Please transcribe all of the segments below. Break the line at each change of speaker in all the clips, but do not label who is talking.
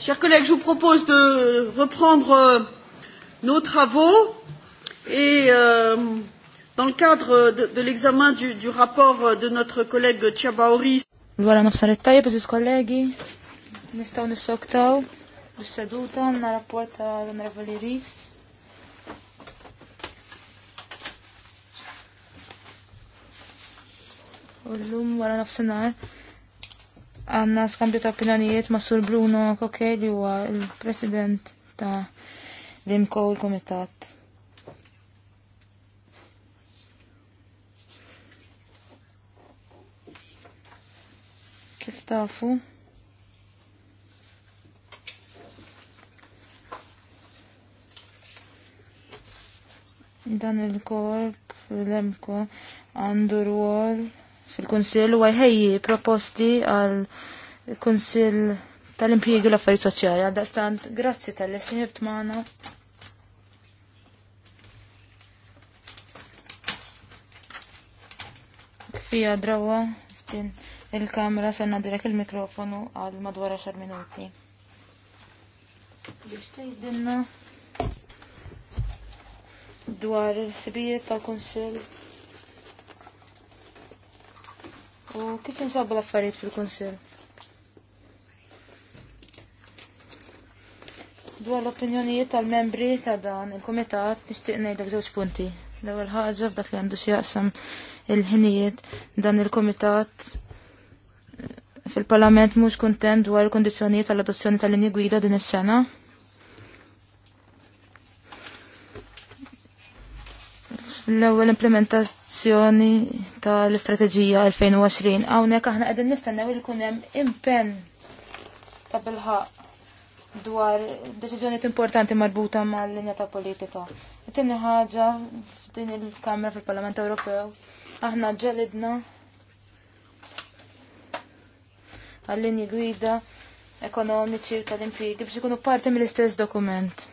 Chers collègues, je vous propose de reprendre euh, nos travaux et euh, dans le cadre de, de l'examen du, du rapport euh, de notre collègue Tchabaori.
Voilà, nous sommes Wara nafsar it-tajjeb, iżis kollegi, nistaw nissoktaw, bis-seduta, na rapport ta' l-Onorevoli nous Ullum wara nafsinhar għanna skambju ta' opinjonijiet ma' Sur Bruno Kokeli huwa il-president ta' Dimko il-Komitat. Kif tafu? Dan il-korp, l-emko, għandu rwol fil-Kunsill u għajħejji proposti għal Kunsill tal-Impjiegi l-Affarijiet Soċjali. Għal daqstant, grazzi tal-lessi ħibt Mana. Kfija drawa f'din il-kamra sanna direk il-mikrofonu għal madwar 10 minuti. Biex dwar il-sibijiet tal-Kunsill u kif insabu l-affarijiet fil-Kunsill. Dwar l-opinjonijiet tal-membri ta' dan il-Kumitat nixtieq ngħidlek żewġ punti. L-ewwel ħaġa f'dak li għandu x'jaqsam il-ħinijiet dan il-Kumitat eh, fil-Parlament mhux kuntent dwar il-kondizzjonijiet tal-adozzjoni tal-linji gwida din is-sena. fl-ewwel implementazzjoni tal-istrateġija 2020 hawnhekk aħna qegħdin nistennew li jkun hemm impenn ta' bilħaq dwar deċiżjonijiet importanti marbuta mal-linja ta' politika. Tieni ħaġa f'din il-Kamra fil-Parlament Ewropew aħna ġelidna għall-linji gwida ekonomiċi tal-impjiegi biex ikunu parti mill-istess dokument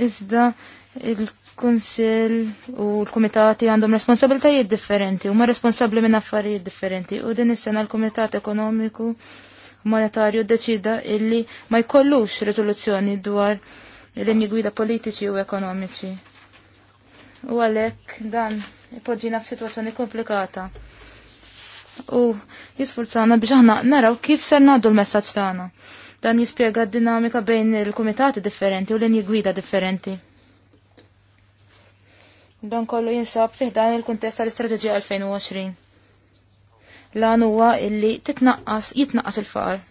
Iżda il-Kunsil u l-Kumitati għandhom responsabiltajiet differenti, u ma responsabli minn affarijiet differenti, u din is-sena l-Kumitat Ekonomiku Monetarju deċida illi ma jkollux rezoluzzjoni dwar l inni gwida politiċi u ekonomiċi. U għalek dan ipoġġina f'sitwazzjoni komplikata. U jisfurzana biex aħna naraw kif ser naddu l-messaġġ tagħna. Dan jispjega d-dinamika bejn il-kumitati differenti u linji gwida differenti. Dan kollu jinsab fih dan il-kuntest tal-Istrateġija 2020. Lan huwa illi titnaqqas jitnaqqas il-faqar.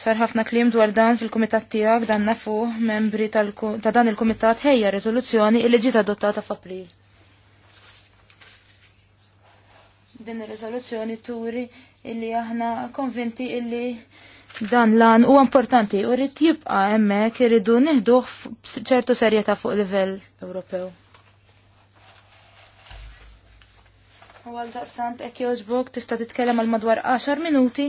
sar ħafna klim dwar dan fil-kumitat tiegħek dan nafu membri ta' dan il-kumitat ħejja riżoluzzjoni li ġiet adottata f'April. din ir-riżoluzzjoni turi illi aħna konvinti illi dan lan u importanti u rrit jibqa hemmhekk irridu nieħduh ċertu serjetà fuq livell Ewropew. U għalda stant hekk jogħġbok tista' titkellem għal madwar 10 minuti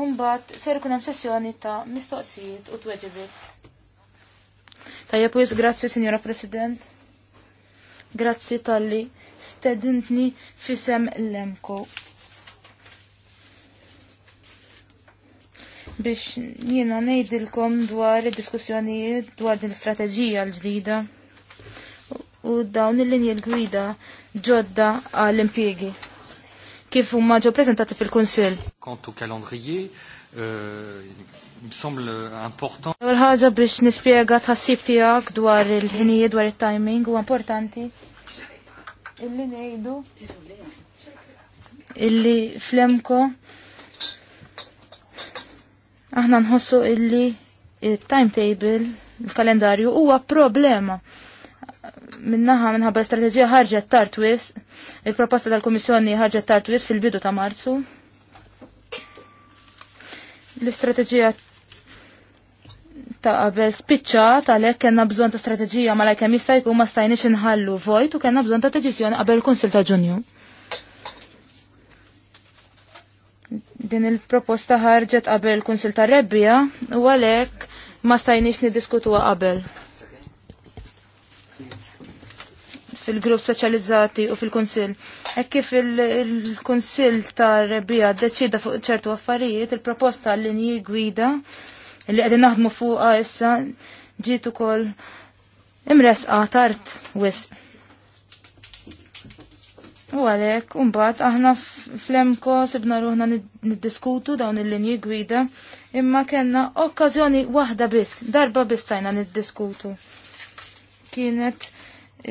u mbagħad ser ikun hemm sessjoni ta' mistoqsijiet u tweġibiet. Tajjeb wis grazzi, Signora President. Grazzi tal-li stedintni fisem l-emko. biex jiena ngħidilkom dwar id-diskussjonijiet dwar din strategija l-ġdida u dawn il-linji l-gwida ġodda għall impiegi kif huma ġo prezentati fil-Kunsill.
Kontu kalendrier, euh, semble important. Għal
ħaġa biex nispjega tħassib tiegħek dwar il-ħinijiet dwar it timing huwa importanti illi nejdu illi flemko aħna nħossu illi il-timetable, il-kalendarju huwa problema. Minnaħa minħabba l-istrateġija ħarġet tartwis, il-proposta tal-Komissjoni ħarġet tartwis fil-bidu ta' Marzu. L-istrateġija ta' qabel spiċċat għalhekk kellna bżonn ta' strateġija ma' lajkem jista' jkun ma stajniex inħallu vojt u kellna bżonn ta' deċiżjoni qabel il-Kunsil ta' Ġunju. Din il-proposta ħarġet qabel il-Kunsil ta' Rebbija u għalhekk ma stajniex niddiskutuha qabel. fil-grupp speċjalizzati u fil-Kunsill. Hekk kif il-Kunsill ta' Rebbija ddeċida fuq ċertu affarijiet, il-proposta l-linji gwida Illi qegħdin naħdmu fuqha issa ġiet ukoll imresqa tard wisq. U għalek, umbat, aħna flemko sibna ruħna niddiskutu dawn il-linji gwida, imma kena okkazjoni wahda biss, darba biss tajna niddiskutu. Kienet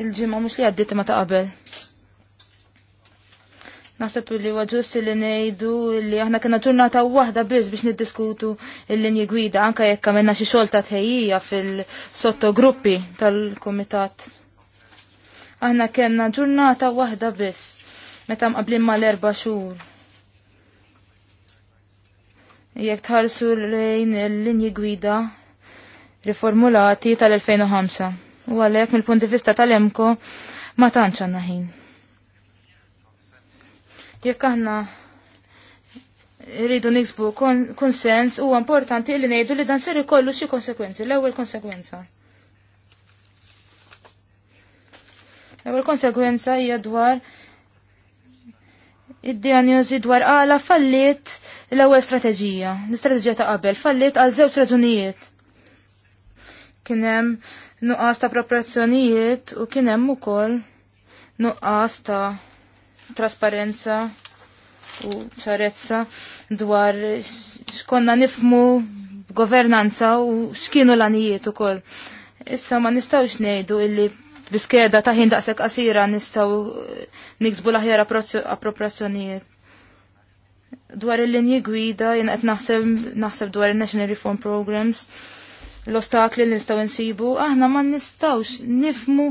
il-ġimma mux li għaddit ma ta' qabel. Naħseb li huwa li ngħidu li aħna kena ġurnata waħda biss biex niddiskutu l-linji gwida anke jekk għamilna xi xogħol ta' fil-sottogruppi tal-kumitat. Aħna kellna ġurnata waħda biss meta ma mal-erba' xhur. Jekk tħarsu lejn il linji gwida riformulati tal-2005. U għalhekk mill punti vista tal-emko ma tantx għandna ħin. Jekk aħna rridu niksbu konsens huwa importanti li ngħidu li dan ser ikollu xi konsekwenzi. L-ewwel konsekwenza. L-ewwel konsekwenza hija dwar id-diagnosi dwar għala fallit l-ewwel strateġija, l-istrateġija ta' qabel, fallit għal żewġ raġunijiet. Kien hemm nuqqas ta' proporzjonijiet u kien hemm ukoll nuqqas ta' trasparenza u ċarezza dwar xkonna nifmu governanza u xkienu l-anijiet u koll. Issa ma nistawx nejdu illi biskeda ta' ħin daqsek qasira nistaw eh, niksbu l-aħjar appropriazzjonijiet. Dwar il-linji gwida, jen qed naħseb dwar il-National Reform Programs, l-ostakli li nistaw nsibu, aħna ma nistawx nifmu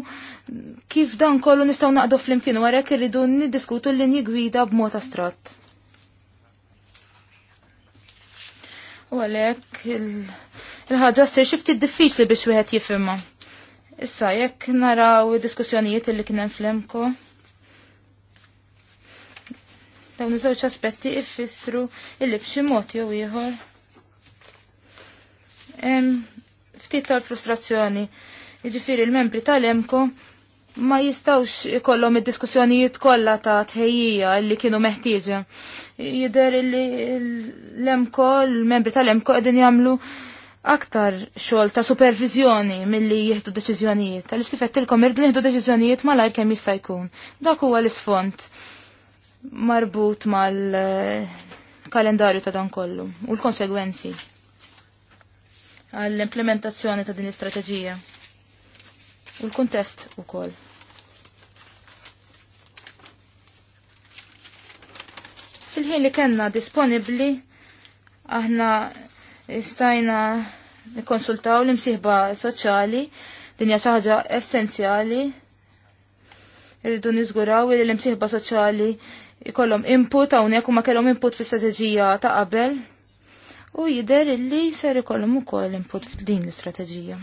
kif dan kollu nistaw naqdu fl-imkien warek irridu niddiskutu l-linji gwida b'mod astrat. U għalek il-ħagġa s-sir xifti diffiċli biex wieħed jifimma. Issa jekk naraw diskussjonijiet li kien fl-imko. Dawn iż-żewġ aspetti ifissru illi b'xi mod jew ieħor ftit tal-frustrazzjoni. Jiġifieri il-membri tal-emko ma jistawx kollom id-diskussjonijiet kollha ta' tħejjija li kienu meħtieġa. Jidher li l-emko, l-membri tal-emko qegħdin jagħmlu aktar xol ta' supervizjoni milli jieħdu deċiżjonijiet. Għaliex kif qedtilkom irdu nieħdu deċiżjonijiet malajr kemm jista' jkun. Dak huwa l-isfond marbut mal-kalendarju eh, ta' dan kollu u l-konsegwenzi għall-implementazzjoni ta' din l-istrateġija u l-kuntest ukoll. Fil-ħin li kellna disponibbli aħna stajna nikkonsultaw l-imsieħba soċjali din hija xi ħaġa essenzjali. Irridu niżguraw li l-imsieħba soċjali jkollhom input hawnhekk u ma kellhom input fis-strateġija ta' qabel u jider illi ser ikollhom ukoll input f'din l-istrateġija.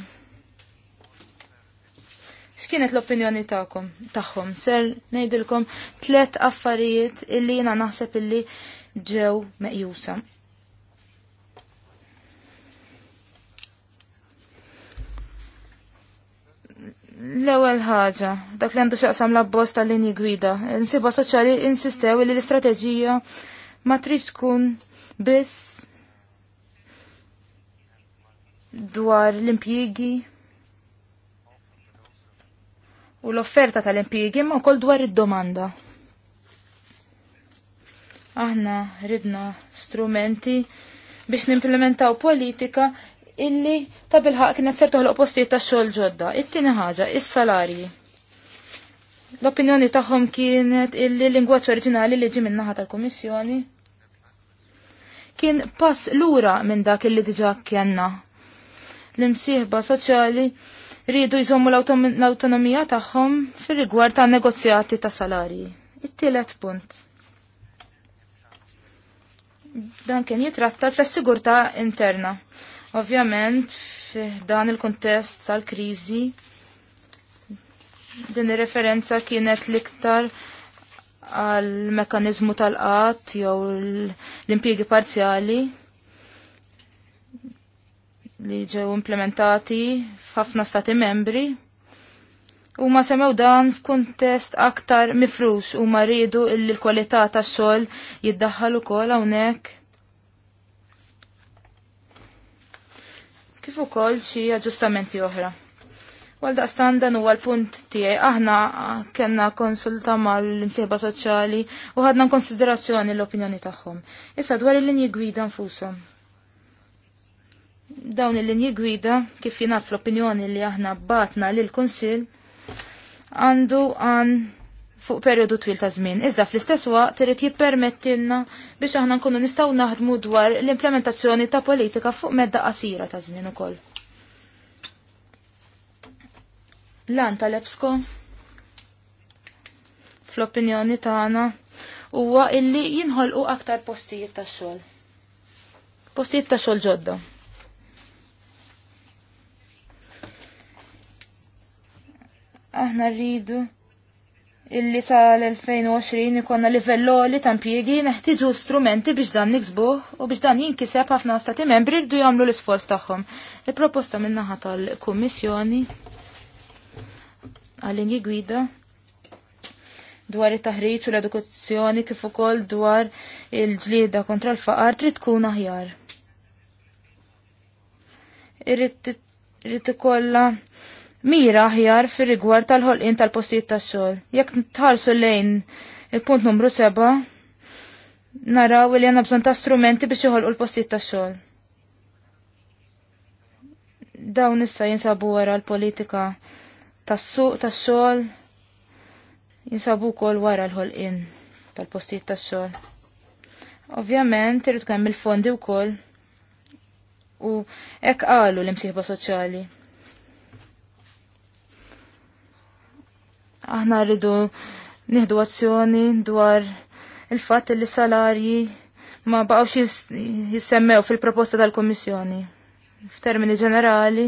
X'kienet l-opinjoni tagħkom tagħhom ser ngħidilkom tliet affarijiet illi jiena naħseb illi ġew meqjusa. L-ewwel ħaġa, dak li għandu x'aqsam l abbost tal-linji gwida. l Insiba soċjali insistew li l-istrateġija ma trid tkun biss dwar l-impjiegi u l-offerta tal-impjiegi ma wkoll dwar id-domanda. Aħna ridna strumenti biex nimplementaw politika illi ta' bilħaq kienet ser toħloq postijiet ta' xogħol ġodda. It-tieni ħaġa, is-salarji. L-opinjoni tagħhom kienet illi l-lingwaġġ oriġinali li ġi minnaħa tal-Kummissjoni kien pass lura minn dak illi diġà kjenna l-imsieħba soċjali rridu jżommu l-autonomija tagħhom fir-rigward ta' negozjati ta' salarji. It-tielet punt. Dan kien jitratta fl-sigurtà interna. Ovvjament, dan il-kontest tal-kriżi din ir-referenza kienet l-iktar għal mekanizmu tal-qat jew l-impjiegi parzjali li ġew implementati f'ħafna stati membri u ma semew dan f'kuntest aktar mifrus u ma rridu illi l-kwalità tas-sol jiddaħħal ukoll hawnhekk. Kif ukoll xi aġġustamenti oħra. Għal daqstan dan huwa l-punt tiegħi aħna kellna konsulta mal-imsieħba soċjali u ħadna konsiderazzjoni l-opinjoni tagħhom. Issa dwar il-linji gwida nfushom dawn il-linji gwida kif jingħad fl-opinjoni li aħna batna lil kunsill għandu għan fuq perjodu twil ta' żmien. Iżda fl-istess waqt irid jippermettilna biex aħna nkunu nistgħu naħdmu dwar l-implementazzjoni ta' politika fuq medda qasira ta' żmien ukoll. Lan tal fl-opinjoni tagħna huwa illi jinħolqu aktar postijiet tax-xogħol. Postijiet tax-xogħol ġodda. Aħna rridu illi sal-2020 ikonna livelloli ta' impjiegi neħtiġu strumenti biex dan niksbuh u biex dan jinkiseb ħafna stati membri rridu jagħmlu l-isforz tagħhom. Il-proposta min-naħa tal-Kummissjoni għal-linji gwida dwar it-taħriġ u l-edukazzjoni kif ukoll dwar il-ġlieda kontra l-faqar trid tkun aħjar. Irrid ikollha mira aħjar fir rigward tal-ħolqien tal-postijiet tax-xogħol. Jekk tħarsu lejn il-punt numru seba' naraw li għandna bżonn ta' strumenti biex joħolqu l-postijiet tax-xogħol. Dawn issa jinsabu wara l-politika tas-suq tax-xogħol jinsabu wkoll wara l-ħolqien tal-postijiet tax-xogħol. Ovvjament irid kemm il-fondi wkoll u hekk qalu l-imsieħba soċjali aħna rridu nieħdu azzjoni dwar il-fatt li salarji ma baqgħux jissemmew fil-proposta tal-Kummissjoni. F'termini ġenerali,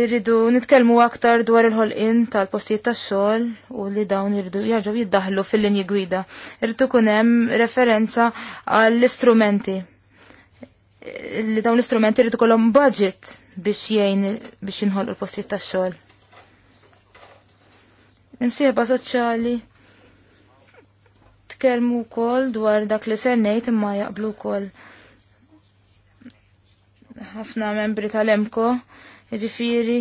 irridu nitkellmu aktar dwar il-ħolqien tal-postijiet tax-xogħol u li dawn irridu jarġgħu jiddaħħlu fil-linji gwida. Irridu kun hemm referenza għall-istrumenti. Li dawn l-istrumenti irridu kollhom budget biex jgħin biex inħolqu l-postijiet tax-xogħol. Imsieba soċjali tkellmu wkoll dwar dak li ser ngħid imma jaqblu wkoll ħafna membri tal-emko, jiġifieri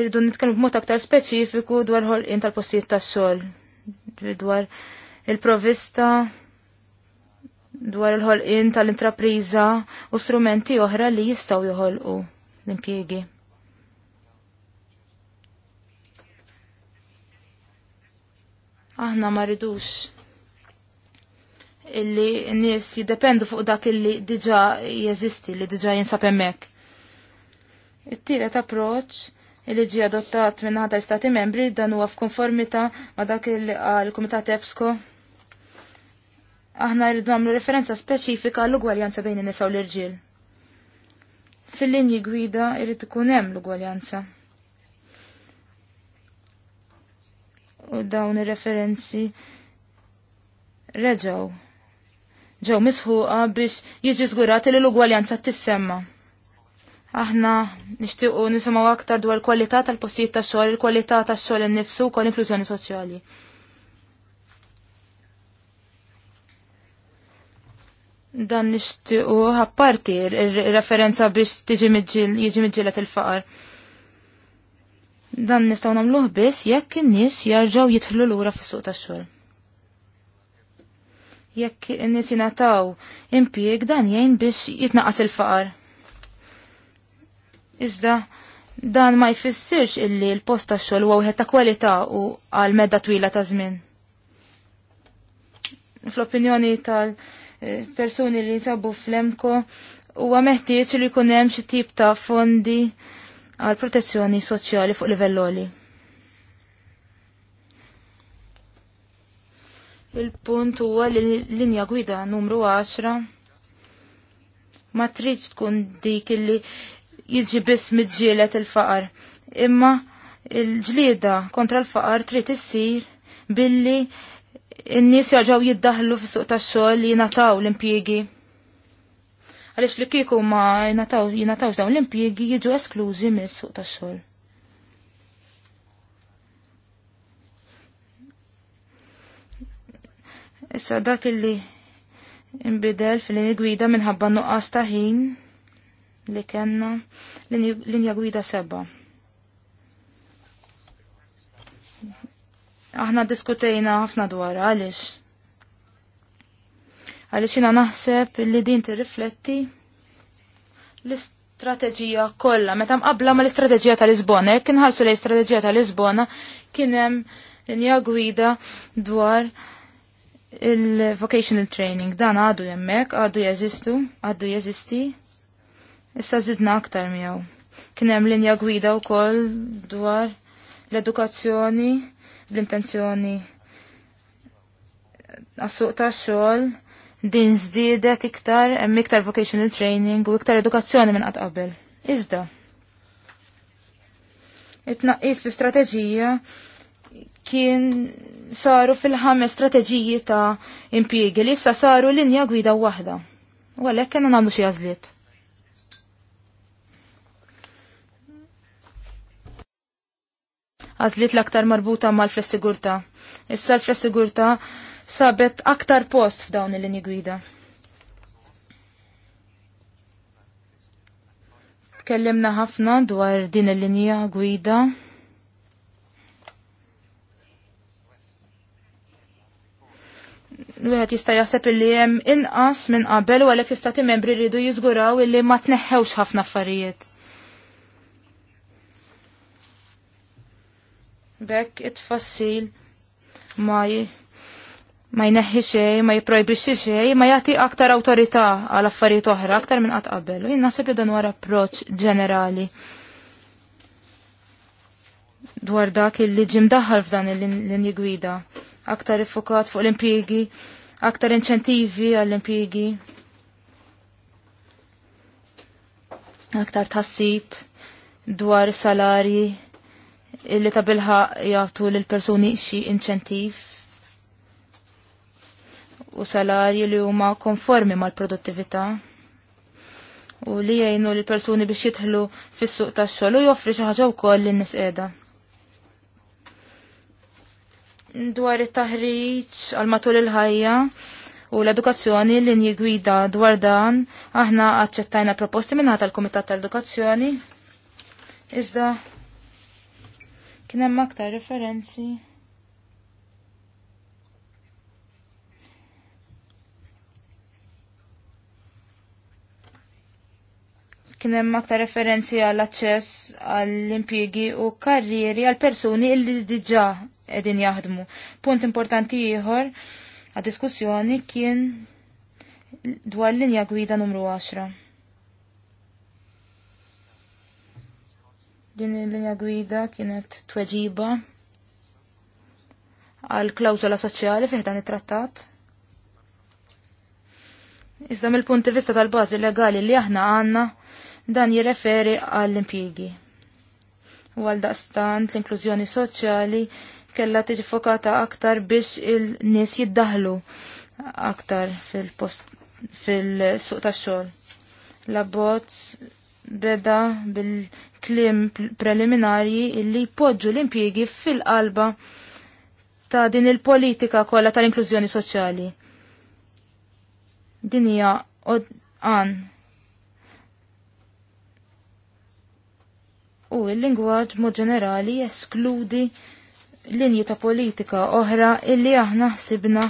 irridu nitkellmu b'mod aktar speċifiku dwar ħolqien tal-postijiet tax-xogħol, dwar il-provista, dwar il-ħolqien tal-intrapriża u strumenti oħra li jistgħu joħolqu l-impjiegi. Aħna ma ridux illi n-nies jiddependu fuq dak illi diġa jeżisti, li diġa jinsab hemmhekk. It-tielet approċ illi ġie adottat minn ħata stati membri dan huwa f'konformità ma' dak illi għal-Kumitat EBSCO. Aħna rridu nagħmlu referenza speċifika għall-ugwaljanza bejn in-nisa u l-irġiel. Fil-linji gwida jrid ikun hemm l-ugwaljanza. u dawn ir-referenzi reġaw ġew misħuqa biex jiġi żgurat li l-ugwaljanza tissemma. Aħna nixtiequ nisimgħu aktar dwar kwalità tal-postijiet tax-xogħol, il-kwalità tax-xogħol innifsu u inklużjoni soċjali. dan nishtiqu ħapparti referenza biex tiġi jiġi midġilet il-faqar. Dan nistgħu nagħmluh biss jekk in-nies jerġgħu jitħlu lura fis-suq tax-xogħol. Jekk in-nies jinataw impjieg dan jgħin biex jitnaqqas il-faqar. Iżda dan ma jfissirx illi l-post tax-xogħol huwa wieħed ta' kwalità u għal medda twila ta' żmien fl-opinjoni tal-persuni li jinsabu fl-emko u għameħtieċ li kunem xi tip ta' fondi għal protezzjoni soċjali fuq livelloli. Il-punt huwa li l-linja gwida numru 10 ma tridx tkun dik illi jiġi biss miġielet il-faqar. Imma il-ġlieda kontra l-faqar trid issir billi n-nies jaġaw jiddaħlu fis-suq tax-xogħol li nataw l-impjiegi għaliex li kieku ma jingħatawx dawn l-impjiegi jiġu esklużi mis-suq tax-xogħol. Issa dak illi imbidel fil-linja gwida minħabba nuqqas ta' ħin li kena linja gwida seba. Aħna diskutejna ħafna dwar għaliex għalixina naħseb li din tirrifletti l-istrateġija kollha meta mqabbla ma l-istrateġija tal-Lisbona, jekk inħarsu lejn istrateġija tal-Lisbona kien hemm linja gwida dwar il-vocational training. Dan għadu jemmek, għadu jeżistu, għadu jeżisti. Issa zidna aktar miegħu. Kien hemm linja gwida wkoll dwar l-edukazzjoni bl-intenzjoni għassuq suq tax-xogħol din żdiedet iktar, hemm iktar vocational training u iktar edukazzjoni minn qatt qabel. Iżda. It-tnaqqis fi strateġija kien saru fil-ħames strateġiji ta' impjiegi li issa saru linja gwida waħda. U għalhekk kena nagħmlu xi għażliet. Għazliet l-aktar marbuta mal-flessigurta. Issa l-flessigurta sabet aktar post f'dawn il-lini gwida. Tkellimna ħafna dwar din il-linja gwida. Wieħed jista jaseb illi jem inqas minn qabel u għalek jistati membri rridu jizguraw illi ma tneħħewx ħafna affarijiet. Bekk it-fassil ma ma jneħħi xej, ma jiprojbixxi xej, ma jagħti aktar awtorità għal affarijiet oħra aktar minn qatt qabel. U jien naħseb li dan wara approċċ ġenerali dwar dak illi ġim daħal f'dan il-linji gwida. Aktar iffokat fuq l-impjiegi, aktar inċentivi għall-impjiegi. Aktar tħassib dwar salarji illi ta' bilħaq jagħtu lill persuni xi inċentiv u salarji li huma konformi mal-produttività u li jgħinu li persuni biex jidħlu fis-suq tax-xogħol u joffri xi ħaġa wkoll lin-nies qiegħda. Dwar it-taħriġ għal matul il-ħajja u l-edukazzjoni li njigwida dwar dan aħna aċċettajna proposti minn tal-Kumitat tal-Edukazzjoni. Iżda kien hemm aktar referenzi kien hemm aktar referenzi għall aċċess għall impjiegi u karrieri għal persuni illi diġà qegħdin jaħdmu. Punt importanti ieħor għad diskussjoni kien dwar linja gwida numru 10. Din il-linja gwida kienet tweġiba għal klawzola soċjali fiħdan it-trattat. Iżda mill-punti vista tal-bażi legali li aħna għandna Dan jirreferi għall-impjigi. U għal daqstant l-inklużjoni soċjali kella tiġi fokata aktar biex il-nies jiddaħlu aktar fil-post fil-suq tax-xogħol. L-abbozz beda bil-klim preliminarji illi jpoġġu l-impjiegi fil-qalba ta' din il-politika kollha tal-inklużjoni soċjali. Din hija għan u l-lingwaġġ mod ġenerali eskludi linji ta' politika oħra illi aħna ħsibna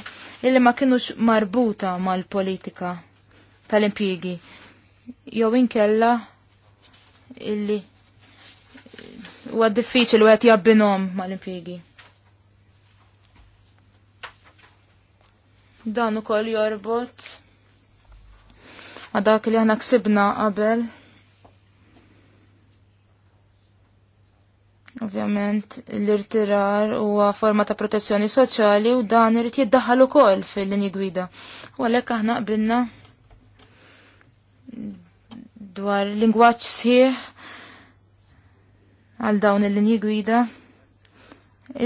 illi ma kienux marbuta mal-politika tal-impjigi. Jew inkella illi huwa diffiċli wieħed jabbinhom mal-impjigi. Dan ukoll jorbot għadak dak li aħna ksibna qabel Ovvjament, l-irtirar huwa forma ta' protezzjoni soċjali u dan irid jiddaħħal ukoll fil-linji gwida. U għalhekk aħna qbilna dwar lingwaġġ sħiħ għal dawn il-linji gwida.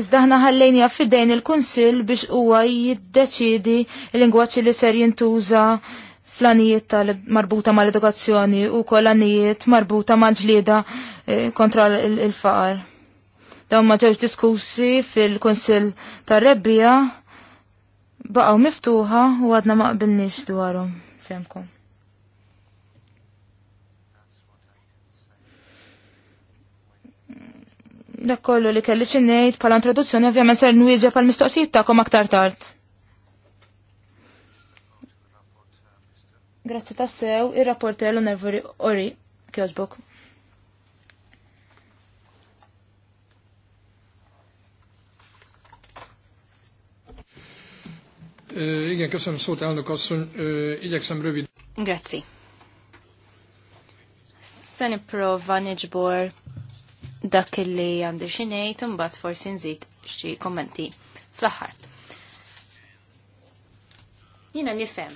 Iżda aħna ħallejni fidejn il-Kunsill biex huwa jiddeċidi l-lingwaġġ li ser jintuża flanijiet tal marbuta mal-edukazzjoni u kolanijiet marbuta mal-ġlieda eh, kontra il-faqar dawn ma ġewx diskussi fil-Konsil tar-Rebbija baqgħu miftuħa u għadna ma qbilniex dwarhom fehmkom. Dak kollu li kelli ngħid bħala introduzzjoni ovvjament ser nwieġa għal mistoqsijiet tagħkom aktar tard. Grazzi tassew, ir-rapporter l-onervori Ori Kjosbok.
Igen, köszönöm szót, elnök asszony. Igyekszem rövid.
Grazie. Sen prova nġbor dak li għandi xinejt, bat forsi nżid xi kommenti fl-aħħar. Jiena nifhem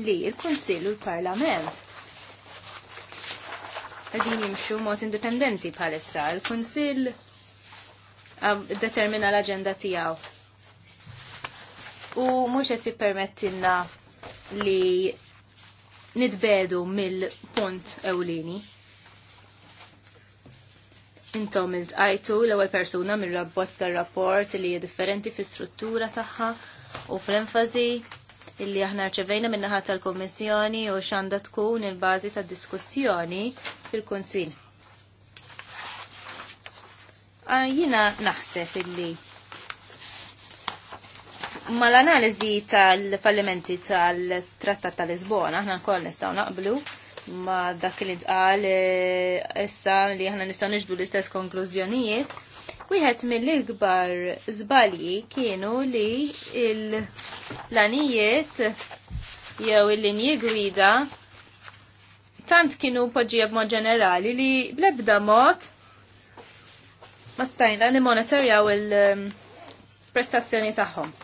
li l-Kunsill u l-Parlament għadin jimxu mod indipendenti bħalissa. il kunsill determina l-agenda tiegħu u mhux qed jippermettilna li nitbedu mill-punt ewlieni. Intom il l-ewwel persuna mill-rabbozz tar-rapport li hija differenti fis-struttura tagħha u fl-enfasi illi aħna rċevejna minnaħa tal-Kommissjoni u xanda tkun il-bazi tad diskussjoni fil kunsil Jina naħseb illi mal-analizi tal-fallimenti tal-trattat tal-Lisbona, ħna kol nistaw naqblu ma dak li tqal eh, issa li aħna nistaw nġbdu l-istess konklużjonijiet. Wieħed mill-ikbar żbalji kienu li l-lanijiet jew il-linji gwida tant kienu poġġija b'mod ġenerali li blebda mod ma stajna li monitorjaw il-prestazzjoni mm, tagħhom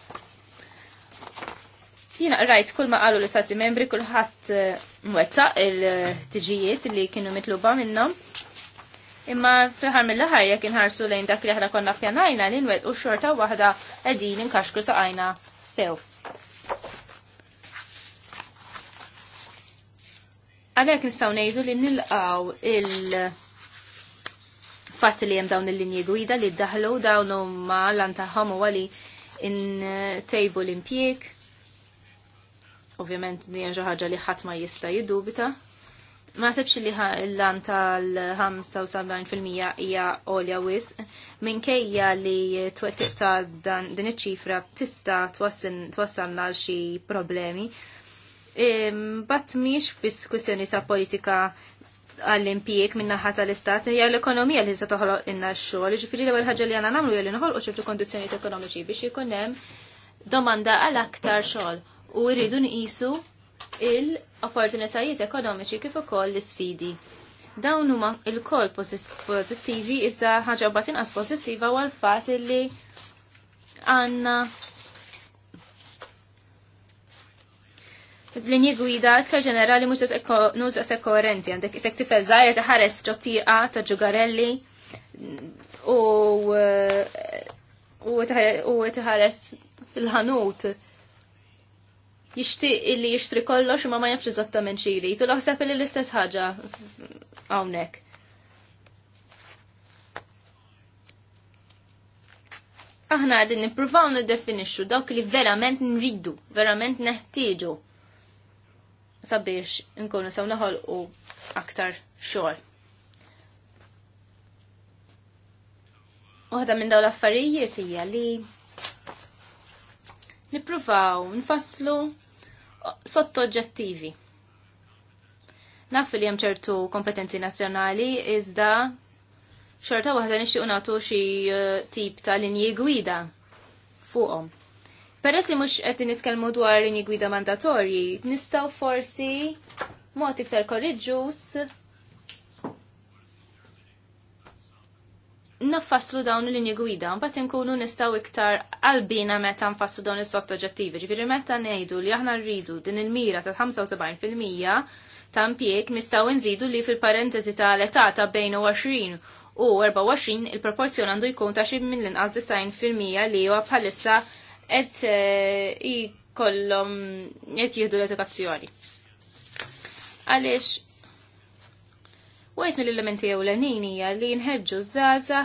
Jina rajt kull ma qalu l-istati membri kullħat eh, mwetta il-tiġijiet li kienu mitluba minnom. Imma fl-ħar mill-ħar jek inħarsu lejn dak li ħna konna fjanajna li nwet u xorta wahda edin inkaxku saqajna sew. Għalek nistaw nejdu li nilqaw il- fat li jem dawn il-linji gwida li d-daħlu dawn ma l-antaħom u għali in tejbu l-impjek Ovvjament din xi ħaġa li ħadd ma jista' jiddubita. Ma sebx li l-lan tal-75% hija għolja wisq, minkejja li twettiq ta' din iċ-ċifra tista' twassalna għal xi problemi. Ehm, bat miex biss kwestjoni ta' politika għall-impijek minnaħat tal-istat hija l-ekonomija li jista' toħloq inna x-xogħol. Ġifieri l-ewwel ħaġa li għandna nagħmlu hija li noħolqu ċertu kondizzjonijiet ekonomiċi biex ikun hemm domanda għal aktar xogħol u rridu nqisu il-opportunitajiet ekonomiċi kif ukoll l-isfidi. Dawn huma l-koll pożittivi iżda ħaġa bagħad inqas pożittiva għal fatt li għandna l-linji gwida aktar ġenerali mhux nuża se koerenti għandek isek tifel żgħira ħares ġotieqa ta' ġugarelli u eh, u tħares fil-ħanut jixtieq illi jixtri kollox ma ma jafx eżattament xiri. Tu laħseb li l-istess ħaġa hawnhekk. Aħna għadin nippruvaw niddefinixxu dawk li verament nridu, verament neħtieġu sabiex nkunu sew u aktar xogħol. Waħda minn dawn l-affarijiet hija li nippruvaw nfasslu sottoġġettivi. Naf li hemm ċertu kompetenzi nazzjonali iżda xorta waħda nixtiequ nagħtu xi eh, tip ta' linji gwida fuqhom. Peress li mhux qed nitkellmu dwar linji gwida mandatorji, nistgħu forsi mod iktar korriġġuż nafaslu dawn l linja gwida, mbagħad inkunu nistgħu iktar qalbina meta nfasslu dawn is-sottoġettivi. Ġifieri meta ngħidu li aħna rridu din il-mira tal-75% ta' impjieg nistgħu nżidu li fil-parentesi l età ta' bejn 20 u 24 il-proporzjon għandu jkun ta' xi mill-inqas 90% li huwa bħalissa qed jkollhom eh, qed jieħdu l-edukazzjoni. Għaliex U għet mill-elementi l hija li nħeġġu zaza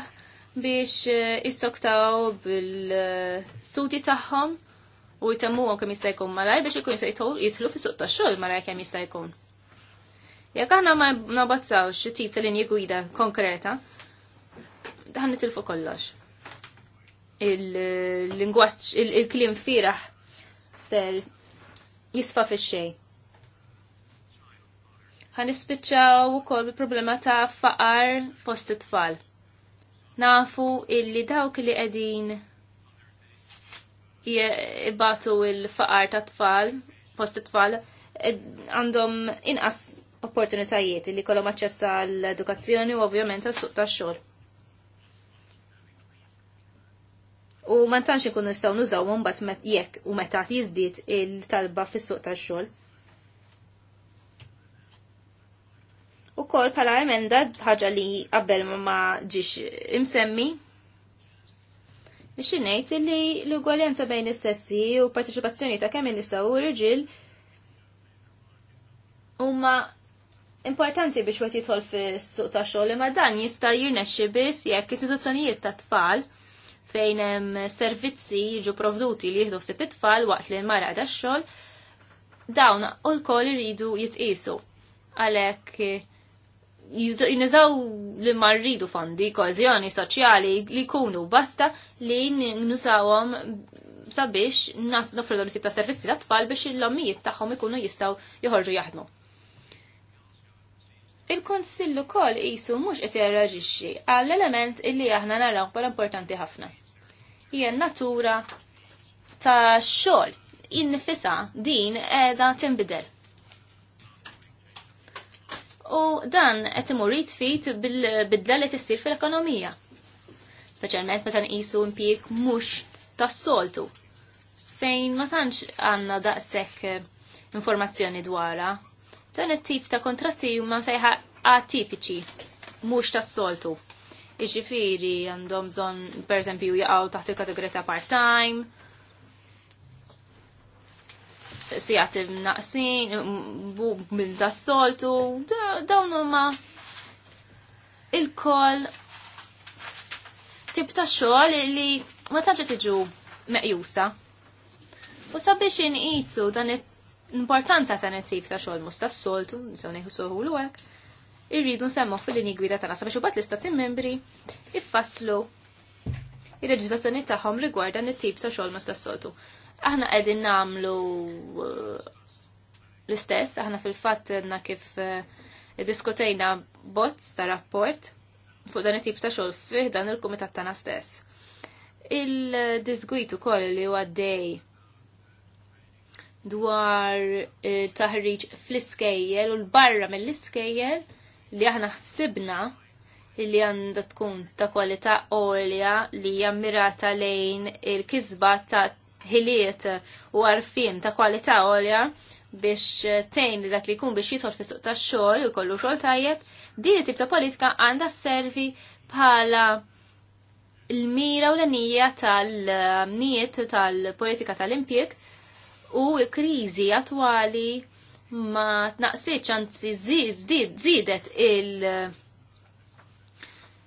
biex jissoktaw eh, bil-studji tagħhom u jtammu kemm jista' jkun malaj biex ikun jitlu fi suq tax-xogħol malaj kem jista' jkun. Jekk aħna ma nabazzawx xitib tal ta' gwida konkreta, daħan nitilfu kollox. il lingwaċ il-klim firaħ ser jisfa fi xej ħanispiċċaw ukoll problema ta' faqar fost it-tfal. Nafu illi dawk li qegħdin ibatu il-faqar ta' tfal, fost it-tfal, għandhom inqas opportunitajiet li kolom aċċess għall edukazzjoni u ovvjament għas suq tax-xogħol. U ma tantx ikun nistgħu nużaw bat jekk u meta jiżdied il-talba fis-suq tax-xogħol. u kol pala emenda ħaġa li qabel ma ġiex imsemmi. Nixi nejt li l-ugwaljanza bejn is-sessi u parteċipazzjoni ta' kemm in-nisa u rġil huma importanti biex wet jidħol fis-suq ta' xogħol imma dan jista' jirnexxi biss jekk istituzzjonijiet ta' tfal fejn hemm servizzi jiġu provduti li jieħdu ħsieb it-tfal waqt li l-mara għadha xogħol dawn u l-koll iridu jitqisu għalhekk jinnizaw li marridu fondi kozjoni soċjali li kunu basta li nusawom sabiex nofru l ta' servizzi ta' tfal biex l-lommijiet tagħhom ikunu jistaw joħorġu jaħdmu. Il-konsillu kol jisu mux qed jirraġixxi għall element illi aħna naraw bħala importanti ħafna. Hija natura ta' xogħol innifisa din qiegħda tinbidel u dan qed imur jitfit bil-bidla li tissir fil-ekonomija. Speċjalment meta nqisu impjieg mhux tas-soltu fejn ma tantx għandna daqshekk eh, informazzjoni dwarha. Dan it-tip ta' kontratti huma sejħa atipiċi mhux tas-soltu. Iġifieri għandhom bżonn pereżempju jaqgħu taħt il-kategorija ta' part-time, mistoqsijat imnaqsin, minn da soltu, dawn huma il-kol tip ta' xogħol li ma tantx tiġu meqjusa. U sabiex inqisu dan l-importanza ta' nettif ta' xogħol mhux tas-soltu, nistgħu neħu l hekk, irridu nsemmu fil lini gwida tagħna sabiex u bat l-istati membri iffasslu ir-reġislazzjoni tagħhom rigward dan it-tip ta' xogħol mhux tas-soltu. Aħna qegħdin nagħmlu eh, l-istess, aħna fil-fatt għandna kif eh, diskutejna bots ta' rapport fuq dan it-tip ta' xogħol fih dan il-kumitat tagħna stess. Il-disgwit ukoll li huwa dej dwar il-taħriġ eh, fl-iskejjel u l-barra mill-iskejjel li aħna ħsibna li għandha tkun ta' kwalità għolja li hija mirata lejn il kizba ta' ħiliet u għarfien ta' kwalità għolja biex tejn li dak li jkun biex jidħol fis-suq tax-xogħol u jkollu xogħol tajjeb, din tip ta' politika għandha servi bħala l-mira u l-nija tal-nijiet tal-politika tal-impjek u kriżi attwali ma tnaqsitx anzi żidet il-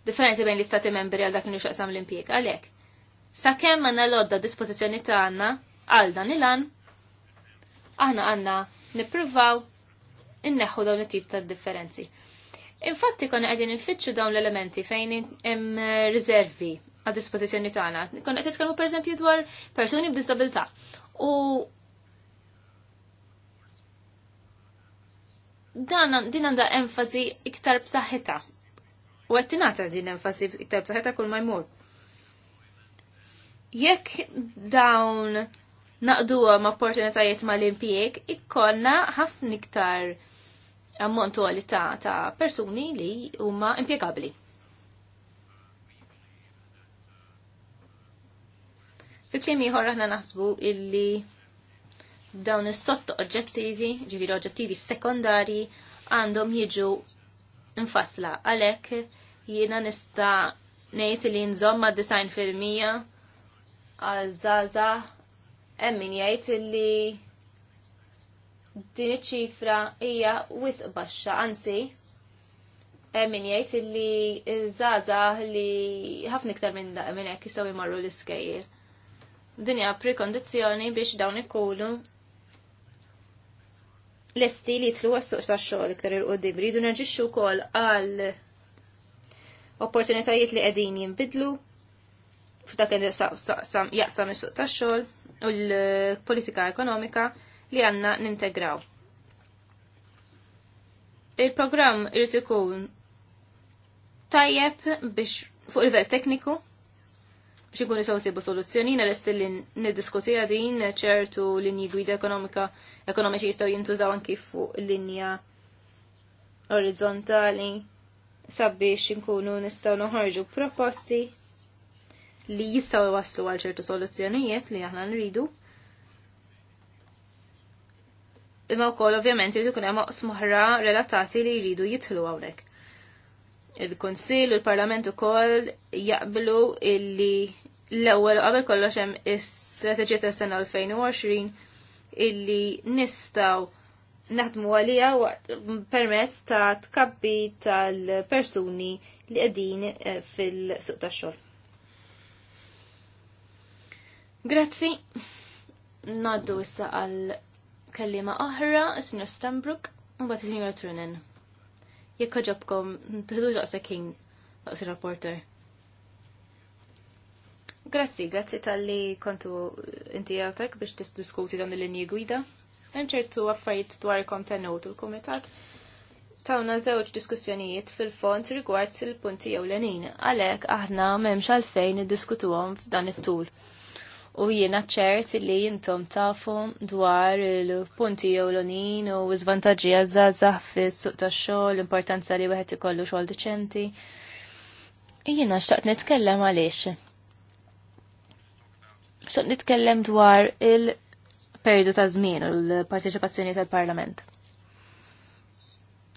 differenzi bejn l-istati membri għal dak li xaqsam l-impjek għalhekk Sakemm għandna l-odda dispożizzjoni tagħna għal dan il-an, aħna għandna nippruvaw inneħħu dawn it-tip ta' differenzi. Infatti konna qegħdin infittxu dawn l-elementi fejn hemm riservi għad dispożizzjoni tagħna. Konna qed per pereżempju dwar persuni b'disabilità. U dan din għandha enfasi iktar b'saħħitha. U qed tingħata din enfasi iktar b'saħħitha kull ma jmur jekk dawn naqduhom opportunitajiet mal-impjieg, ikkonna ħafna iktar ammontu ta' ta' persuni li huma impiegabli. fil kliem ieħor aħna naħsbu illi dawn is-sotto oġġettivi, ġifieri oġġettivi sekondari, għandhom jiġu nfasla għalhekk jiena nista' ngħid li nżomm ma' design fil-mija għal zaza emmin jgħid li din iċ-ċifra hija wisq baxxa, anzi emmin jgħid li zaza li ħafna iktar minn minn hekk jistgħu jmorru l-iskejjel. Din hija prekondizzjoni biex dawn ikunu l-esti li jitlu għas-suq xogħol iktar il-qoddim rridu nerġixxu wkoll għal opportunitajiet li qegħdin jinbidlu f'dak jaqsam is-suq tax-xogħol u l-politika ekonomika li għandna nintegraw. Il-programm irid ikun tajjeb biex fuq il-vel tekniku biex ikun nisaw sibu soluzzjoni l-est li niddiskutija din ċertu linji gwida ekonomika ekonomiċi jistgħu jintużaw anki fuq linja orizzontali sabiex inkunu nistgħu noħorġu proposti li jistaw waslu għal ċertu soluzzjonijiet li aħna nridu. Imma wkoll ovvjament jridu ikun hemm oqsmoħra relatati li jridu jitlu hawnhekk. Il-Kunsill u l-Parlament ukoll jaqblu illi l-ewwel qabel kollox hemm is-strateġija tas-sena 2020 illi nistgħu naħdmu għalija permezz ta' tkabbi tal-persuni li qegħdin eh, fil-suq tax-xogħol. Grazzi. Naddu issa għal kellima oħra, s-Sinjor Stanbrook, u bat s-Sinjor Trunen. Jekk ġobkom, n-tħidu ġaqsa King, daqsa rapporter. Grazzi, grazzi tal-li kontu inti għaltak biex t-diskuti dan il-linji gwida. Nċertu għaffariet dwar kontenut u l-komitat tawna żewġ diskussjonijiet fil-font rigward il-punti jew l-enin, għalek aħna memx għalfejn id f'dan it-tul u jiena ċert li jintom tafu dwar il-punti ewlenin u zvantaġġi għazzazah fis-suq tax-xogħol, l-importanza li wieħed ikollu xogħol deċenti. Jiena xtaqt nitkellem għaliex. Xtaqt nitkellem dwar il-periodu ta' żmien u l-parteċipazzjoni tal-Parlament.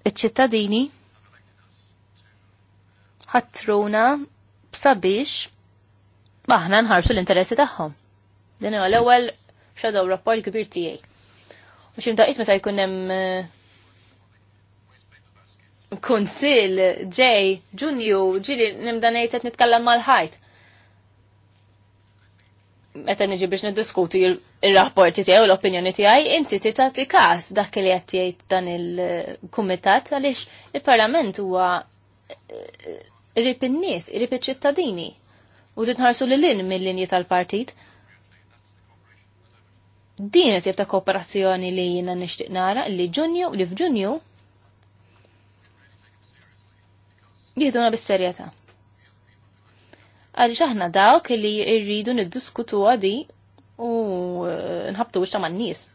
Iċ-ċittadini ħattruna b'sabiex aħna nħarsu l-interessi tagħhom. Din huwa l-ewwel shadow rapport kbir tiegħi. U ximta qisma ta' jkun hemm eh, kunsil ġej Junju, ġili nimda ngħid qed nitkellem mal-ħajt. Meta niġi biex niddiskuti il-rapporti tiegħi u l-opinjoni tiegħi, inti titati każ dak li qed jgħid dan il-kumitat għaliex il-Parlament huwa eh, rip in-nies, rip iċ-ċittadini. U titħarsu lil-in mill-linji tal-partit din qed ta' kooperazzjoni li jiena nixtieq nara li ġunju li f'Ġunju jieħduna bis-serjetà. Għaliex aħna dawk li rridu niddiskutu għadi u eh, nħabtu wix ta' man-nies.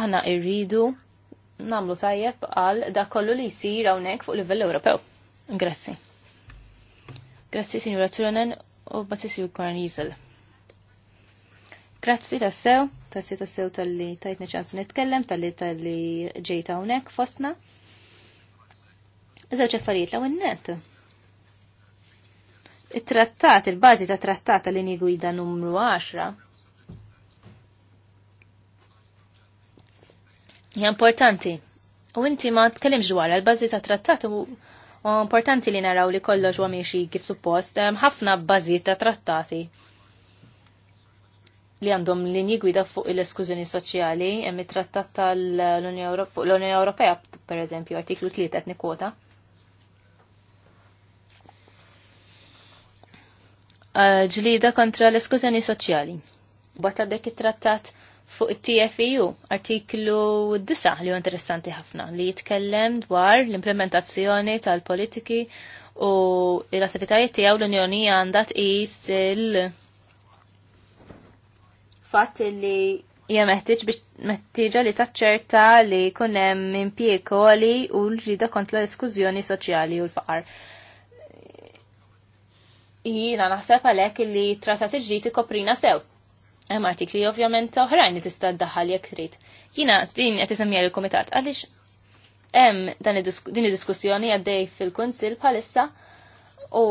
Aħna rridu namlu tajjeb għal da kollu li jisir hawnhekk fuq livell Ewropew. Grazzi. Grazzi, Sinjura Turunen u Batisju Kornizel. Grazzi tassew, grazzi sew tal-li tajtni ċans nitkellem, tal-li tal-li ġejta unek fosna. Zewċ affarijiet la' net Il-trattat, il-bazi ta' trattat tal nigu jida numru 10 hija importanti. U inti ma tkellimx dwar l-bażi ta' trattat u importanti li naraw li kollox huwa miexi kif suppost, hemm ħafna bażi ta' trattati li għandhom linji gwida fuq il-eskużjoni soċjali hemm it-trattat tal-Unjoni Ewropea pereżempju artiklu 3 qed nikkwota. Ġlida kontra l-eskużjoni soċjali. Bat għaddek it-trattat fuq it-TFEU, artiklu 9 li hu interessanti ħafna, li jitkellem dwar l-implementazzjoni tal-politiki u l-attivitajiet tiegħu l-Unjoni għandha tqis il- fatt li hija meħtieġ biex meħtieġa li taċċerta li jkun hemm impjegoli u l-ġrida kontra l-eskużjoni soċjali u l-faqar. Jiena naħseb għalhekk li trattat ġiti koprina sew. Hemm artikli ovvjament oħrajn li tista' ddaħħal jekk trid. Jiena din qed isemmija l-kumitat għaliex hemm din id-diskussjoni għaddej fil-Kunsill bħalissa u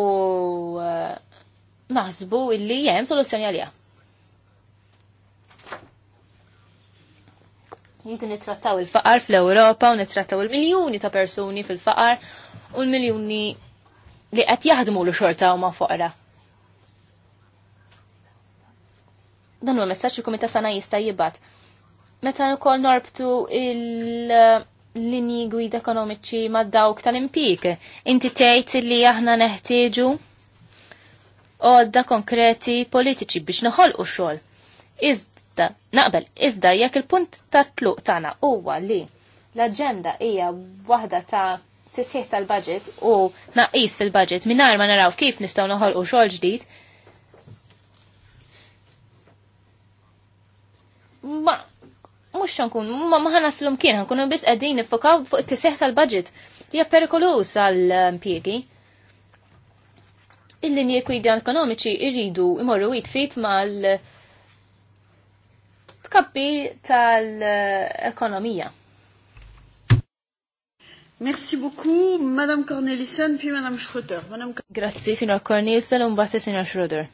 eh, naħsbu illi hemm soluzzjoni għalija. Jidu nitrattaw il-faqar fl-Europa u nitrattaw il-miljoni ta' persuni fil-faqar u l-miljoni li qed jaħdmu l xorta u ma' foqra. Dan huwa messaġġ li kumitat tagħna jista' jibgħat. Meta wkoll norbtu il-linji gwida ekonomiċi ma' dawk tal-impik, inti tgħid li aħna neħtieġu għodda konkreti politiċi biex noħolqu xogħol. Iż Iżda, naqbel, iżda jekk il-punt ta' tluq tagħna huwa li l-aġenda hija waħda ta' tisħiħ tal-budget u naqis fil-budget mingħajr ma naraw kif nistgħu noħolqu xogħol ġdid. Ma mhux nkun ma ħanaslhom kien ħankunu biss qegħdin nifokaw fuq it-tisħiħ tal-budget li hija perikolus għall-impjiegi il-linji ekonomiċi jridu imorru jitfit mal tkabbi tal-ekonomija. Merci beaucoup, Madame Cornelissen, puis Madame Schroeder. Madame... Grazie, signor Cornelissen, un batte, signor Schroeder.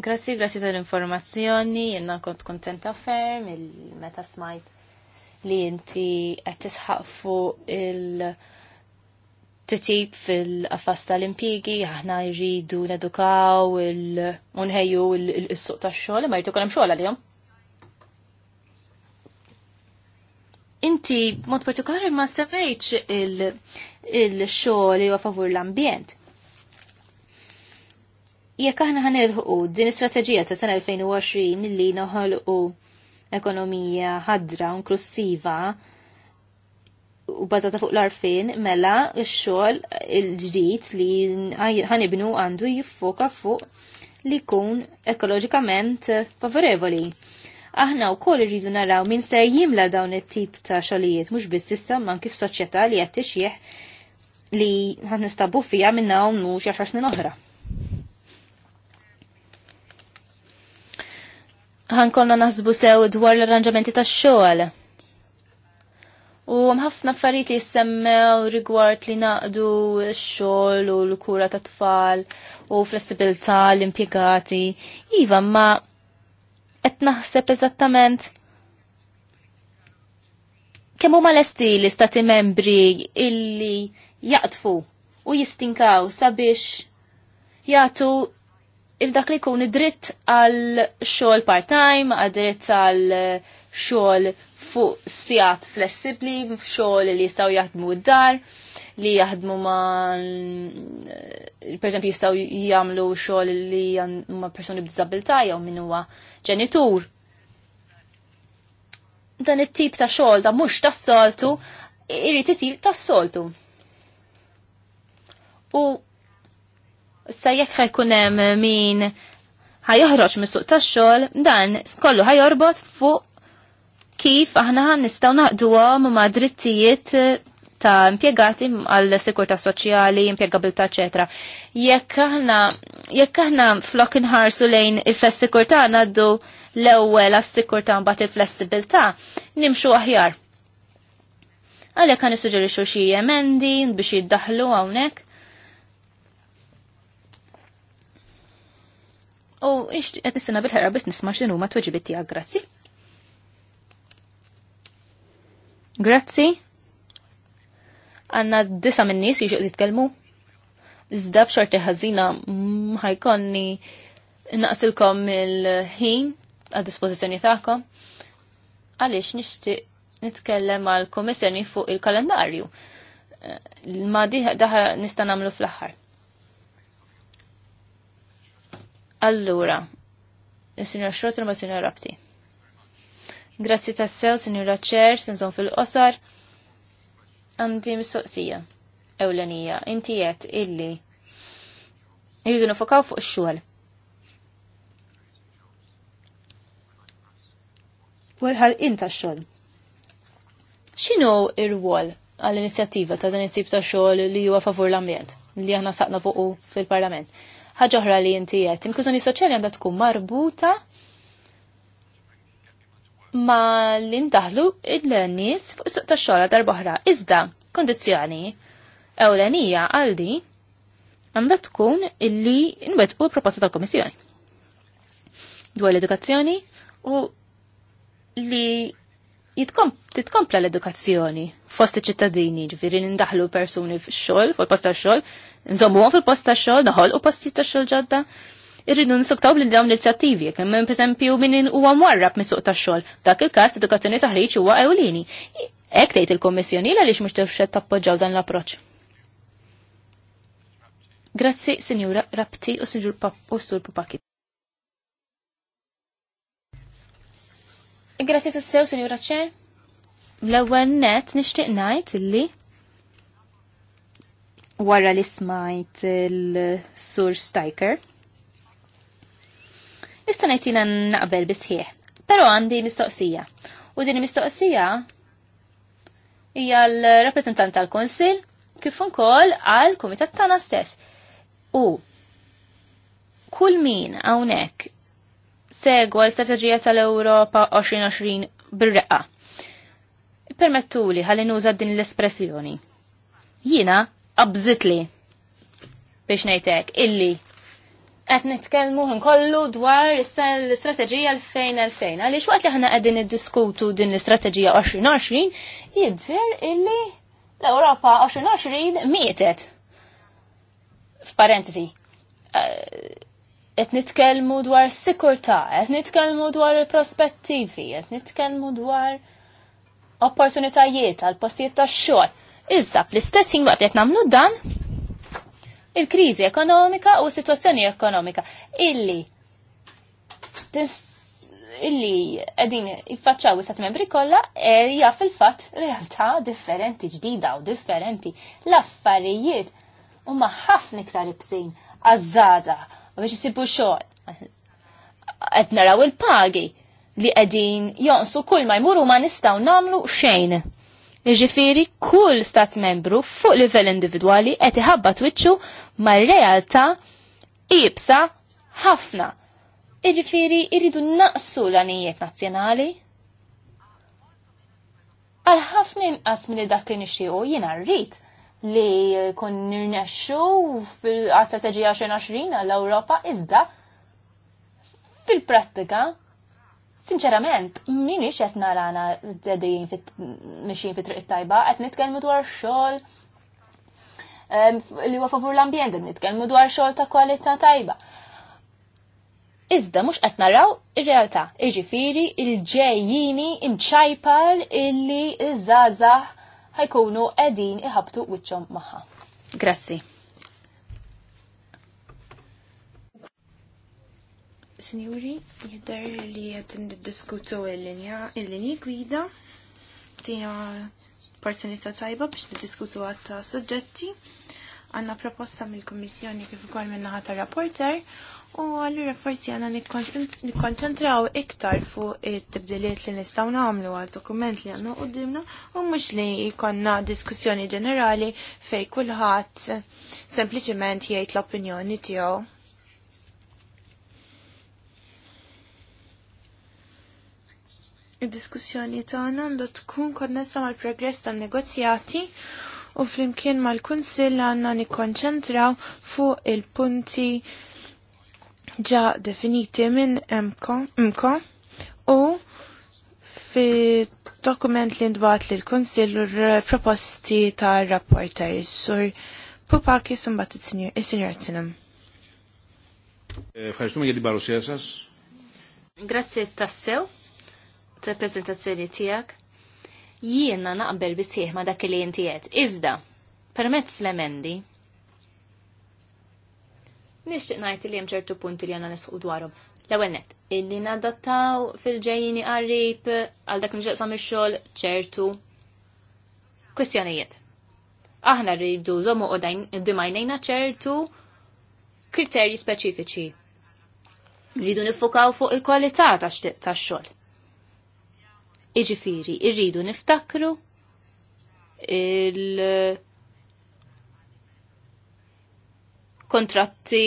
Grazie, grazie per tal-informazzjoni, jenna kont kontenta ferm, il metasmite li inti għed eh, tisħaq fuq il- titib fil-qafas tal impigi aħna jridu nedukaw, il unħeju il-suq ta' xogħol, ma jridu kolem xogħol għalihom. Inti, mod partikolari ma semmejċ il-xogħol li huwa favur l-ambjent. Jekk aħna ħanilħu din istrateġija ta' sena 2020 li noħolqu ekonomija ħadra, inklusiva, u bazata fuq l-arfin mela x-xogħol il-ġdid li ħanibnu għandu jiffoka fuq li jkun ekoloġikament favorevoli. Aħna u koll irridu naraw minn se jimla dawn it-tip ta' xogħlijiet mhux biss issa man kif soċjetà li qed tixjeħ li ħan nistabu fija minna u mhux għaxar snin oħra. konna naħsbu sew dwar l-arranġamenti tax-xogħol U ħafna affarijiet jissemmew rigward li naqdu x-xogħol u l-kura ta' tfal u flessibilità l-impjegati. Iva, ma qed naħseb eżattament kemm huma lesti l-istati membri illi jaqtfu u jistinkaw sabiex jagħtu il-dak li jkun id-dritt għal xogħol part-time, għad-dritt għal xogħol fuq sijat flessibli, xogħol li jistgħu jaħdmu d-dar, li jaħdmu ma' per esempio jistgħu jagħmlu xogħol li huma persuni b'diżabilità jew min huwa ġenitur. Dan it-tip ta' xogħol ta' mhux tas-soltu irid isir tas-soltu. U sa jekk ħajkun hemm min ħajoħroġ mis-suq tax-xogħol, dan kollu ħajorbot fuq kif aħna nistgħu naqduhom ma' drittijiet eh, ta' impjegati għal sikurta soċjali, impjegabilità, ecc. Jekk aħna jekk aħna flok inħarsu lejn il-flessikurtà ngħaddu l-ewwel għas-sikurtà mbagħad il-flessibilità, nimxu aħjar. Għalhekk kan nissuġġerixxu xi emendi biex jiddaħlu hawnhekk. U ix qed nistenna bil-ħera bis nisma' x'inhu ma t tiegħek, grazzi. Grazzi. Għanna disa minnis nies jixuq li tkellmu. Iżda b'xorti ħażina ħajkonni naqsilkom il-ħin għad dispożizzjoni tagħkom għaliex nixtieq nitkellem għal komissjoni fuq il-kalendarju. Eh, ma diħ nista' nagħmlu fl-aħħar. Allura, il-Sinjor xorti ma' Sinjor Rabti. Grazzi tassew, Sinjura Ċer, sinżon fil-qosar. Għandi mistoqsija, ewlenija, inti illi irridu nifokaw fuq ix-xogħol. Walħal inta x-xogħol. X'inhu ir-rwol għall-inizjattiva ta' dan it-tip ta' xogħol li huwa favur l-ambjent li aħna saqna fuqu fil-Parlament? ħaġa oħra li inti qed, inklużjoni soċjali għandha tkun marbuta ma l ndaħlu id-lennis fuq suq ta' xogħla darbohra. Iżda, kondizjoni, ewlenija għaldi għandha tkun illi nwet l-proposta tal-Komissjoni dwar l-edukazzjoni u li titkompla l-edukazzjoni fost ċittadini ġifiri nindaħlu persuni fil-xol, fil-posta xol, nżommu fil-posta xol, naħol u posti ta' xol ġodda, irridu nsuktaw bl dawn l-inizjattivi, kemm hemm pereżempju min huwa għamwarrab mis-suq tax-xogħol. Dak il-każ edukazzjoni taħriġ huwa ewlieni. Hekk tgħid il-Kommissjoni għaliex mhux tifxed tappoġġaw dan l-approċċ. Grazzi, Sinjura Rapti u Sinjur Postur Pupaki. Grazzi tassew, Sinjura Ċer. L-ewwel net nixtieq ngħid li wara li smajt il-Sur Stiker Issa ngħidilha naqbel bisħieħ, però għandi mistoqsija. U din mistoqsija hija l-rappreżentant tal-Konsil kif ukoll għal kumitat tagħna stess. U kull min hawnhekk segwa l-istrateġija tal-Ewropa 2020 bir-reqqa. Permettu li ħalli nuża din l-espressjoni. Jiena abżitli biex ngħidlek illi qed nitkellmu kollu dwar l fejn 2000-2000. Għaliex waqt li ħana qegħdin diskutu din l-istrateġija 2020 jidżer illi l-Ewropa 2020 mietet. F'parentesi. Eh, qed nitkellmu dwar sikurtà, qed nitkellmu dwar il-prospettivi, qed nitkellmu dwar opportunitajiet għal postijiet tax-xogħol. Iżda fl-istess ħin li qed nagħmlu dan, il-kriżi ekonomika u s-sitwazzjoni ekonomika illi illi qegħdin jiffaċċaw is membri kollha e, hija fil-fatt realtà differenti ġdida u differenti l-affarijiet huma ħafna iktar ibsin għażada biex jisibu xogħol. Qed naraw il-pagi li qegħdin jonqsu kull ma jmuru ma nistgħu nagħmlu xejn. Iġifiri kull stat membru fuq livell individwali qed iħabba twitxu mar-realtà ibsa ħafna. Iġifiri jridu naqsu l għanijiet nazzjonali. Għal ħafna inqas minn dak li nixtiequ jiena rrid li kon nirnexxu fil ġija 2020 għall-Ewropa iżda fil-prattika Sinċerament, minix qed narana d-dedin mixin fit-triq tajba, qed nitkellmu dwar xogħol li huwa favur l-ambjent, nitkellmu dwar xogħol ta' kwalità tajba. Iżda mhux qed naraw ir-realtà, jiġifieri il-ġejjini imċajpar illi iż-żgħażagħ ħajkunu qegħdin iħabtu wiċċhom magħha. Grazzi.
Signori, jidder li jed diskutu il-linji gwida tija opportunità tajba biex niddiskutu għatta soġġetti. Għanna proposta mill-Kommissjoni kif ukoll minnaħa ta' rapporter u għallura forsi għanna nikkonċentraw iktar fuq it-tibdiliet li nistaw namlu għal dokument li għanna qoddimna u mux li jikonna diskussjoni ġenerali fej kullħat sempliciment jgħid l-opinjoni tiegħu. Id-diskussjoni tagħna għandha tkun konnessa mal-progress tan-negozjati u flimkien mal-Kunsill għandna nikkonċentraw fuq il-punti ġa definiti minn imko u fid dokument li ndbat li l-Kunsill u proposti ta' rapporter sur Pupaki sumbat il-Sinjor Tinem. Eh, ευχαριστούμε για την
Grazie tassew tal-prezentazzjoni tiegħek. Jiena naqbel bisieħ ma dak li inti qed. Iżda, permezz l-emendi, nixtieq ngħid li hemm ċertu punti li għandna nisħu dwarhom. L-ewwel nett, illi nadattaw fil-ġejjini għarrib, għal dak nġeqsa ix-xogħol ċertu kwistjonijiet. Aħna rridu zomu u dimajnejna ċertu kriterji speċifiċi. Rridu nifukaw fuq il-kwalità tax-xogħol. Iġifiri, irridu niftakru il- kontratti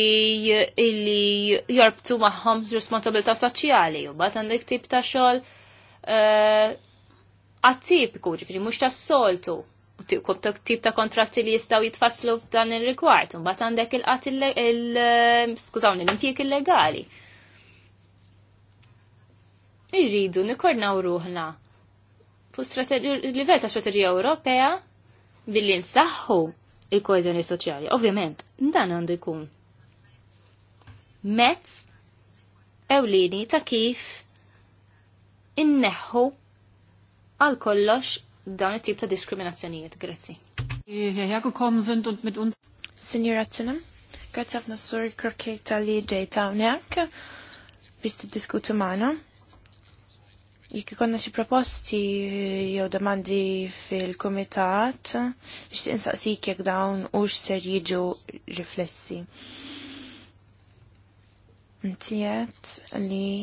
illi jorbtu maħħom responsabilta soċjali u bat għandek tip ta' xol għattipiku, eh, ġifiri, mux ta' soltu tip ta' kontratti li jistaw jitfasslu f'dan il-rigward, u bat għandek il-qat il-skużawni eh, l-impjek illegali irridu nikornaw ruħna fuq livell ta' strategija Ewropea billi nsaħħu il-kohezjoni soċjali. Ovvjament, dan għandu jkun mezz ewlieni ta' kif inneħħu għal kollox dan it-tip ta' diskriminazzjonijiet. Grazzi.
Signora Tinem, grazzi għafna s-sur kroketa li ġejta unjak biex t-diskutu maħna. Jekk ikonna xi proposti eh, jew domandi fil-kumitat, nixtieq insaqsik jekk dawn hux ser jiġu riflessi. Ntijet li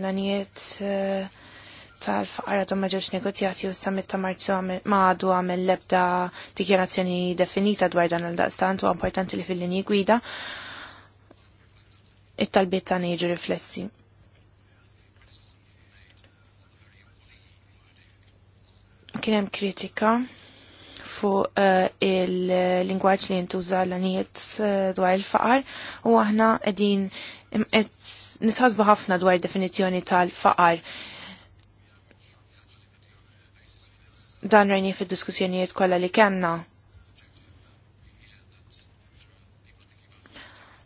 l anijiet eh, tal-faqra ta' maġġorġ negozjati u summit ta' marzu maħdu għamil lebda dikjarazzjoni definita dwar dan l daqstant u importanti li fil-linji gwida it-talbiet ta' jiġu riflessi. Kien hemm kritika fuq uh, il-lingwaġġ li jintuża l-għanijiet eh, dwar il-faqar u aħna qegħdin nitħasbu ħafna dwar definizzjoni tal-faqar. Dan rajni fid-diskussjonijiet kollha li kellna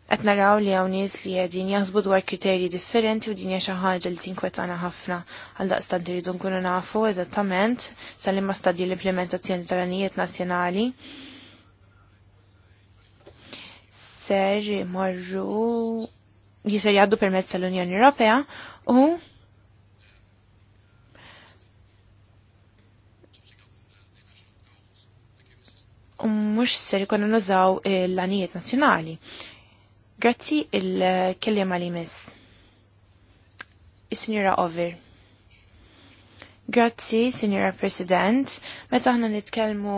qed naraw li hawn nies li qegħdin jaħsbu dwar kriterji differenti u din hija xi ħaġa li tinkwetana ħafna għal daqstant iridu nkunu nafu eżattament sal imma stadju l-implementazzjoni tal-anijiet nazzjonali ser marru jiser jgħaddu permezz tal-Unjoni Ewropea u u mux ser ikonu nużaw l-anijiet nazjonali. Grazzi il-kellima li miss. Is-Sinjura Over. Grazzi, Sinjura President. Meta aħna nitkellmu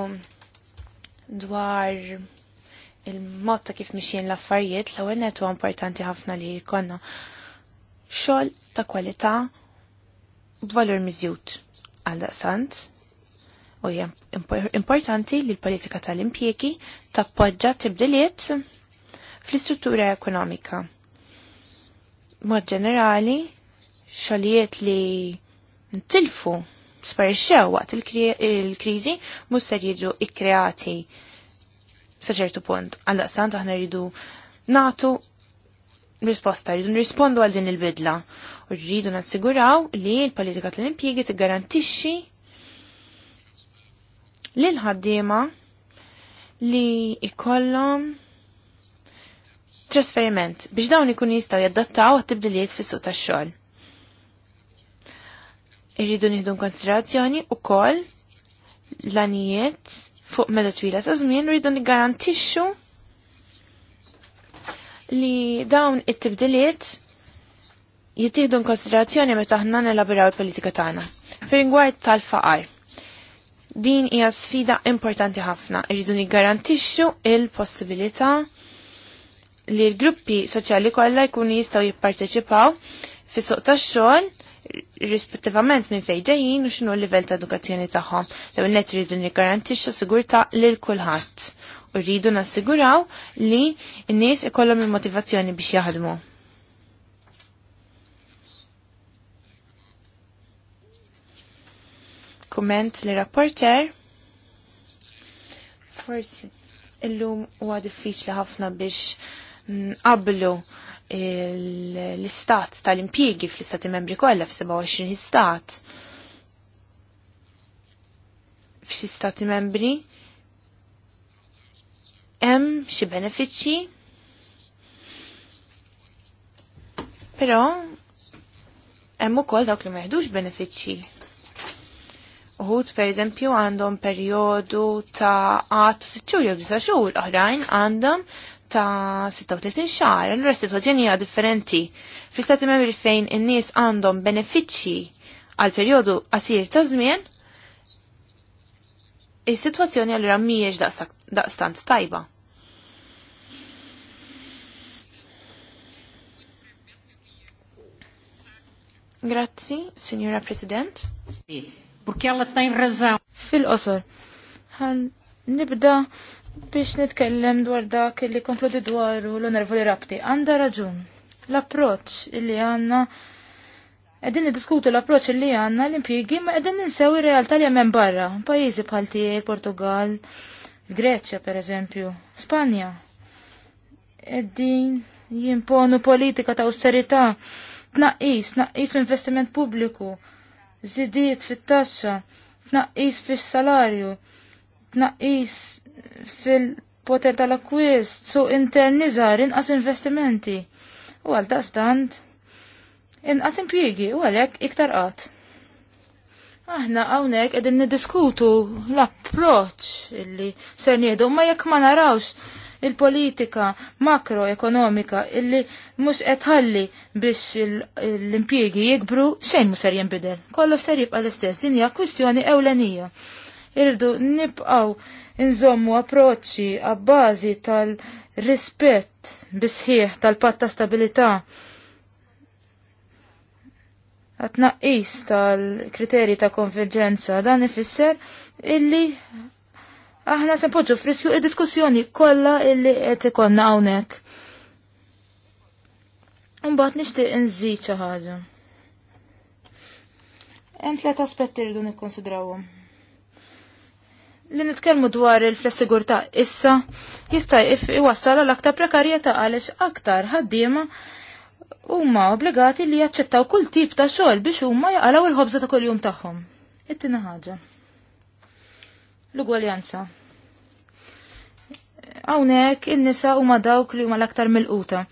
dwar il-mod ta' kif mixien l-affarijiet, l-ewwel nettu importanti ħafna li jkollna xogħol ta' kwalità b'valur miżjud għal daqsant u hija importanti li l-politika tal-impjiegi tappoġġa tibdiliet fl-istruttura ekonomika. Mod ġenerali, xogħlijiet li ntilfu sparixxew waqt il-kriżi mhux ser jiġu ikkreati sa ċertu punt. Għaldaqstant aħna rridu natu risposta, rridu nrispondu għal din il-bidla. U rridu nassiguraw li l-politika tal-impjiegi tiggarantixxi lil ħaddiema li ikollhom trasferiment biex dawn ikun jistgħu jaddattaw għat-tibdiliet fis-suq tax-xogħol. Irridu nieħdu konsiderazzjoni wkoll l-anijiet fuq meta twila ta' żmien rridu niggarantixxu li dawn it-tibdiliet jittieħdu konsiderazzjoni meta aħna nelaboraw il-politika tagħna. Fir-rigward tal-faqar. Din hija sfida importanti ħafna. Irridu niggarantixxu il-possibilità li l-gruppi soċjali kollha jkunu jistgħu jipparteċipaw fis-suq tax-xogħol rispettivament minn fejn ġejjin u x'inhu l-livell ta' edukazzjoni tagħhom. Lew net rridu niggarantixxu sigurtà lil kulħadd u rridu nassiguraw li n-nies ikollhom il-motivazzjoni biex jaħdmu. Kumment li rapporter. Forsi illum huwa diffiċli ħafna biex qablu l-istat tal-impjiegi fl-istati membri kollha f'27 istat. F'xi stati membri hemm xi benefiċċji però hemm ukoll dawk li ma jeħdux benefiċċji. Uħud pereżempju għandhom perjodu ta' għat xhur jew 9 xhur oħrajn għandhom ta' 36 xahar, allura situazzjoni hija differenti. Fl-istati membri fejn in-nies għandhom benefiċċji għal perjodu qasir ta' żmien, is-sitwazzjoni allura mhijiex daqstant tajba. Grazzi, Signora President.
Burkjalla tajn razzam.
Fil-qosor,
nibda biex nitkellem dwar dak li konkludi dwaru l-onervoli rabti. Għanda raġun. L-approċ li għanna Edin diskutu l-approċ li għanna l-impjigi, ma edin ninsew ir-realtà li għemmen barra, pajizi bħal tiegħi, Portugal, Greċja per eżempju, Spanja. Edin jimponu politika ta' austerità, tnaqqis, tnaqqis l-investiment pubbliku, zidiet fit-taxxa, tnaqqis fis-salarju, tnaqqis fil-poter tal-akwist, su so internizar inqas investimenti. U għal stant, inqas impjiegi u għalek iktar qatt. Aħna hawnhekk qegħdin niddiskutu l-approċċ illi ser njedu, ma jekk ma narawx il-politika makroekonomika illi mhux qed ħalli biex l-impjiegi jikbru xejn mhux ser jinbidel. Kollu ser jibqa' l-istess din hija kwistjoni ewlenija. Irdu nibqgħu inżommu approċċi għabbażi tal-rispett bisħieħ tal-patt ta' stabilità għatnaqis tal-kriteri ta' konverġenza dan ifisser illi aħna se npoġġu friskju id-diskussjoni kollha illi qed ikonna hawnhekk. Imbagħad nixtieq inżid xi ħaġa. Hemm tliet aspetti rridu nikkonsidrawhom li nitkellmu dwar il-flessigurta issa jista' iwassal l aktar prekarjetà għaliex aktar ħaddiema huma obbligati li jaċċettaw kull tip ta' xogħol biex huma jaqalaw il-ħobża ta' kuljum tagħhom. It-tieni ħaġa. L-ugwaljanza. Hawnhekk in-nisa huma dawk li huma l-aktar milquta.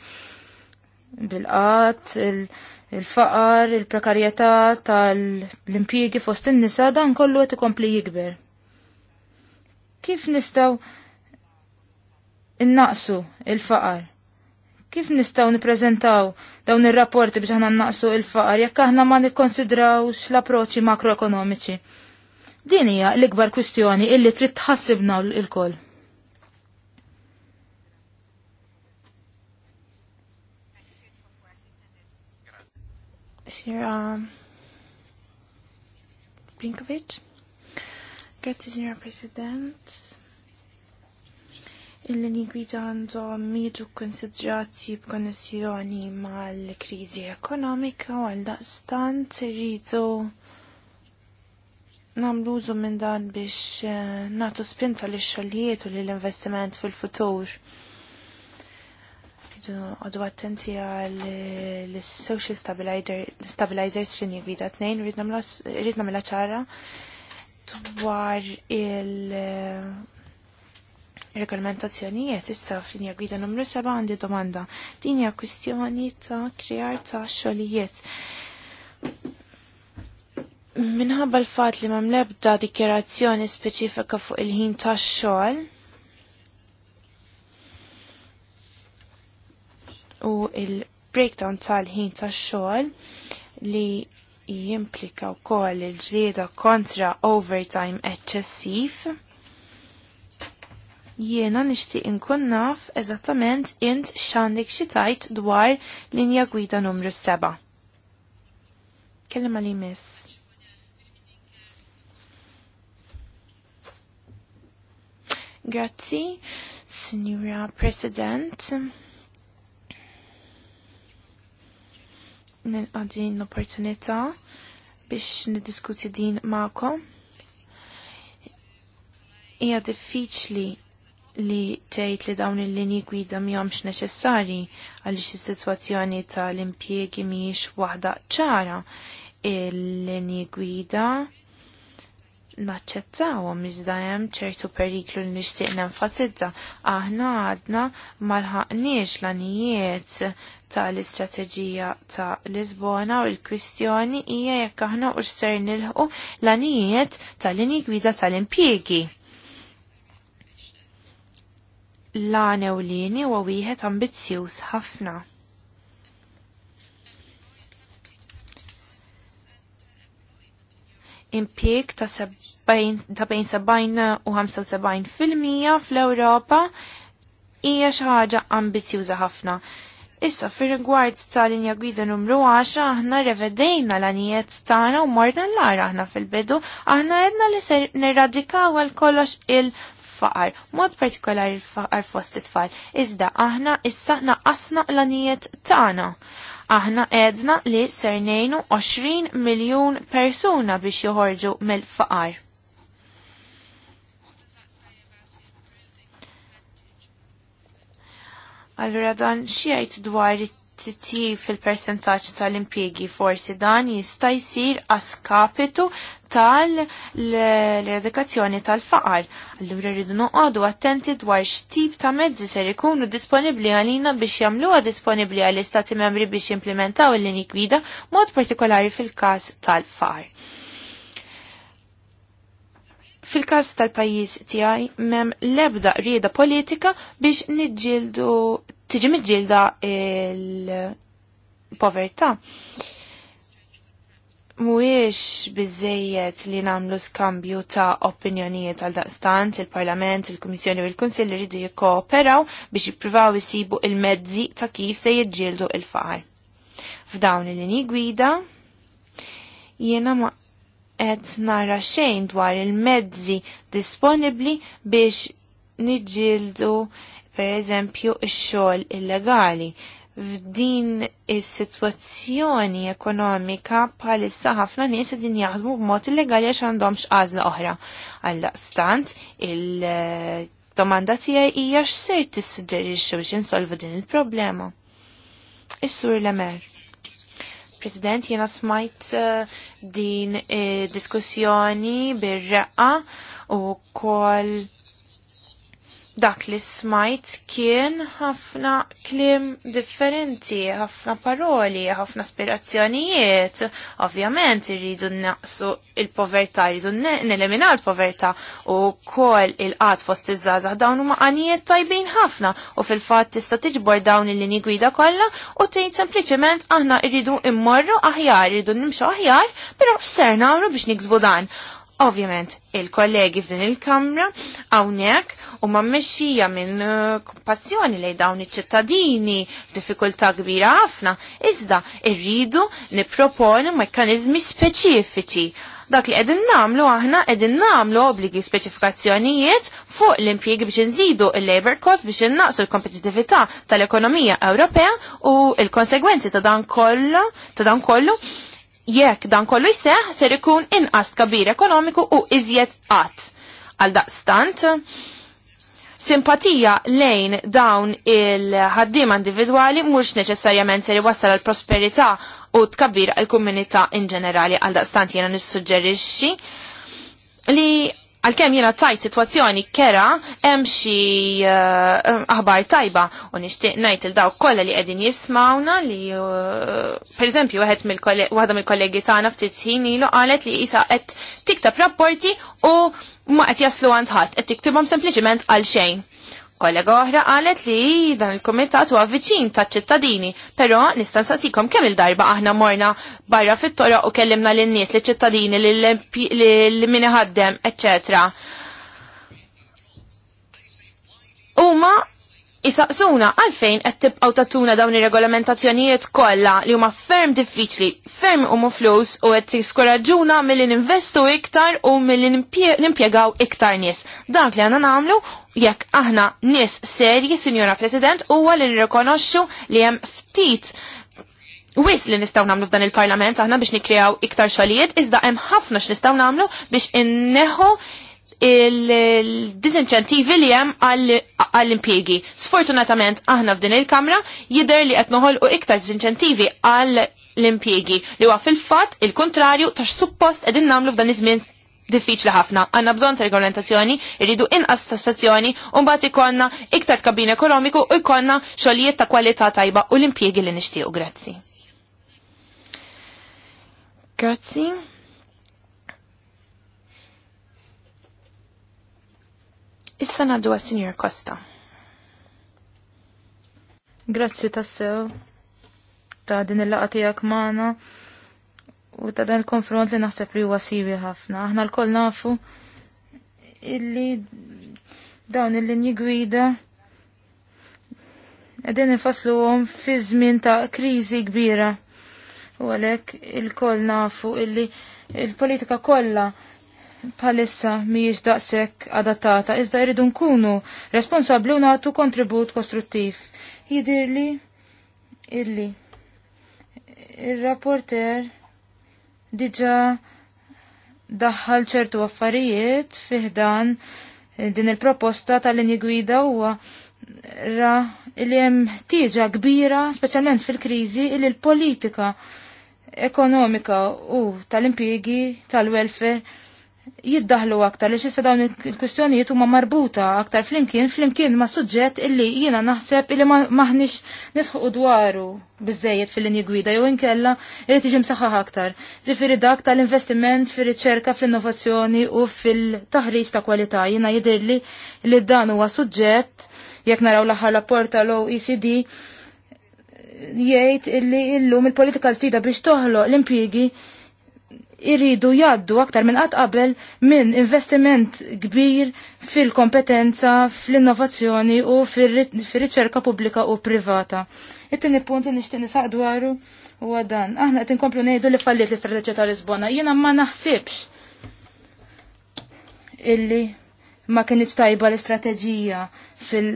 bil qat il-faqar, il-prekarjetà tal-impjiegi fost in-nisa dan kollu qed ikompli jikber Kif nistaw innaqsu il-faqar? Kif nistaw niprezentaw dawn ir-rapporti biex aħna naqsu il-faqar jekk aħna ma nikkonsidrawx l-approċċi makroekonomiċi? Din hija l-ikbar kwistjoni illi trid tħassibna l-koll.
Sira Um, Grazie, signora President. il lini gwida għandhom jiġu konsidrati b'konnessjoni mal krizi ekonomika u għal daqstant rridu namlu użu minn dan biex eh, natu spinta li xalliet u li l-investiment fil-futur. Għadu attenti għal eh, l-social stabilizers fl-inni gwida t-nejn, rridna mela ċara dwar il- eh, regolamentazzjonijiet issa f'linja gwida numru 7 għandi domanda. Din hija kwistjoni ta' krijar ta' xogħlijiet. Minħabba l fatt li m'hemm l-ebda dikjerazzjoni speċifika fuq il-ħin tax-xogħol u il-breakdown tal-ħin tax-xogħol li jimplika wkoll il-ġlieda kontra overtime eċċessiv. Jiena nixtieq inkun naf eżattament int x'għandek xi tajt dwar linja gwida numru 7. Kellima li miss. Grazzi, Signora President. nil din l-opportunità biex niddiskuti din ma'kom. Hija diffiċli li tgħid li dawn il-linji gwida mihomx neċessarji għaliex is-sitwazzjoni tal-impjiegi mhijiex waħda ċara il-linji gwida naċċettawhom iżda hemm ċertu periklu li nixtieq nenfasizza. Aħna għadna malħaqniex l-anijiet tal-istrateġija ta' Lisbona u l-kwistjoni hija jekk aħna u ser nilħu l-anijiet tal-linji gwida tal-impjiegi. L-għana u lini u wieħed ambizzjuż ħafna. impjeg ta' seb ta' bejn 70 u 75 fil-mija fl-Ewropa hija xi ħaġa ambizjuża ħafna. Issa fir-rigward ta' linja gwida numru 10 aħna revedejna l-anijiet tagħna u morna l-ara aħna fil-bidu, aħna għedna li ser nirradikaw għal kollox il- faqar, mod partikolari l-faqar fost it-tfal, iżda aħna issa naqasna l-anijiet tagħna. Aħna edna li ser nejnu 20 miljon persuna biex joħorġu mill-faqar. Allura dan xiejt dwar it-titji fil-percentaċ tal-impiegi forsi dan jista' jsir askapitu tal-eradikazzjoni tal-faqar. Allura rridu noqogħdu attenti dwar x'tip ta' mezzi ser ikunu disponibbli għalina biex jagħmluha disponibbli għall-istati membri biex jimplementaw il-linji gwida mod partikolari fil-każ tal-faqar. Fil-każ tal-pajjiż tiegħi m'hemm l-ebda rieda politika biex nidġildu, tiġi midġilda il-povertà. Mhuwiex bizzejiet li nagħmlu skambju ta' opinjonijiet għal daqstant il-Parlament, il-Kummissjoni u l konsilli iridu jikkooperaw biex jippruvaw jisibu il-mezzi ta' kif se jiġġieldu il-faqar. F'dawn il-linji gwida jiena ma' qed nara xejn dwar il-mezzi disponibbli biex niġġieldu pereżempju x-xogħol illegali. F'din is-sitwazzjoni ekonomika bħalissa ħafna nies din jaħdmu b'mod illegali għax għandhomx għażla oħra. Għallaqstant il-domanda tiegħi hija x'ser tissuġġerixxu biex insolvu din il-problema. Is-sur Lemer. President, jena smajt eh, din eh, diskussjoni bir-reqqa u kol dak li smajt kien ħafna klim differenti, ħafna paroli, ħafna aspirazzjonijiet. Ovvjament irridu naqsu il-povertà, rridu nelimina l povertà u kol il-qat fost iż-żgħażagħ dawn huma qanijiet tajbin ħafna u fil-fatt tista' tiġbor dawn il-lini gwida kollha u tgħid sempliċement aħna rridu immorru aħjar, rridu nimxu aħjar, però x'ser nagħmlu biex niksbu dan. Ovvjament, il-kollegi f'din il-kamra hawnhekk u ma mmexxija minn eh, kompassjoni lejn dawn iċ-ċittadini f'diffikultà kbira ħafna, iżda rridu nipproponu mekkaniżmi speċifiċi dak li qegħdin nagħmlu aħna qegħdin nagħmlu obbligi speċifikazzjonijiet fuq l-impjiegi biex inżidu il-labor cost biex innaqsu l-kompetitività tal-ekonomija Ewropea u l-konsegwenzi ta' dan kollu ta' dan kollu jekk dan kollu jseħ ser ikun inqas kabir ekonomiku u iżjed qatt. Għal daqstant, simpatija lejn dawn il-ħaddim individwali mhux neċessarjament ser iwassal għal prosperità u tkabbir għal komunità in ġenerali għal daqstant jena nissuġġerixxi li għalkemm jiena tajt sitwazzjoni kera hemm xi eh, aħbar tajba u nixtieq najt il dawk kollha li qegħdin jismawna li eh, pereżempju waħed waħda mill-kollegi tagħna ftit ħin ilu qalet li jisa qed tiktab rapporti u ma qed jaslu għand ħadd qed tiktibhom għal xejn. Kollega oħra qalet li dan il-komitat huwa viċin taċ ċittadini, però nista' nsaqsikom kemm il-darba aħna morna barra fit-toroq u kellimna lin nies li ċittadini li min iħaddem, eċċetra. Huma Isaqsuna għalfejn qed tibqgħu tatuna dawn ir-regolamentazzjonijiet kollha li huma ferm diffiċli, ferm huma flus u qed jiskoraġuna milli ninvestu iktar u milli nimpjegaw iktar nies. Dak li għandna nagħmlu jekk aħna nies serji, Sinjora President, huwa li nirrikonoxxu li hemm ftit Wis li nistaw namlu f'dan il-parlament aħna biex nikreaw iktar xalijiet, iżda hemm ħafna x'nistgħu namlu biex inneħħu il-disinċentivi li jem għall-impiegi. Sfortunatament, aħna f'din il-kamra jider li għetnuħol u iktar disincentivi għall-impiegi li huwa fil-fat il-kontrarju tax suppost edin namlu f'dan iż-żmien diffiċli ħafna. Għanna bżon ta' regolamentazzjoni, irridu inqas stazzjoni, u mbagħad ikonna iktar kabin ekonomiku u ikonna xogħlijiet ta' kwalità tajba u l-impjiegi li nixtiequ. Grazzi. Grazzi. Issa
naddu għas-Sinjor Costa. Grazzi tassew ta' din il-laqa tijak maħna u ta' dan il-konfront li naħseb li huwa siwi ħafna. Aħna l-koll nafu illi dawn il-linji gwida għedin nifaslu għom fi żmien ta' krizi kbira. U għalek il-koll nafu illi il-politika kollha palissa mhijiex daqshekk adattata, iżda jridu nkunu responsabbli u nagħtu kontribut kostruttiv. Jidirli illi ir-rapporter diġa daħħal ċertu affarijiet fiħdan din il-proposta tal-linji gwida huwa ra li hemm tieġa kbira, speċjalment fil-kriżi, li l-politika ekonomika u tal-impjiegi tal-welfare jiddaħlu aktar li xissa dawn il-kwistjonijiet huma marbuta aktar flimkien flimkien ma' suġġett illi jiena naħseb illi maħniex nisħu dwaru bizzejiet fil-linji gwida jew inkella irid tiġi saħħaħ aktar. Ġifiri dak tal-investiment fir-riċerka fil innovazzjoni u fil-taħriġ ta' kwalità jiena jidhirli li dan huwa suġġett jekk naraw l-aħħar rapport tal-OECD jgħid illi illum il-politika l biex toħloq l-impjiegi irridu jaddu aktar minn qatt qabel minn investiment kbir fil-kompetenza, fil-innovazzjoni u fil-riċerka pubblika u privata. It-tieni punt li nixtieq nisaq dwaru huwa dan. Aħna qed inkomplu ngħidu li falliet l-istrateġija ta' Lisbona. Jiena ma naħsibx illi ma kienitx tajba l-istrateġija fil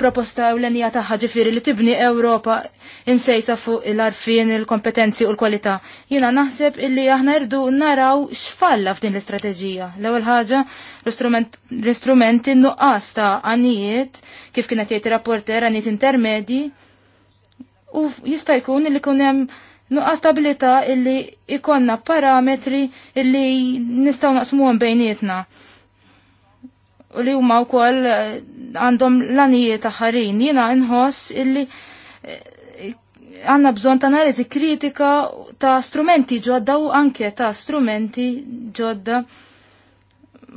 proposta l-enija taħħa ġifiri li tibni Ewropa imsejsa fuq il arfin il-kompetenzi u l-kwalità. Jina naħseb illi aħna irdu naraw x'falla f'din l-istrateġija. L-ewwel ħaġa l-istrumenti nuqqas ta' għanijiet kif kienet jgħid rapporter għanijiet intermedji u jista' jkun li kun hemm nuqqas stabilità illi ikonna parametri illi nistgħu naqsmuhom bejnietna u li huma wkoll eh, għandhom l-anijiet aħarin. Jiena nħoss illi eh, għanna bżon ta' analiżi kritika ta' strumenti ġodda u anke ta' strumenti ġodda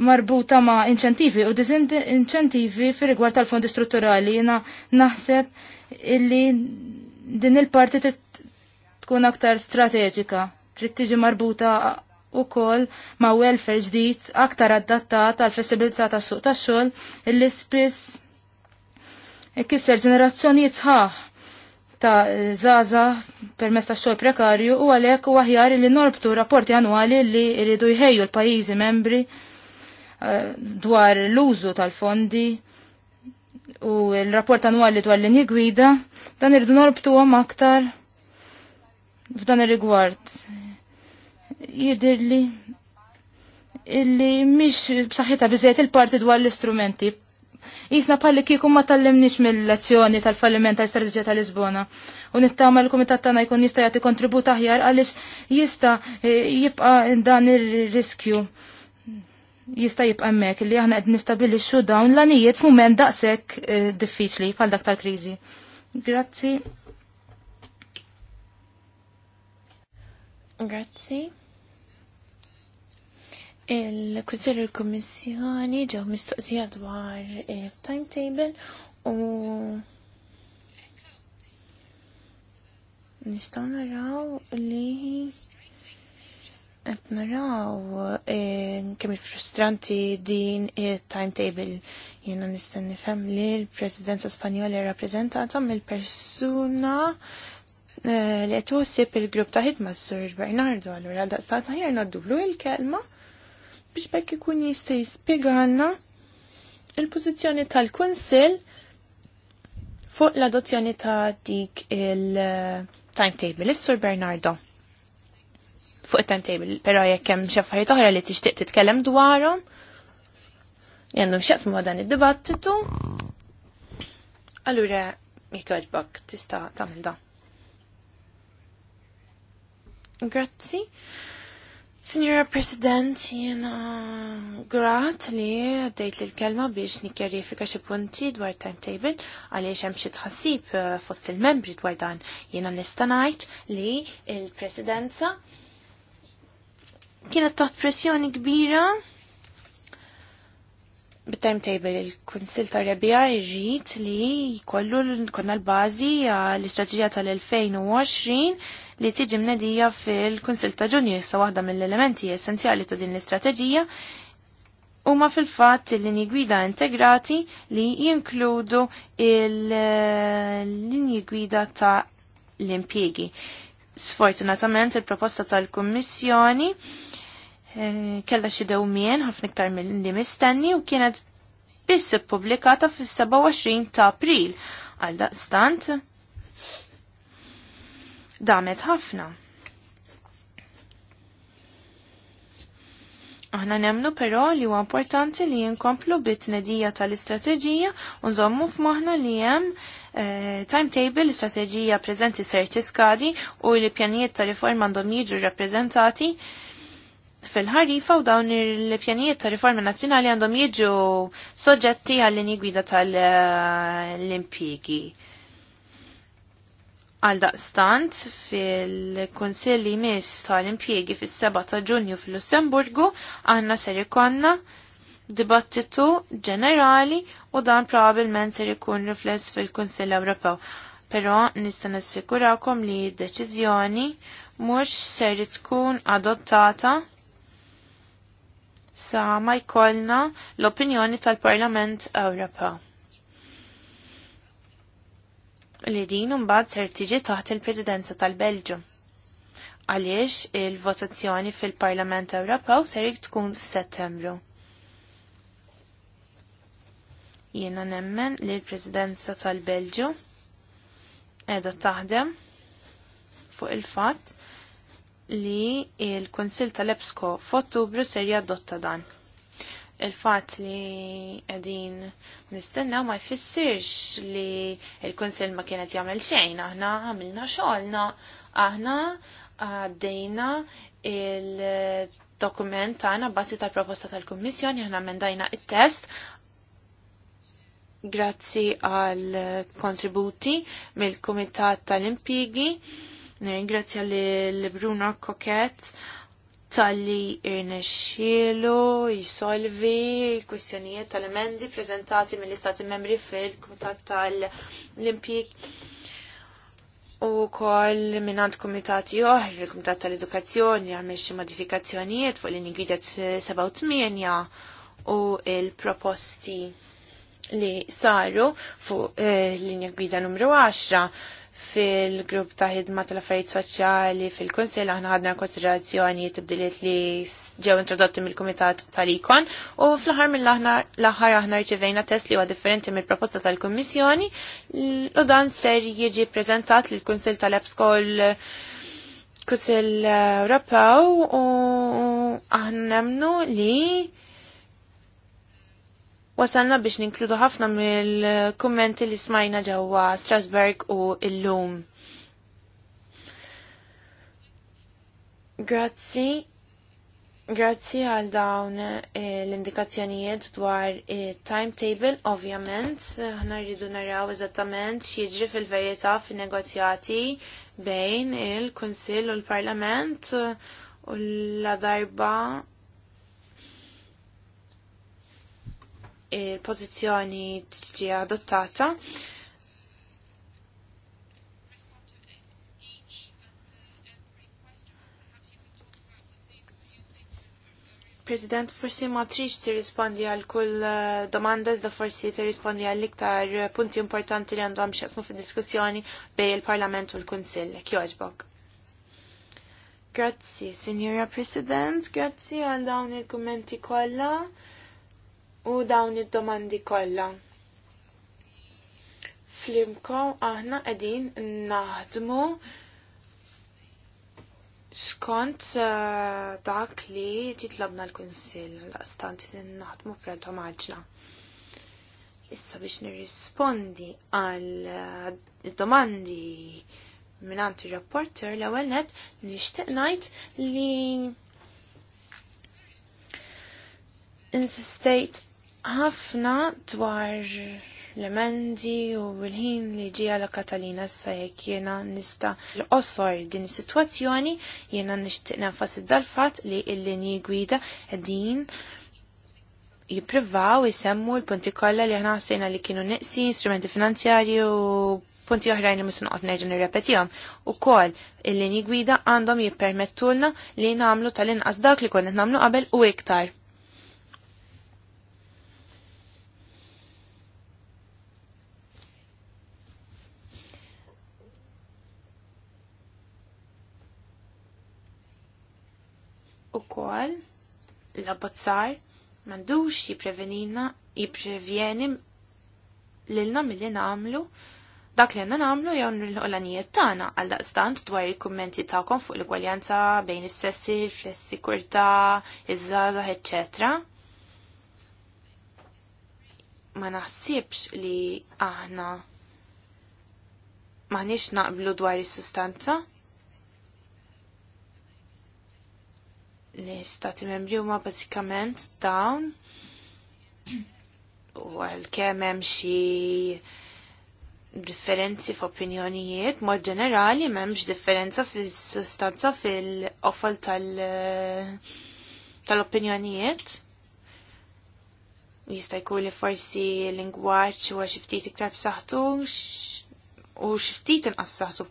marbuta ma' inċentivi u disinċentivi fi rigward tal-fondi strutturali. Jiena naħseb illi din il-parti tkun aktar strateġika, trid tiġi marbuta u kol ma' welfare ġdid aktar adattat għal flessibilità ta' suq ta' xol illi spiss ikisser ġenerazzjoni sħaħ ta' zaza permess ta' xol prekarju u għalek u aħjar li norbtu rapporti annwali li rridu jħejju l-pajizi membri eh, dwar l-użu tal-fondi u l-rapport annwali dwar l-linji gwida dan irridu norbtu aktar f'dan ir-rigward jidirli illi mhix b'saħħita biżejjed il-parti dwar l-istrumenti. Jisna palli kieku ma tal-limnix mill-lezzjoni tal-falliment tal strategija tal-Lisbona. U nittama l-komitat tagħna jkun jista' jagħti kontribut aħjar għaliex jista' e, jibqa' dan ir-riskju jista' jibqa' hemmhekk li aħna qed nistabbilixxu xudawn l-anijiet f'mument daqshekk e, diffiċli bħal dak tal-kriżi. Grazzi.
Grazzi. Il-Kunsill il-Kummissjoni ġew mistoqsija dwar il-timetable u nistgħu naraw li qed naraw eh, kemm frustranti din it-timetable jiena nista' nifhem li l-Presidenza Spanjola rappreżentata mill-persuna eh, li qed il-grupp ta' ħidma s-Sur Bernardo allura daqsat ħajja dublu il-kelma biex bekk ikun jista' jispjegana il-pożizzjoni tal-Kunsill fuq l-adozzjoni ta' dik il-timetable, is-Sur Bernardo. Fuq il-timetable, però jekk hemm xi affarijiet oħra li tixtieq titkellem dwarhom, jgħandu x'jaqsmu ma' dan id-dibattitu. Allura, jekk jogħġbok tista' tagħmel da. Grazzi. Signora President, jena grat li għaddejt li l-kelma biex nikjerifika xie punti dwar timetable għaliex hemm xi tħassib uh, fost il-membri dwar dan. Jena nistanajt li il-Presidenza kienet taħt pressjoni kbira bit-timetable il-Kunsil ta' Rebija jrid li jkollu konna l-bażi għall-istraġija tal-2020 li tiġi mnedija fil-Kunsil ta' Ġunju sa waħda mill-elementi essenzjali ta' din l-istrateġija huma fil-fatt il-linji gwida integrati li jinkludu il-linji gwida ta' l impiegi Sfortunatament il-proposta tal-Kummissjoni eh, kella xi dewmien ħafna iktar mill-li mistenni u kienet biss ippubblikata fis-27 ta' April. Għal daqstant, damet ħafna. Aħna nemnu però li huwa importanti li jinkomplu bit-tnedija tal-istrateġija u nżommu f'moħħna li hemm eh, timetable l-istrateġija preżenti ser tiskadi u li pjanijiet ta' riforma għandhom jiġu rappreżentati fil-ħarifa u dawn il-pjanijiet ta' riforma nazzjonali għandhom jiġu soġġetti għall-linji gwida tal-impjegi. Eh, uh, Għal daqstant fil-Konsilli Mis tal-Impjegi fis-7 ta' Ġunju fil-Lussemburgu għanna ser ikonna dibattitu ġenerali u dan probabbilment ser ikun rifless fil-Kunsill Ewropew. Però nista' nassikurakom li d-deċiżjoni mhux ser tkun adottata sa ma jkollna l-opinjoni tal-Parlament Ewropew li din mbagħad ser tiġi taħt il-Presidenza tal-Belġu. Għaliex il-votazzjoni fil-Parlament Ewropew ser tkun f'Settembru. Jiena nemmen li l-Presidenza tal-Belġu qiegħda taħdem fuq il-fatt li il-Konsil tal-Epsko f'Ottubru ser jadotta dan il-fat li għedin nistenna ma jfissirx li il konsil ma kienet jagħmel xejn, aħna għamilna xogħolna, aħna għaddejna il-dokument tagħna batti tal-proposta tal-Kummissjoni, aħna mendajna it-test grazzi għal kontributi mill-Kumitat tal-Impigi, ringrazzja li Bruno Koket tal-li irnexxielu jisolvi l-kwistjonijiet tal-emendi prezentati mill-Istati membri fil-Kumitat tal-Olimpik u kol minnant komitati oħr, il-Kumitat tal-Edukazzjoni għamil xi modifikazzjonijiet fuq l-inni gwidet 78 u il-proposti li saru fuq eh, l inni gwida numru 10 fil-grupp ta' ħidma tal-affarijiet soċjali fil-Kunsill aħna ħadna konsiderazzjoni tibdiliet li ġew introdotti mill-Kumitat tal-Ikon u fl-aħħar mill-aħħar aħna rċevejna test li huwa differenti mill-proposta tal-Kummissjoni u dan ser jiġi preżentat lil kunsill tal epskol kunsill Ewropew u aħna nemnu li wasalna biex ninkludu ħafna mill-kummenti li smajna ġewwa Strasberg u illum. Grazzi. Grazzi għal dawn eh, l-indikazzjonijiet dwar eh, timetable, ovvjament, ħna rridu naraw eżattament xieġri fil-verjetà fin-negozjati bejn il-Kunsill u l-Parlament u la darba il-pozizjoni ġi adottata. President, forsi ma trix tirrispondi għal kull eh, domanda, da forsi tirrispondi għal iktar punti importanti li għandhom xaqsmu fi diskussjoni bej il-Parlament u l-Kunsill. Kjoġbok. Grazzi, Signora President, grazie għal dawn il-kommenti kolla u dawn id-domandi kollha. Flimkom aħna qegħdin naħdmu skont eh, dak li titlabna l-Kunsill l-astanti naħdmu prentom maġla. Issa biex nirrispondi għal eh, domandi minant il-rapporter l ewwel nett nixtieq ngħid li insistejt ħafna dwar l-emendi u l-ħin li ġi għala Katalina sa jek jena nista l-qosor din situazzjoni jena nishtiq nenfasizza l-fat li l-linji gwida din jiprivaw jisemmu l-punti kollha li ħna sejna li kienu neqsi, instrumenti finanzjari u punti oħrajn li musnqot nerġa' U kol il-linji gwida għandhom jippermettulna li nagħmlu tal-inqas dak li konna nagħmlu qabel u iktar. u kol l-abbozzar mandux jiprevenina jiprevjeni l-ilna mill-li namlu dak li għanna namlu jew l-għolanijiet tagħna għal daqstant dwar il-kummenti tagħkom fuq l-gwaljanza bejn is-sessi, l-flessikurtà, iż-żgħażagħ, etc. Ma naħsibx li aħna maħniex naqblu dwar is-sustanza. l-istati membri huma bażikament dawn u għal-kemm hemm xi differenzi f'opinjonijiet, mod ġenerali m'hemmx differenza fil-sustanza fil-qofol tal-opinjonijiet. Jista' jkun li forsi lingwaġġ huwa xi ftit iktar b'saħħtu u xi ftit inqas saħħtu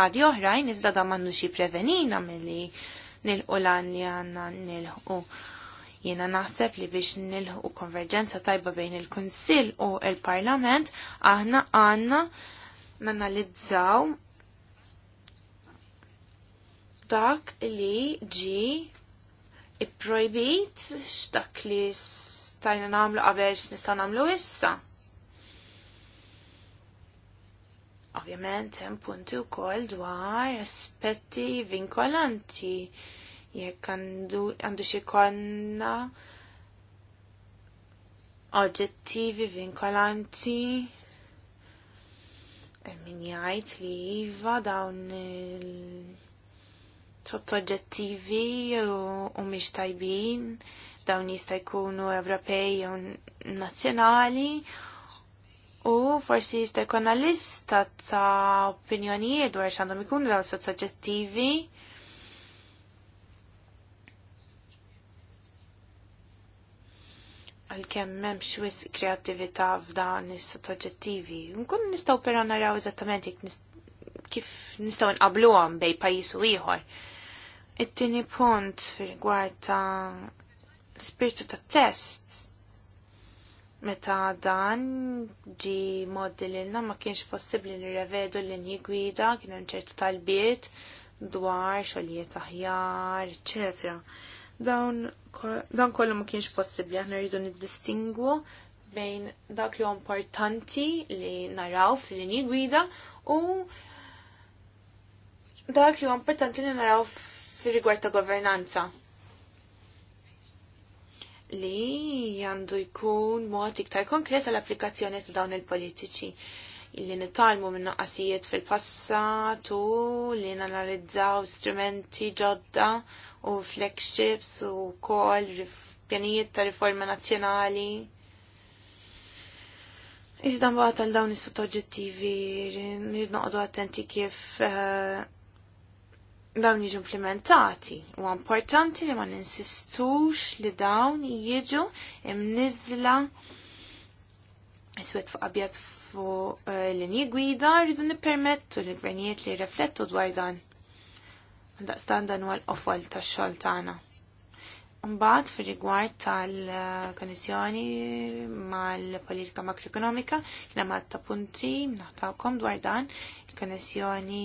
nadi oħrajn iżda da m'għandux jipprevenina milli nilqu lan li għanna nilħu. Jena naħseb li biex nilħu konverġenza tajba bejn il-Kunsill u il-Parlament, aħna għanna nanalizzaw dak li ġi i-projbit x'dak li stajna namlu qabel x'nista' namlu issa. Ovvjament hemm punti wkoll dwar aspetti vinkolanti jekk għandu xi konna oġġettivi vinkolanti min jgħid li iva dawn sottoġġettivi u mhix tajbin dawn jista' jkunu Ewropej u nazzjonali U forsi jista' jkollna lista ta' opinjonijiet dwar x'għandhom ikunu dawn soġġettivi. Għalkemm m'hemmx wis kreattività f'dan is-soġġettivi. Nkun nistgħu però naraw eżattament kif nistgħu nqabluhom bej pajjiż u ieħor. It-tieni punt fir-rigward ta' spiritu tat-test Meta dan ġi moddi l ma kienx possibli nirrevedu l inji gwida, kien hemm ċertu talbiet dwar xogħlijiet aħjar, eċetera. Dawn dan kollu ma kienx possibbli aħna rridu niddistingwu bejn dak li importanti li naraw fil-linji gwida u dak li importanti li naraw fil-rigward ta' governanza li għandu jkun mod iktar konkret għall-applikazzjoni ta' dawn il-politiċi li nitalmu minn noqqasijiet fil-passat u li nanalizzaw strumenti ġodda u flagships u kol pjanijiet ta' riforma nazzjonali. Iżda mbagħad għal dawn is-sottoġġettivi nrid noqogħdu attenti kif uh, dawn jiġu implementati u importanti li ma ninsistux li dawn jiġu imnizla iswet fuq abjad fuq eh, linji gwida rridu nippermettu li gvernijiet li riflettu dwar dan. Daqstan dan huwa l ta' tax-xogħol tagħna. Mbagħad fir-rigward tal-konnessjoni mal-politika makroekonomika kien hemm ta' punti naħtawkom dwar dan il-konnessjoni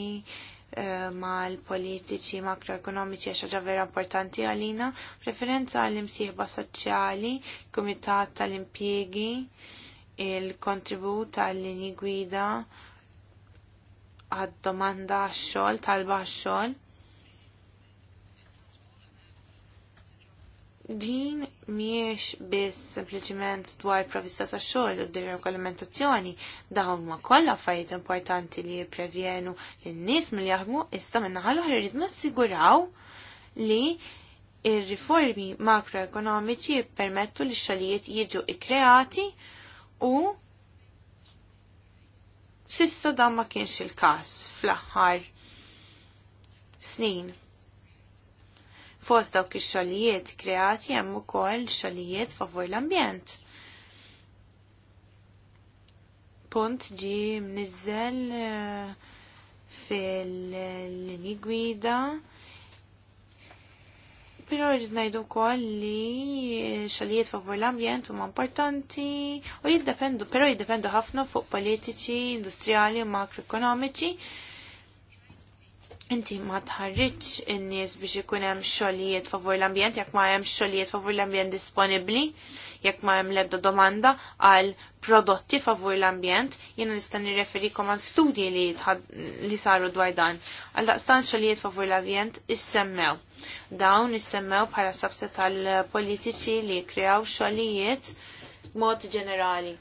Eh, l politiċi makroekonomiċi għax ħaġa vera importanti għalina, preferenza għall-imsieħba soċjali, kumitat tal-impjiegi, il-kontribut għall lini gwida għad-domanda għax-xogħol, talba għax-xogħol din miex biss sempliciment dwar provista ta' xogħol u d-regolamentazzjoni dawn ma kollha affarijiet importanti li jipprevjenu lin-nies milli jaħdmu iżda minn naħa l-oħra jrid nassiguraw li ir-riformi makroekonomiċi jippermettu li x-xogħlijiet jiġu ikkreati u sissa dan ma kienx il-każ fl-aħħar snin. Fost dawk ix-xogħlijiet kreati hemm ukoll xogħlijiet favur l-ambjent. Punt ġi mniżel eh, fil lini gwida Pero rrid ngħidu wkoll li xogħlijiet favur l-ambjent huma importanti u jiddependu, però jiddependu ħafna fuq politiċi, industrijali u makroekonomiċi Inti ma tħarriċ in-nies biex ikun hemm xogħlijiet favur l-ambjent jekk ma hemm xogħlijiet favur l-ambjent disponibbli, jekk ma hemm l-ebda domanda għal prodotti favur l-ambjent, jiena nista' nirreferikom għal studji li, li saru dwar dan. Għal daqstan xogħlijiet favur l-ambjent issemmew. Dawn issemmew bħala sabse tal-politiċi li kreaw xogħlijiet mod ġenerali.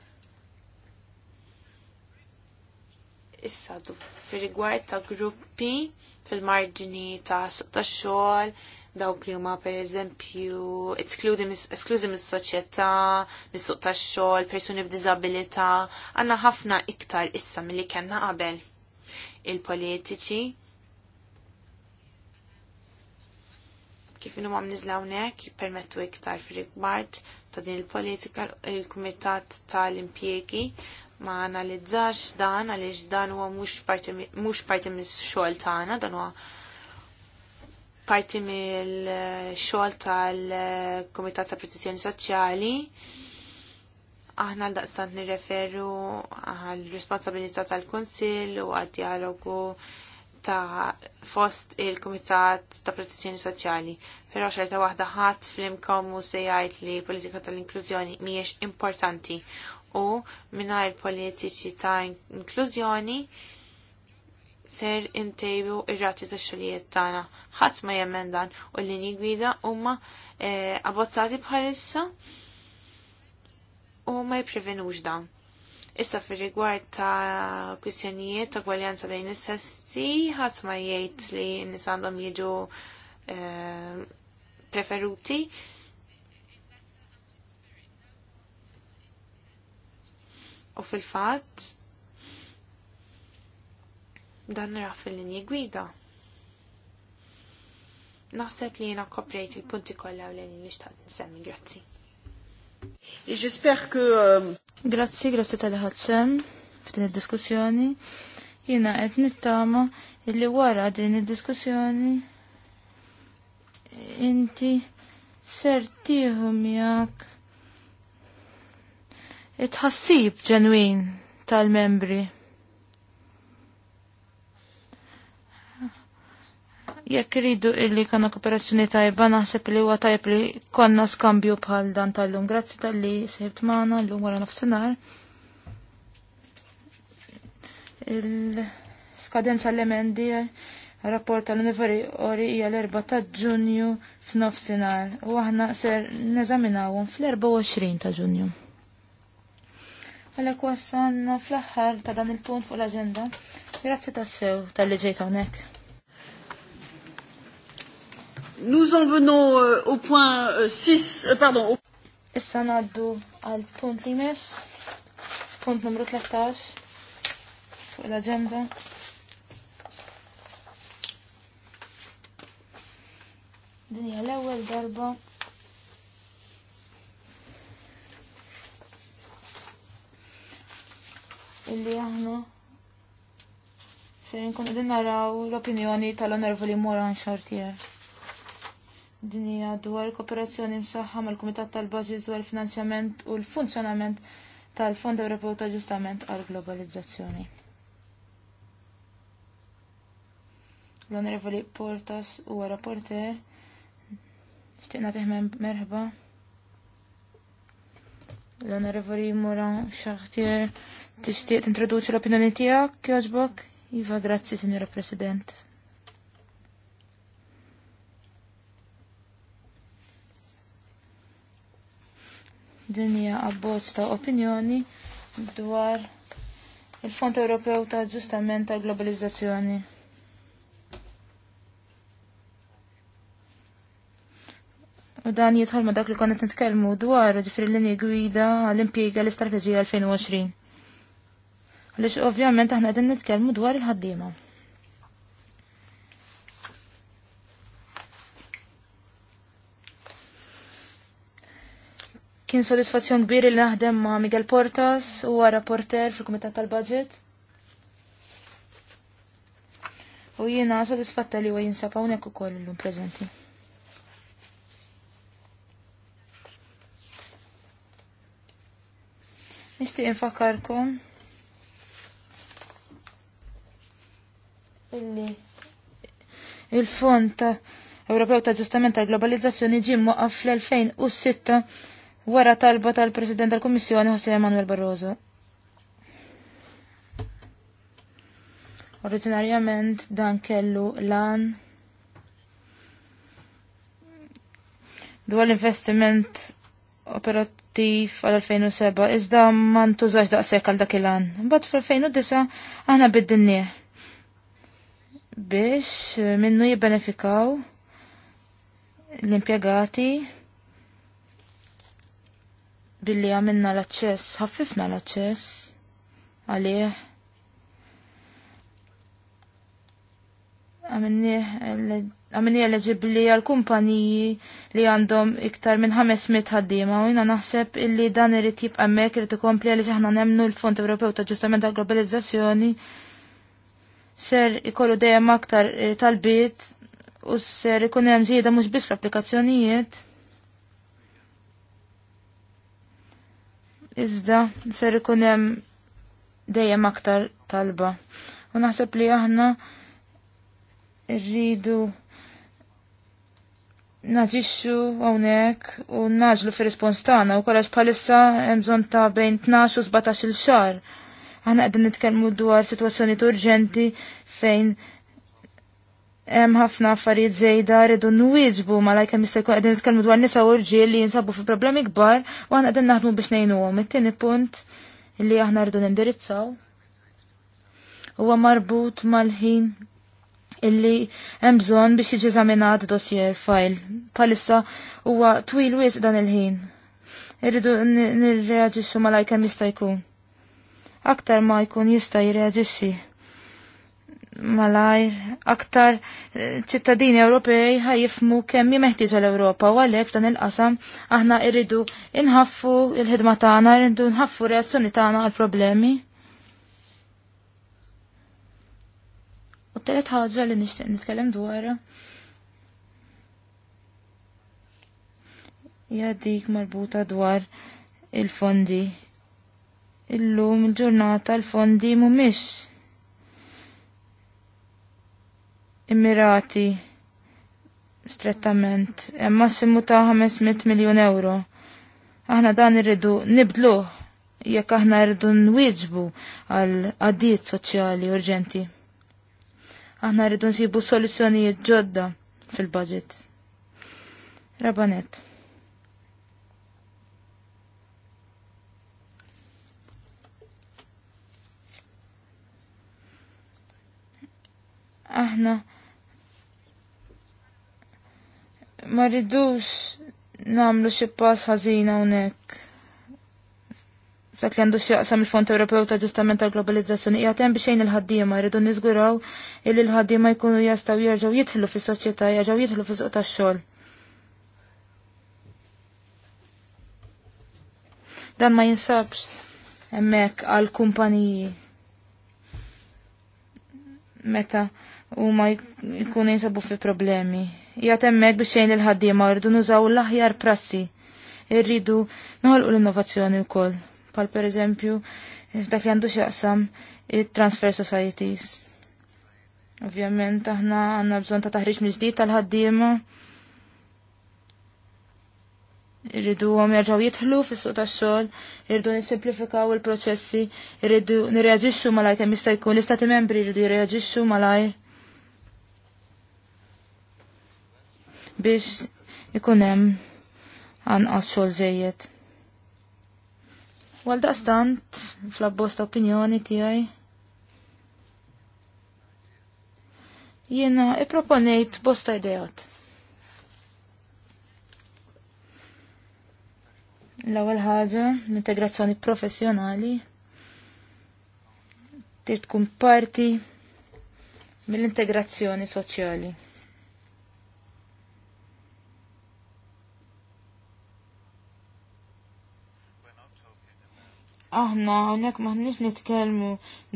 Issa fir rigward ta' gruppi fil-marġini ta' suq ta' xogħol, dawk li huma pereżempju esklużi mis-soċjetà, mis-suq ta' xogħol, persuni b'diżabilità, għandna ħafna iktar issa milli kellna qabel. Il-politiċi kif inhom għam niżlawnek permettu iktar fir-rigward ta' din il-politika il-Kumitat tal impjiegi ma analizzax dan għaliex dan huwa mhux parti mis-xogħol tagħna, dan huwa parti mill-xogħol tal-Kumitat ta' Protezzjoni Soċjali. Aħna l-daqstant nirreferu għal-responsabilità tal-Kunsill u għad-dialogu ta' fost il-Kumitat ta' Protezzjoni Soċjali. Però xorta waħda ħadd fl-imkom u se jgħid li politika tal-inklużjoni mhijiex importanti u mingħajr politiċi ta' inklużjoni ser intejbu ir-rati ta' xogħlijiet tagħna. Ħadd ma jemmen dan u l-linji gwida huma eh, abbozzati bħalissa u ma jipprevenux dan. Issa fir rigward ta' kwistjonijiet ta' gwaljanza bejn is-sessi, ħadd ma jgħid li n-nies għandhom jiġu eh, preferuti U fil-fatt dan nara fil-linji gwida. Naħseb li jena koprejt il-punti kollha u l linji li nsemmi, grazzi.
Euh,
grazzi, grazzi tal ħat sem, f'din id-diskussjoni. Jena qed nittama illi wara din id-diskussjoni inti ser tieħu miegħek it-ħassib ġenwin tal-membri. Jekk iridu illi kanna kooperazzjoni tajba, naħseb li huwa tajb li konna skambju bħal dan tal-lum. Grazzi tal-li seħbt maħna l-lum għara nafsenar. Il-skadenza l-emendi rapport tal-Univeri Ori hija l-4 ta' Ġunju f'nofsinhar u aħna ser neżaminawhom fl-24 ta' Ġunju. Għalla wasanna fl-axħar ta' dan il-punt fuq l-agenda. Grazzi ta' sew tal-li ġejt hawnhekk.
Nous en venons euh, au
point 6, euh, euh, pardon. Issa naddu għal punt li mes, punt numru 13 fuq l-agenda. Dinja l-ewwel darba illi aħna ser nkunu din naraw l-opinjoni tal li Moran Xortier. Din hija dwar kooperazzjoni msaħħa mal-Kumitat tal-Baġit dwar finanzjament u l-funzjonament tal-Fond Ewropew ta' Ġustament għal Globalizzazzjoni. L-Onorevoli Portas huwa rapporter. Xtiqna teħmen merħba. L-Onorevoli Moran Xortier Tistiet introduċi l-opinjoni tijak, kjozbok? Iva, grazzi, Signora President. Din hija abbozz ta' opinjoni dwar il-Fond Ewropew ta' Ġustament tal Globalizzazzjoni. U dan jidħol ma dak li konna nitkellmu dwar ġifri l-linji gwida għall-impjega l-istrateġija 2020. Lix ovvjament aħna għedin nitkellmu dwar il-ħaddiema. Kien sodisfazzjon kbir li naħdem ma' Miguel Portas huwa rapporter fil-Kumitat tal-Budget. U jiena sodisfatta li huwa jinsab hawnhekk ukoll illum preżenti. Nixtieq infakkarkom illi il-Fond Ewropew ta' Ġustament ta' Globalizzazzjoni ġie mwaqaf fl-2006 wara talba tal-President tal-Kummissjoni José Manuel Barroso. Oriġinarjament dan kellu lan dwar l-investiment operattiv għal-2007, iżda man tużax daqshekk għal dakilan. Bad fl-2009 aħna bid-dinnieh biex eh, minnu jibbenefikaw l-impiegati billi għamilna l-aċċess, ħaffifna l-aċċess għalih. Għamilni eleġibli għal-kumpaniji li għandhom iktar minn 500 ħaddiema u jina naħseb illi dan irrit jibqa' mek irid ikompli għaliex aħna nemmnu l-Fond Ewropew ta' Ġustament tal-Globalizzazzjoni ser ikollu dejjem aktar eh, talbiet u ser ikun hemm żieda mhux biss fl-applikazzjonijiet. Iżda ser ikun hemm dejjem aktar talba. U naħseb li aħna rridu naġixxu hawnhekk u naġlu fir-rispons tagħna u kollox bħalissa hemm bżonn ta' bejn 12 u 17-il xahar Aħna qegħdin nitkellmu dwar sitwazzjoni urġenti fejn hemm ħafna affarijiet żejda rridu nwieġbu malajk hemm jista' jkun qegħdin nitkellmu dwar nisa u rġiel li jinsabu fi problemi kbar u aħna qegħdin naħdmu biex ngħinuhom. It-tieni punt li aħna rridu nindirizzaw huwa marbut mal-ħin illi hemm bżonn biex jiġi eżaminat dossier file. Palissa huwa twil wiesq dan il-ħin. Irridu nirreaġixxu malajk hemm jista' jkun aktar ma jkun jista' jirreġissi malajr aktar eh, ċittadini Ewropej ħajifmu kemm jemeħtieġ l-Ewropa u għalhekk f'dan il-qasam aħna rridu inħaffu il-ħidma tagħna, rridu nħaffu reazzjoni tagħna għal problemi. U t-telet ħaġa li nixtieq nitkellem dwarha Ja dik marbuta dwar il-fondi illum il-ġurnata l-fondi mumiex immirati strettament, hemm massimu ta' 500 miljun euro. Aħna dan irridu nibdluh jekk aħna rridu nwieġbu għal għaddiet soċjali urġenti. Aħna rridu nsibu soluzzjonijiet ġodda fil-budget. Rabanet. aħna ma rridux namlu xi pass ħażin hawnhekk. Dak li għandu x'jaqsam il-Fond Ewropew ta' ġustament tal-globalizzazzjoni hija hemm biexejn il-ħaddiema rridu niżguraw illi l-ħaddiema jkunu jistgħu jerġgħu jidħlu fis-soċjetà, jerġgħu jidħlu fis-suq tax-xogħol. Dan ma jinsabx hemmhekk għal kumpaniji. Meta u ma jkunu jinsabu fi problemi. Jatemmek biex xejn il-ħaddiema rridu nużaw l-aħjar prassi. Irridu noħolqu l-innovazzjoni wkoll. Pal per eżempju, dak li għandu xaqsam il-transfer societies. Ovvjament aħna għandna bżonn ta' taħriġ mill tal-ħaddiema. Irridu għom jarġaw jitħlu fis-suq tax-xogħol, irridu nisimplifikaw il-proċessi, irridu nirreaġixxu malaj kemm jista' jkun l-istati membri jridu jirreaġixxu malaj. biex ikun hemm anqas xogħol żejjed. Għal daqstant, fl-abbosta opinjoni tiegħi. Jiena ipproponejt bosta idejat. L-ewwel ħaġa, l-integrazzjoni professjonali trid tkun parti mill-integrazzjoni soċjali. aħna hawnhekk maħniex nitkellmu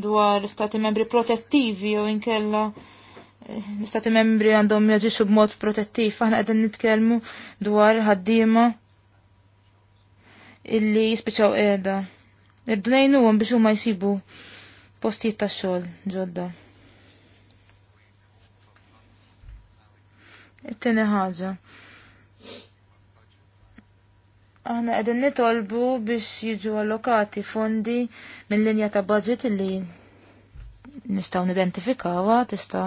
dwar stati membri protettivi u inkella eh, stati membri għandhom jaġixxu b'mod protettiv, aħna qegħdin nitkellmu dwar ħaddiema illi jispiċaw qiegħda. Irdunajnu għom biex huma jsibu postijiet tax-xogħol ġodda. It-tieni ħaġa Aħna qegħdin nitolbu biex jiġu allokati fondi mill-linja ta' budget li nistgħu nidentifikawha tista'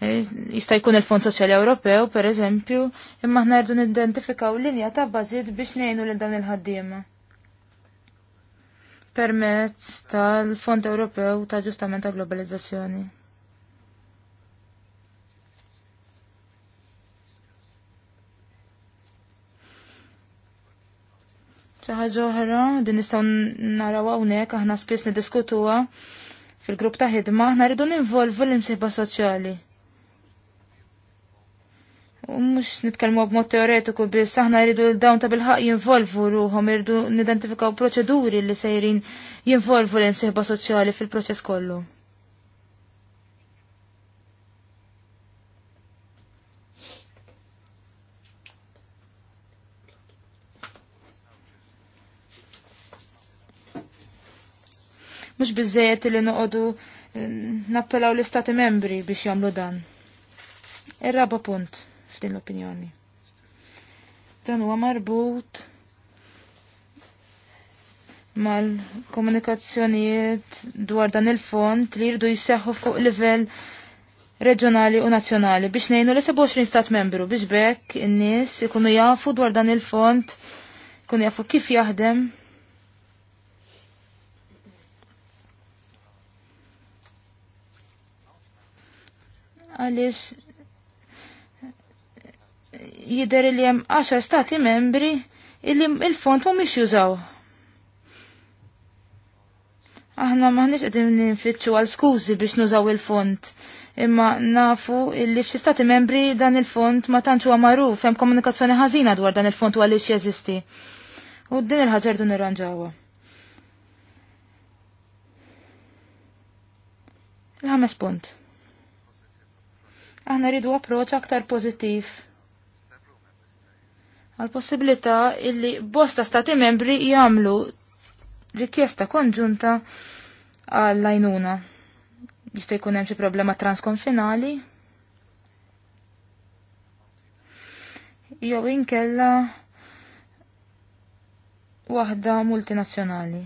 eh, jista' jkun il-Fond Soċjali Ewropew pereżempju, imma aħna rridu nidentifikaw linja ta' budget biex ngħinu lil dawn il-ħaddiema permezz tal-Fond Ewropew ta' ġustament ta' globalizzazzjoni. ċaħġa oħra, din nistgħu naraw hawnhekk aħna spiss niddiskutuha fil-grupp ta' ħidma, aħna rridu ninvolvu l-imsiba soċjali. U mhux nitkellmu b'mod teoretiku biss, aħna rridu dawn ta' bil ħak jinvolvu ruhom, rridu nidentifikaw proċeduri li sejrin jinvolvu l-imsiba soċjali fil-proċess kollu. mhux biżejjed li noqogħdu eh, nappellaw l-istati membri biex jagħmlu dan. Ir-raba punt f'din l-opinjoni. Dan huwa marbut mal-komunikazzjonijiet dwar dan il-fond li jirdu jisseħħu fuq livell reġjonali u nazzjonali biex nejnu li 27 stat membru biex bekk in-nies ikunu jafu dwar dan il-fond, ikunu jafu kif jaħdem għaliex jider li hemm għaxa stati membri illi il-font mhumiex jużaw. Aħna maħniex qegħdin ninfittxu għal skużi biex nużaw il-font. Imma nafu illi f'xi stati membri dan il-font ma tantx huwa magħruf hemm komunikazzjoni ħażina dwar dan il-font u għaliex jeżisti. U din il-ħaġa dun nirranġawha. Il-ħames punt. Aħna rridu approċ aktar pozittiv għal possibilità illi bosta stati membri jagħmlu rikjesta konġunta għal lajnuna. Jista' jkun hemm xi problema transkonfinali. Jew inkella waħda multinazzjonali.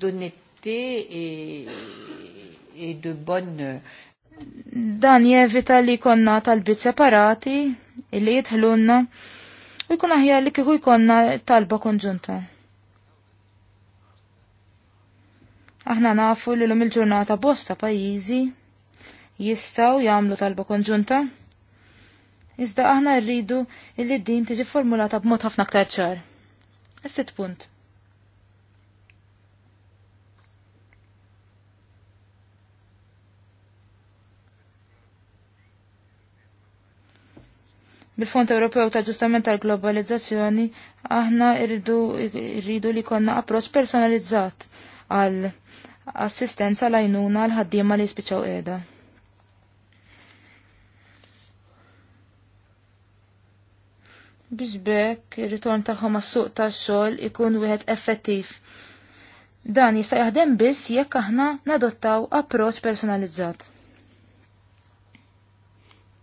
d'onnetti e, de bonne
dan jevita li konna talbit separati illi jitħlunna u jkun aħjar li kiku jkonna talba konġunta. Aħna nafu li l-lum il-ġurnata bosta pajizi jistaw jamlu talba konġunta. Iżda aħna rridu illi din tiġi formulata b'mod ħafna aktar ċar. Is-sitt punt. bil-Fond Ewropew ta' ġustament tal-globalizzazzjoni aħna irridu, irridu li konna approċ personalizzat għal assistenza lajnuna għal ħaddiema li jispiċaw qiegħda. Biex bekk ir-ritorn tagħhom għas-suq tax-xogħol ikun wieħed effettiv. Dan jista' jaħdem biss jekk aħna nadottaw approċ personalizzat.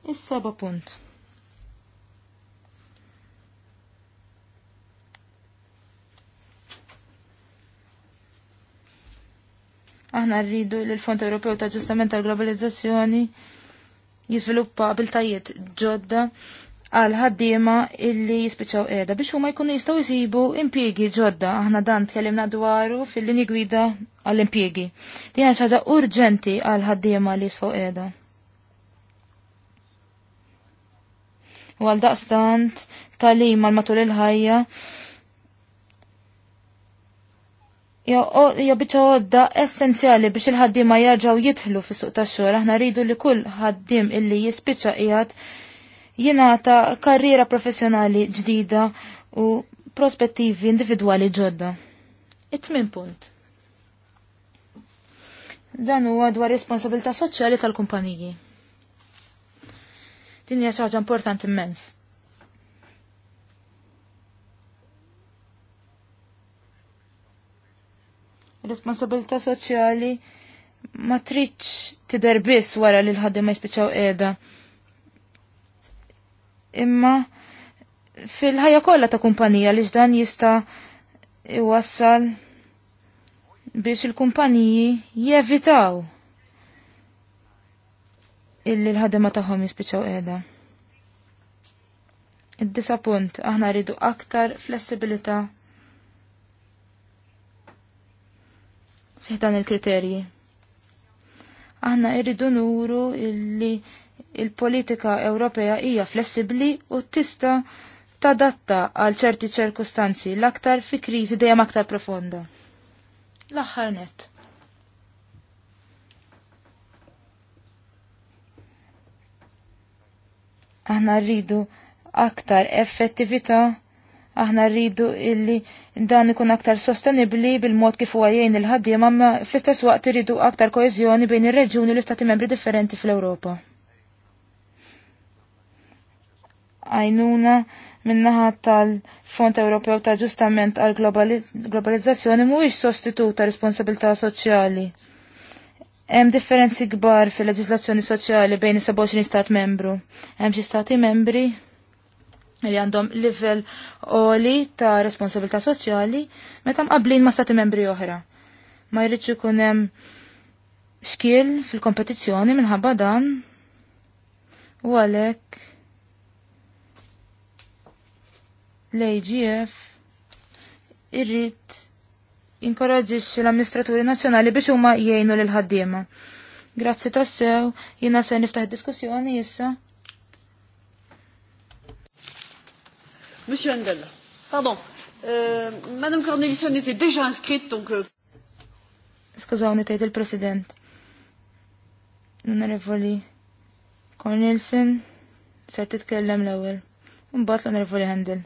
Is-seba punt. Aħna rridu li l-Fond Ewropew ta' ġustament tal globalizzazzjoni jiżviluppa biltajiet ġodda għal ħaddiema illi jispiċaw qiegħda biex huma jkunu jistgħu jsibu impjiegi ġodda aħna dan tkellimna dwaru fil-linji gwida għall-impjiegi. Din hija xi ħaġa urġenti għal ħaddiema li jisfgħu qiegħda. u għal daqstant talim għal matul il-ħajja Jo biċa għodda essenzjali biex il-ħaddima jarġaw jitħlu fis suq ta' xogħol aħna rridu li kull ħaddim illi jispiċċa qiegħed jingħata karriera professjonali ġdida u prospettivi individwali ġodda. It-tmin punt. Dan huwa dwar responsabilità soċjali tal-kumpaniji. Din hija xi ħaġa importanti immens. Responsabilità soċjali ma tridx tidher biss wara li l-ħaddim ma jispiċċaw qiegħda. Imma fil-ħajja kollha ta' kumpanija li dan jista' iwassal biex il-kumpaniji jevitaw illi l-ħadema tagħhom jispiċċaw qiegħda. Id-disa punt aħna rridu aktar flessibilità fi dan il-kriterji. Aħna irridu nuru illi il-politika Ewropea hija flessibbli u tista tadatta għal ċerti ċirkustanzi l-aktar fi kriżi dejjem aktar profonda. L-aħħar net. Aħna rridu aktar effettività Aħna rridu illi dan ikun aktar sostenibli bil-mod kif huwa jgħin il ħaddiem imma fl-istess waqt irridu aktar koeżjoni bejn ir-reġjuni u l-istati membri differenti fl-Ewropa. Għajnuna minnaħa tal-Fond Ewropew ta' ġustament għal globalizzazzjoni mhuwiex sostitut ta' responsabilità soċjali. Hemm differenzi kbar fil-leġislazzjoni soċjali bejn is-27 stat membru. Hemm xi stati membri li għandhom livell oli ta' responsabilità soċjali meta mqablin ma' stati membri oħra. Ma jridx ikun hemm xkiel fil-kompetizzjoni minħabba dan u għalhekk l-AGF irrid inkoraġġix l-amministraturi nazzjonali biex huma jgħinu lil ħaddiema. Grazzi tassew, jina se niftaħ diskussjoni issa
Monsieur Handel, pardon. Euh, Madame Cornelison était déjà inscrite, donc... Euh...
Skużawni tajt il-President. L-Onorevoli Cornelison ser titkellem l-ewwel. Mbagħad l-Onorevoli Handel.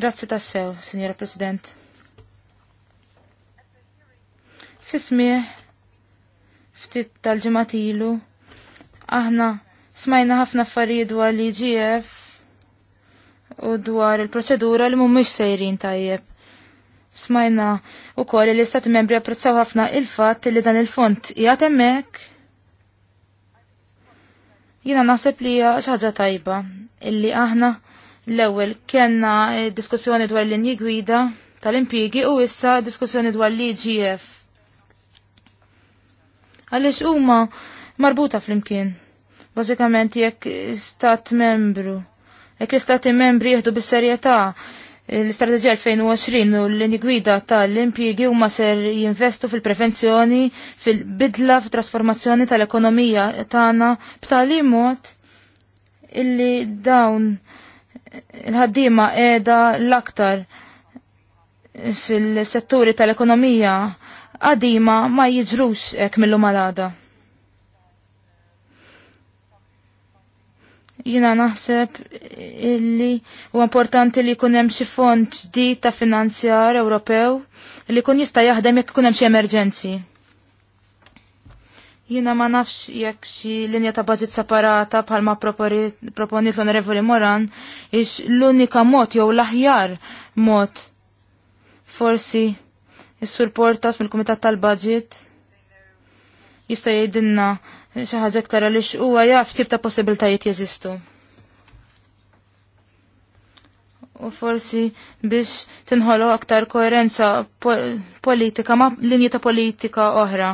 Grazzi tassew, Signora President. Fismieħ ftit tal-ġimgħat ilu aħna smajna ħafna affarijiet dwar li GF u dwar il-proċedura li mhumiex sejrin tajjeb. Smajna u koll li istati membri apprezzaw ħafna il-fatt li dan il-font jgħat hemmhekk. Jiena naħseb li hija xi ħaġa tajba illi aħna l-ewwel kellna diskussjoni dwar linji gwida tal-impjigi u issa diskussjoni dwar l-IGF. Għaliex huma marbuta fl-imkien. Bażikament jekk stat membru Jekk l-istati membri jieħdu bis-serjetà l-istrateġija 2020 u l-lini gwida tal-impjigi huma ser jinvestu fil-prevenzjoni, fil-bidla, fil-trasformazzjoni tal-ekonomija tagħna b'tali mod illi dawn il-ħaddiema qiegħda l-aktar fil-setturi tal-ekonomija għadima ma jiġrux hekk mill-lumalada. jina naħseb illi u importanti li kunem xi fond di ta' finanzjar Ewropew li kun jista' jaħdem jekk kunem xi emerġenzi. Jina ma nafx jekk xi linja ta' baġit separata bħalma proponit l-Onorevoli Moran ix l-unika mod jew l-aħjar mod forsi is-surportas mill-Kumitat tal-Baġit jista' jgħidilna xi ħaġa aktar huwa tip ta' possibiltajiet jeżistu. U forsi biex tinħolo aktar koerenza politika ma' linji ta' politika oħra.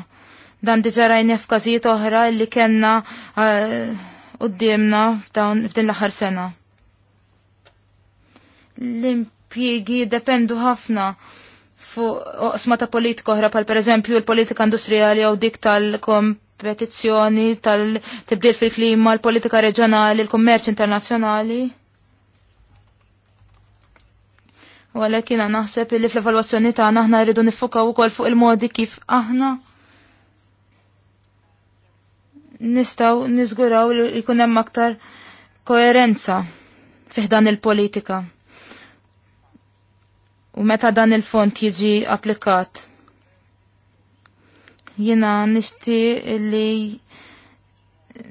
Dan diġa rajni oħra li kellna eh, qudiemna f'din l-aħħar sena. L-impjiegi dependu ħafna fuq oqsma ta' politika oħra pal pereżempju l-politika industrijali jew dik tal-kom petizzjoni tal-tibdil fil-klima, l-politika reġjonali, l-kummerċ internazzjonali. U għalhekk jiena naħseb li fl-evalwazzjoni tagħna aħna rridu nifokaw kol fuq il-modi kif aħna nistgħu niżguraw li jkun hemm aktar koerenza fih dan il-politika. U meta dan il-fond jiġi applikat jina nishti li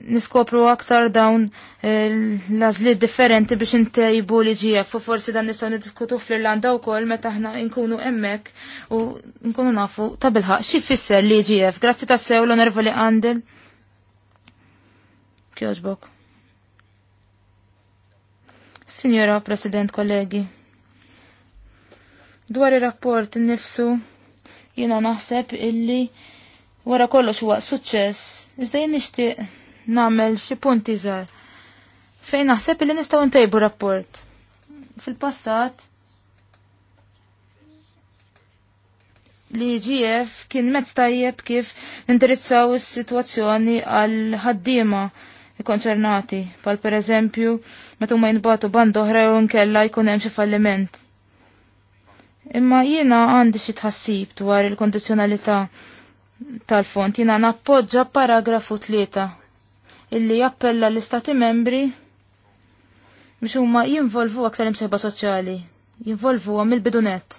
niskopru aktar dawn eh, l differenti biex intejbu li ġijef u forsi dan nistaw nidiskutu fl-Irlanda u kol meta ħna nkunu emmek u nkunu nafu ta' bilħaq xie fisser li ġijef. Grazzi ta' sew l onerva li għandil. Kjoġbok. Signora President, kollegi. Dwar il-rapport nifsu jiena naħseb illi wara kollox huwa suċċess, iżda jien nixtieq nagħmel xi punti żgħar fejn naħseb li nistgħu ntejbu rapport. Fil-passat li GF kien mezz tajjeb kif nindirizzaw is-sitwazzjoni għal ħaddiema konċernati, pal per eżempju, meta ma jinbatu band oħra jew nkella jkun hemm xi falliment. Imma jiena għandi xi tħassib dwar il-kondizzjonalità tal-font jina nappoġġa paragrafu tlieta illi jappella l-istati membri biex huma jinvolvu aktar imsejba soċjali, jinvolvu għam il-bidunet.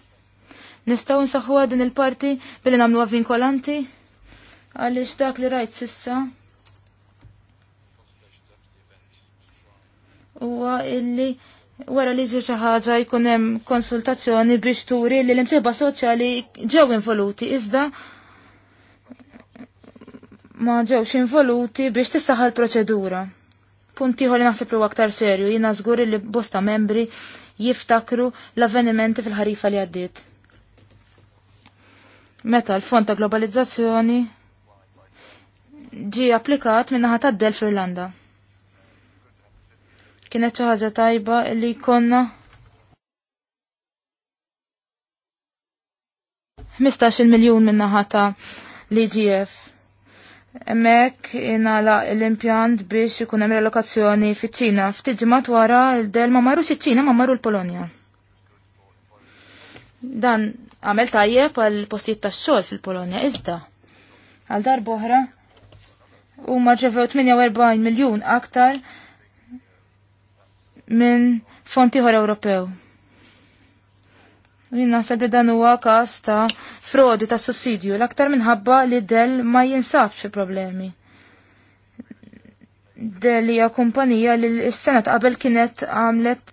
Nistaw nsaħħu din il-parti billi namlu vinkolanti għaliex dak li rajt sissa huwa illi wara li ġi xi ħaġa jkun hemm konsultazzjoni biex turi li l-imsejba soċjali ġew involuti iżda ma ġewx involuti biex tissaħal proċedura. Punti li naħseb li aktar serju, jina żgur li bosta membri jiftakru l-avvenimenti fil-ħarifa li għaddiet. Meta l-fond ta' globalizzazzjoni ġi applikat naħa ta' Del fl-Irlanda. Kienet xi ħaġa tajba li jkollna 15 miljun minnaħa ta' l-IGF Emmek inala l-impjant biex ikun hemm relokazzjoni fiċ-Ċina. Ftit ġimgħat wara del ma marru iċ-Ċina ma marru l-Polonja. Dan għamel tajjeb għal postijiet tax-xogħol fil-Polonja iżda. Għal darb'oħra huma ġevew 48 miljun aktar minn fonti ħor Ewropew. Jien naħseb li dan huwa każ ta' frodi ta' sussidju l-aktar minħabba li Dell ma jinsabx problemi. Del hija kumpanija li s-sena qabel kienet għamlet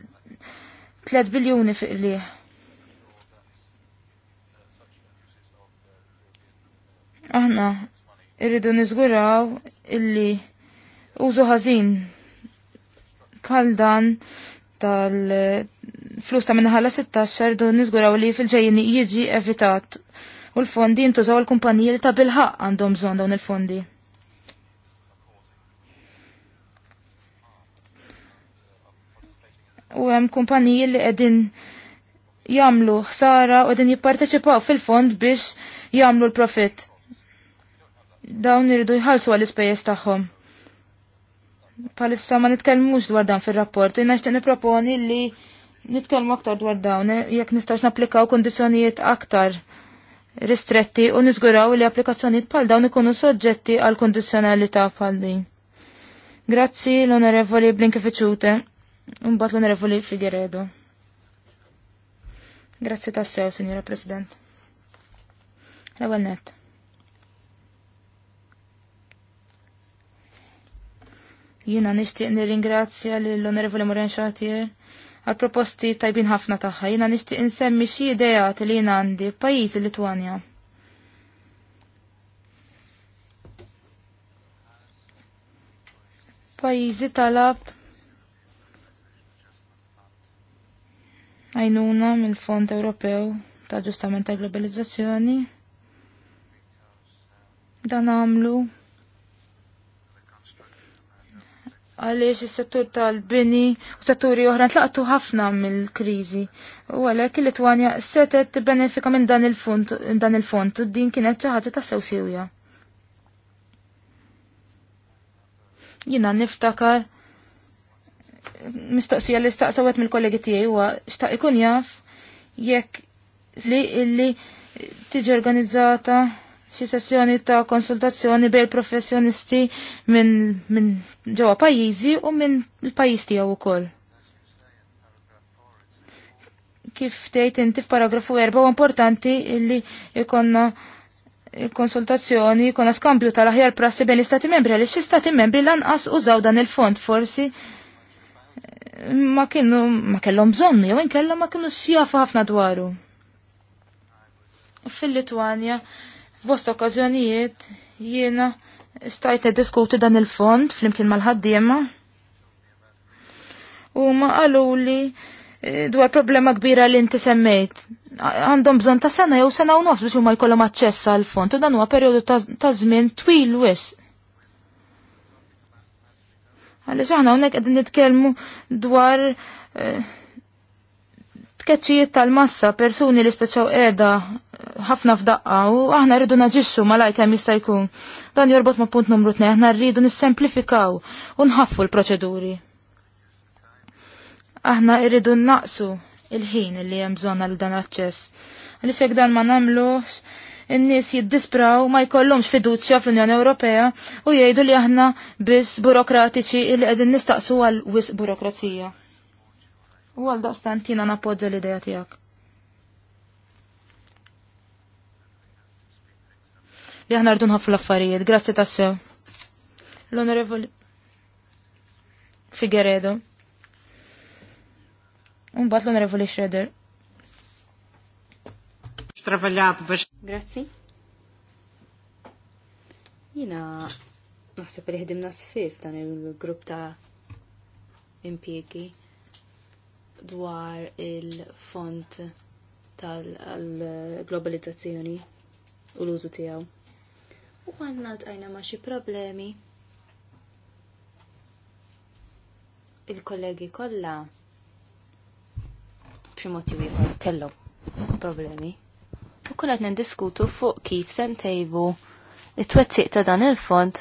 3 biljuni fiq liħ. Aħna irridu niżguraw illi użu ħażin bħal dan tal flus ta' minnaħala 16 du nizguraw li fil-ġejjini jiġi evitat u l-fondi jintużaw l-kumpanija li ta' bilħaq għandhom bżon dawn il-fondi. U hemm kumpaniji li qegħdin jagħmlu ħsara u qegħdin jipparteċipaw fil-fond biex jagħmlu l-profitt. Dawn iridu jħallsu għall-ispejjeż tagħhom. Palissa ma nitkellmux dwar dan fir-rapport, u nixtieq nipproponi li nitkellmu aktar dwar dawn eh, jekk nistax napplikaw kundizzjonijiet aktar ristretti u niżguraw li applikazzjonijiet bħal dawn ikunu soġġetti għal kundizzjonalità bħal din. Grazzi l-Onorevoli Blinkefiċute, u mbagħad l-Onorevoli Figueredo. Grazzi tassew, Signora President. L-ewwel Jina Jiena nixtieq nirringrazzja lill-Onorevoli Moren Xatier għal proposti tajbin ħafna tagħha. Jiena nixtieq insemmi xi ideat li jien għandi pajjiż litwanja Pajjiżi talab għajnuna mill-Fond Ewropew ta' ġustament tal globalizzazzjoni. Dan għamlu għaliex is-settur tal-bini u setturi oħra tlaqtu ħafna mill-kriżi. U għalhekk il-Litwanja setet tibbenefika minn dan il-fond dan il-fond u din kienet xi ħaġa ta' sew sewja. Jiena niftakar mistoqsija li staqsawet mill-kollegi tiegħi huwa xtaq ikun jaf jekk li illi tiġi organizzata xi sessjoni ta' konsultazzjoni bejn professjonisti minn min ġewwa pajjiżi u minn il-pajjiż tiegħu wkoll. Kif tgħid inti f'paragrafu 4 importanti illi jkollna konsultazzjoni jkollna skambju tal-aħjar prassi bejn l-istati membri għaliex xi stati membri lanqas użaw dan il-fond forsi eh, ma kienu ma kellhom bżonn jew inkella ma kienu sjafu ħafna dwaru. Fil-Litwanja F'bost okkażjonijiet jiena stajt diskuti dan il-fond flimkien mal-ħaddiema u ma li eh, dwar problema kbira li inti semmejt. Għandhom bżon ta' sena jew sena u nofs biex huma jkollhom aċċess għall fond u dan huwa perjodu ta' żmien twil wis. Għaliex aħna hawnhekk qegħdin nitkellmu dwar eh, tkeċċijiet tal-massa, persuni li speċaw edha eh, ħafna f'daqqa u aħna rridu naġixxu malaj kemm jista' jkun. Dan jorbot ma' punt numru tnej, aħna rridu nissemplifikaw u nħaffu l-proċeduri. Aħna rridu naqsu il-ħin li hemm bżonna għal dan l-aċċess. Għaliex hekk dan ma nagħmlux, in-nies jiddispraw ma jkollhomx fiduċja fl-Unjoni Ewropea u jgħidu li aħna biss burokratiċi li qegħdin nistaqsu għal wisq burokrazija. U għal tina napoġġa l-ideja tiegħek. Li aħna rridu għaf l-affarijiet, grazzi tassew. L-Onorevoli Figueredo. bat l-Onorevoli Schroeder.
Grazzi. Jina naħseb li ħdimna sfif dan il-grupp ta' impjegi dwar il-font tal-globalizzazzjoni u l-użu tiegħu. U għanna għajna ma xi problemi il-kollegi kollha primoti mod ieħor kellhom problemi. U kull qed nindiskutu fuq kif se ntejbu it-twettiq ta' dan il-fond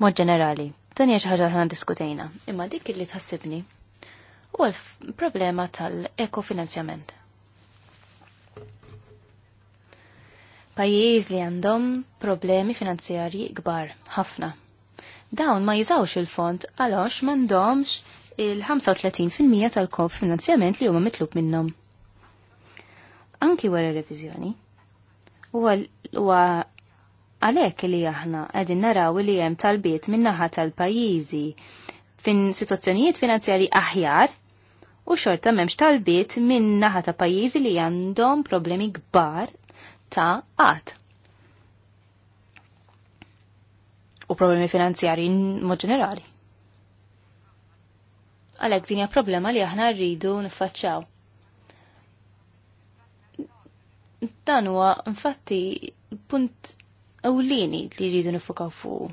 mod ġenerali. Dan hija xi ħaġa ħana diskutejna. Imma dik li tħassibni u l-problema tal-ekofinanzjament. Pajjiż li għandhom problemi finanzjarji kbar ħafna. Dawn ma jizawx il-fond għalox m'għandhomx il-35% tal-kof finanzjament li huma mitlub minnhom. Anki wara reviżjoni, huwa għalhekk li aħna qegħdin naraw li hemm talbiet min-naħa tal-pajjiżi fin situazzjonijiet finanzjari aħjar u xorta memx talbiet minn naħa ta' pajjiżi li għandhom problemi kbar ta' qatt. U problemi finanzjari mod ġenerali. Għalhekk din hija problema li aħna rridu niffaċċaw. Dan huwa infatti punt ewlieni li rridu nifukaw fuq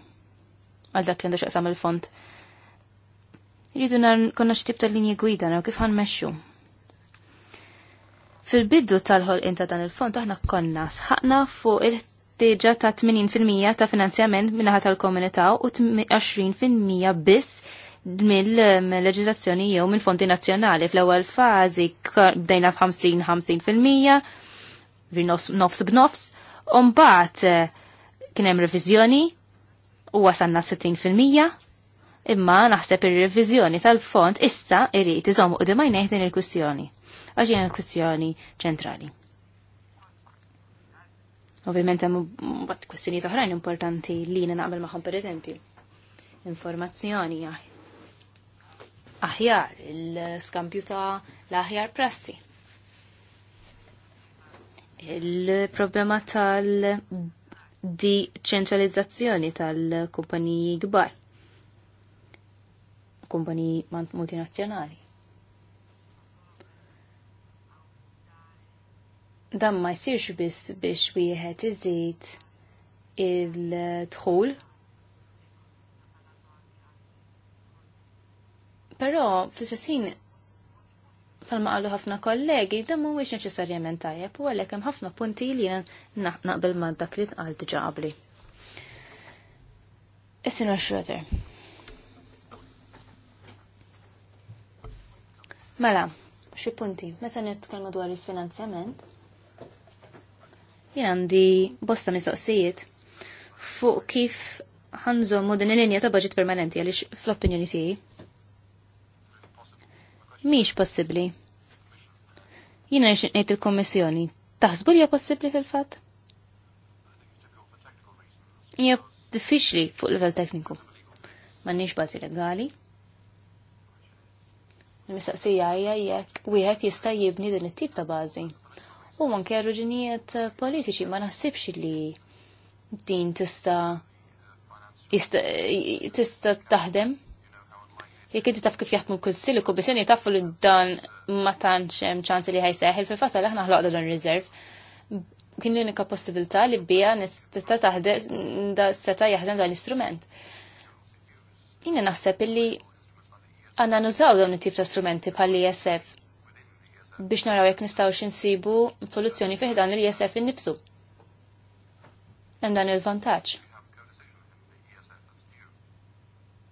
għal dak li għandu xaqsam il-font Rridu konna xtib tal-linji gwida naw kif ħanmexxu. Fil-biddu tal-ħol inta dan il-fond aħna konna sħaqna fuq il teġa ta' 80% ta' finanzjament minnaħat tal-komunità u 20% biss mill-leġizazzjoni jew mill-fondi nazzjonali fl-ewwel fażi bdejna b'50-50% bri-nofs b'nofs, u mbagħad eh, kien hemm reviżjoni u wasanna 60%, imma naħseb ir-reviżjoni tal-fond issa irrit iżomm u dimaj din il-kwistjoni għax il kwistjoni ċentrali. Ovvjament hemm bat kustjoni oħrajn importanti li jiena maħom magħhom pereżempju. Informazzjoni aħjar, il-skampju ta' l-aħjar prassi. Il-problema tal decentralizzazzjoni tal-kumpaniji kbar kumpaniji multinazzjonali. Dan ma jsirx biss biex wieħed iżid il-dħul. Però fl-istessin palma qalu ħafna kollegi, dan mhuwiex neċessarjament tajjeb u għalhekk hemm ħafna punti li naqbel ma' dak li tqal diġa qabli. Is-sinu Schroeder. Mela, xi punti, meta nitkellmu dwar il-finanzjament, jien għandi bosta mistoqsijiet fuq kif ħanżommu din il-linja ta' budget permanenti għaliex fl-opinjoni tiegħi. Mhix possibbli. Jiena nix ngħid il-Kommissjoni. Taħsbu li hija possibbli fil-fatt? Hija diffiċli fuq livell tekniku. M'għandniex bażi legali. Il-mistaqsija hija jekk wieħed jista' jibni din it-tip ta' bażi. U anke raġunijiet politiċi ma naħsibx li din tista' tista' taħdem. Jekk inti taf kif jaħdmu kussiliku kunsilli Kummissjoni tafu li dan ma tantx hemm ċans li ħajseħħel fil-fatt li aħna ħloqda dan riserv kien l-unika possibilità li bija nista' taħdem da seta' jaħdem dan l-istrument. Jina naħseb illi għanna nużaw dawn it-tip ta' strumenti l ISF e biex naraw jekk nistgħu sibu soluzzjoni fih dan l-ISF innifsu. Hemm dan il-vantaġġ.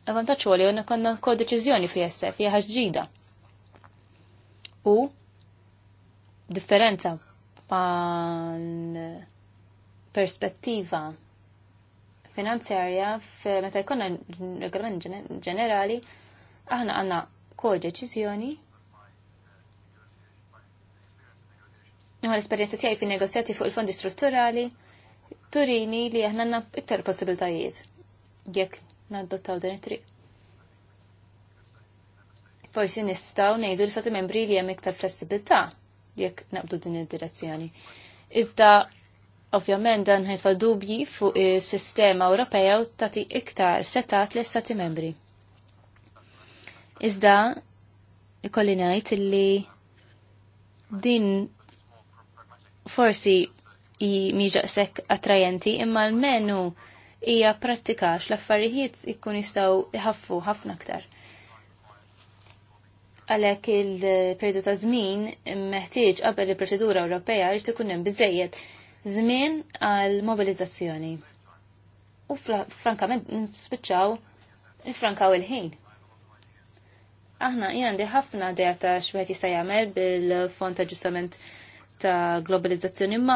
Il-vantaġġ huwa li għanna konna kodeċiżjoni fi ISF e hija ġida. U differenza pan perspettiva finanzjarja meta jkollna regolament ġenerali ġen aħna għanna kodeċizjoni. Nħu l-esperienza tijaj fin-negozjati fuq il-fondi strutturali turini li aħna għandna iktar possibiltajiet jekk naddottaw din it-triq. Forsi nistgħu ngħidu li sati membri li hemm iktar flessibilità jekk naqbdu din id-direzzjoni. Iżda ovvjament dan ħajtfa dubji fuq is-sistema Ewropeja u tagħti iktar setat l-istati membri. Iżda ikolli ngħid illi din forsi miġaqsek attrajenti imma l-menu hija prattikax l-affarijiet ikkun jistgħu iħaffu ħafna aktar. Għalhekk il-periodu ta' żmien meħtieġ qabel il-proċedura Ewropea jrid ikun hemm biżejjed żmien għal mobilizzazzjoni. U frankament nispiċċaw nifrankaw il-ħin. Aħna għandi ħafna idea ta' xwieħed jista' jagħmel bil-fond ta' ġustament ta' globalizzazzjoni imma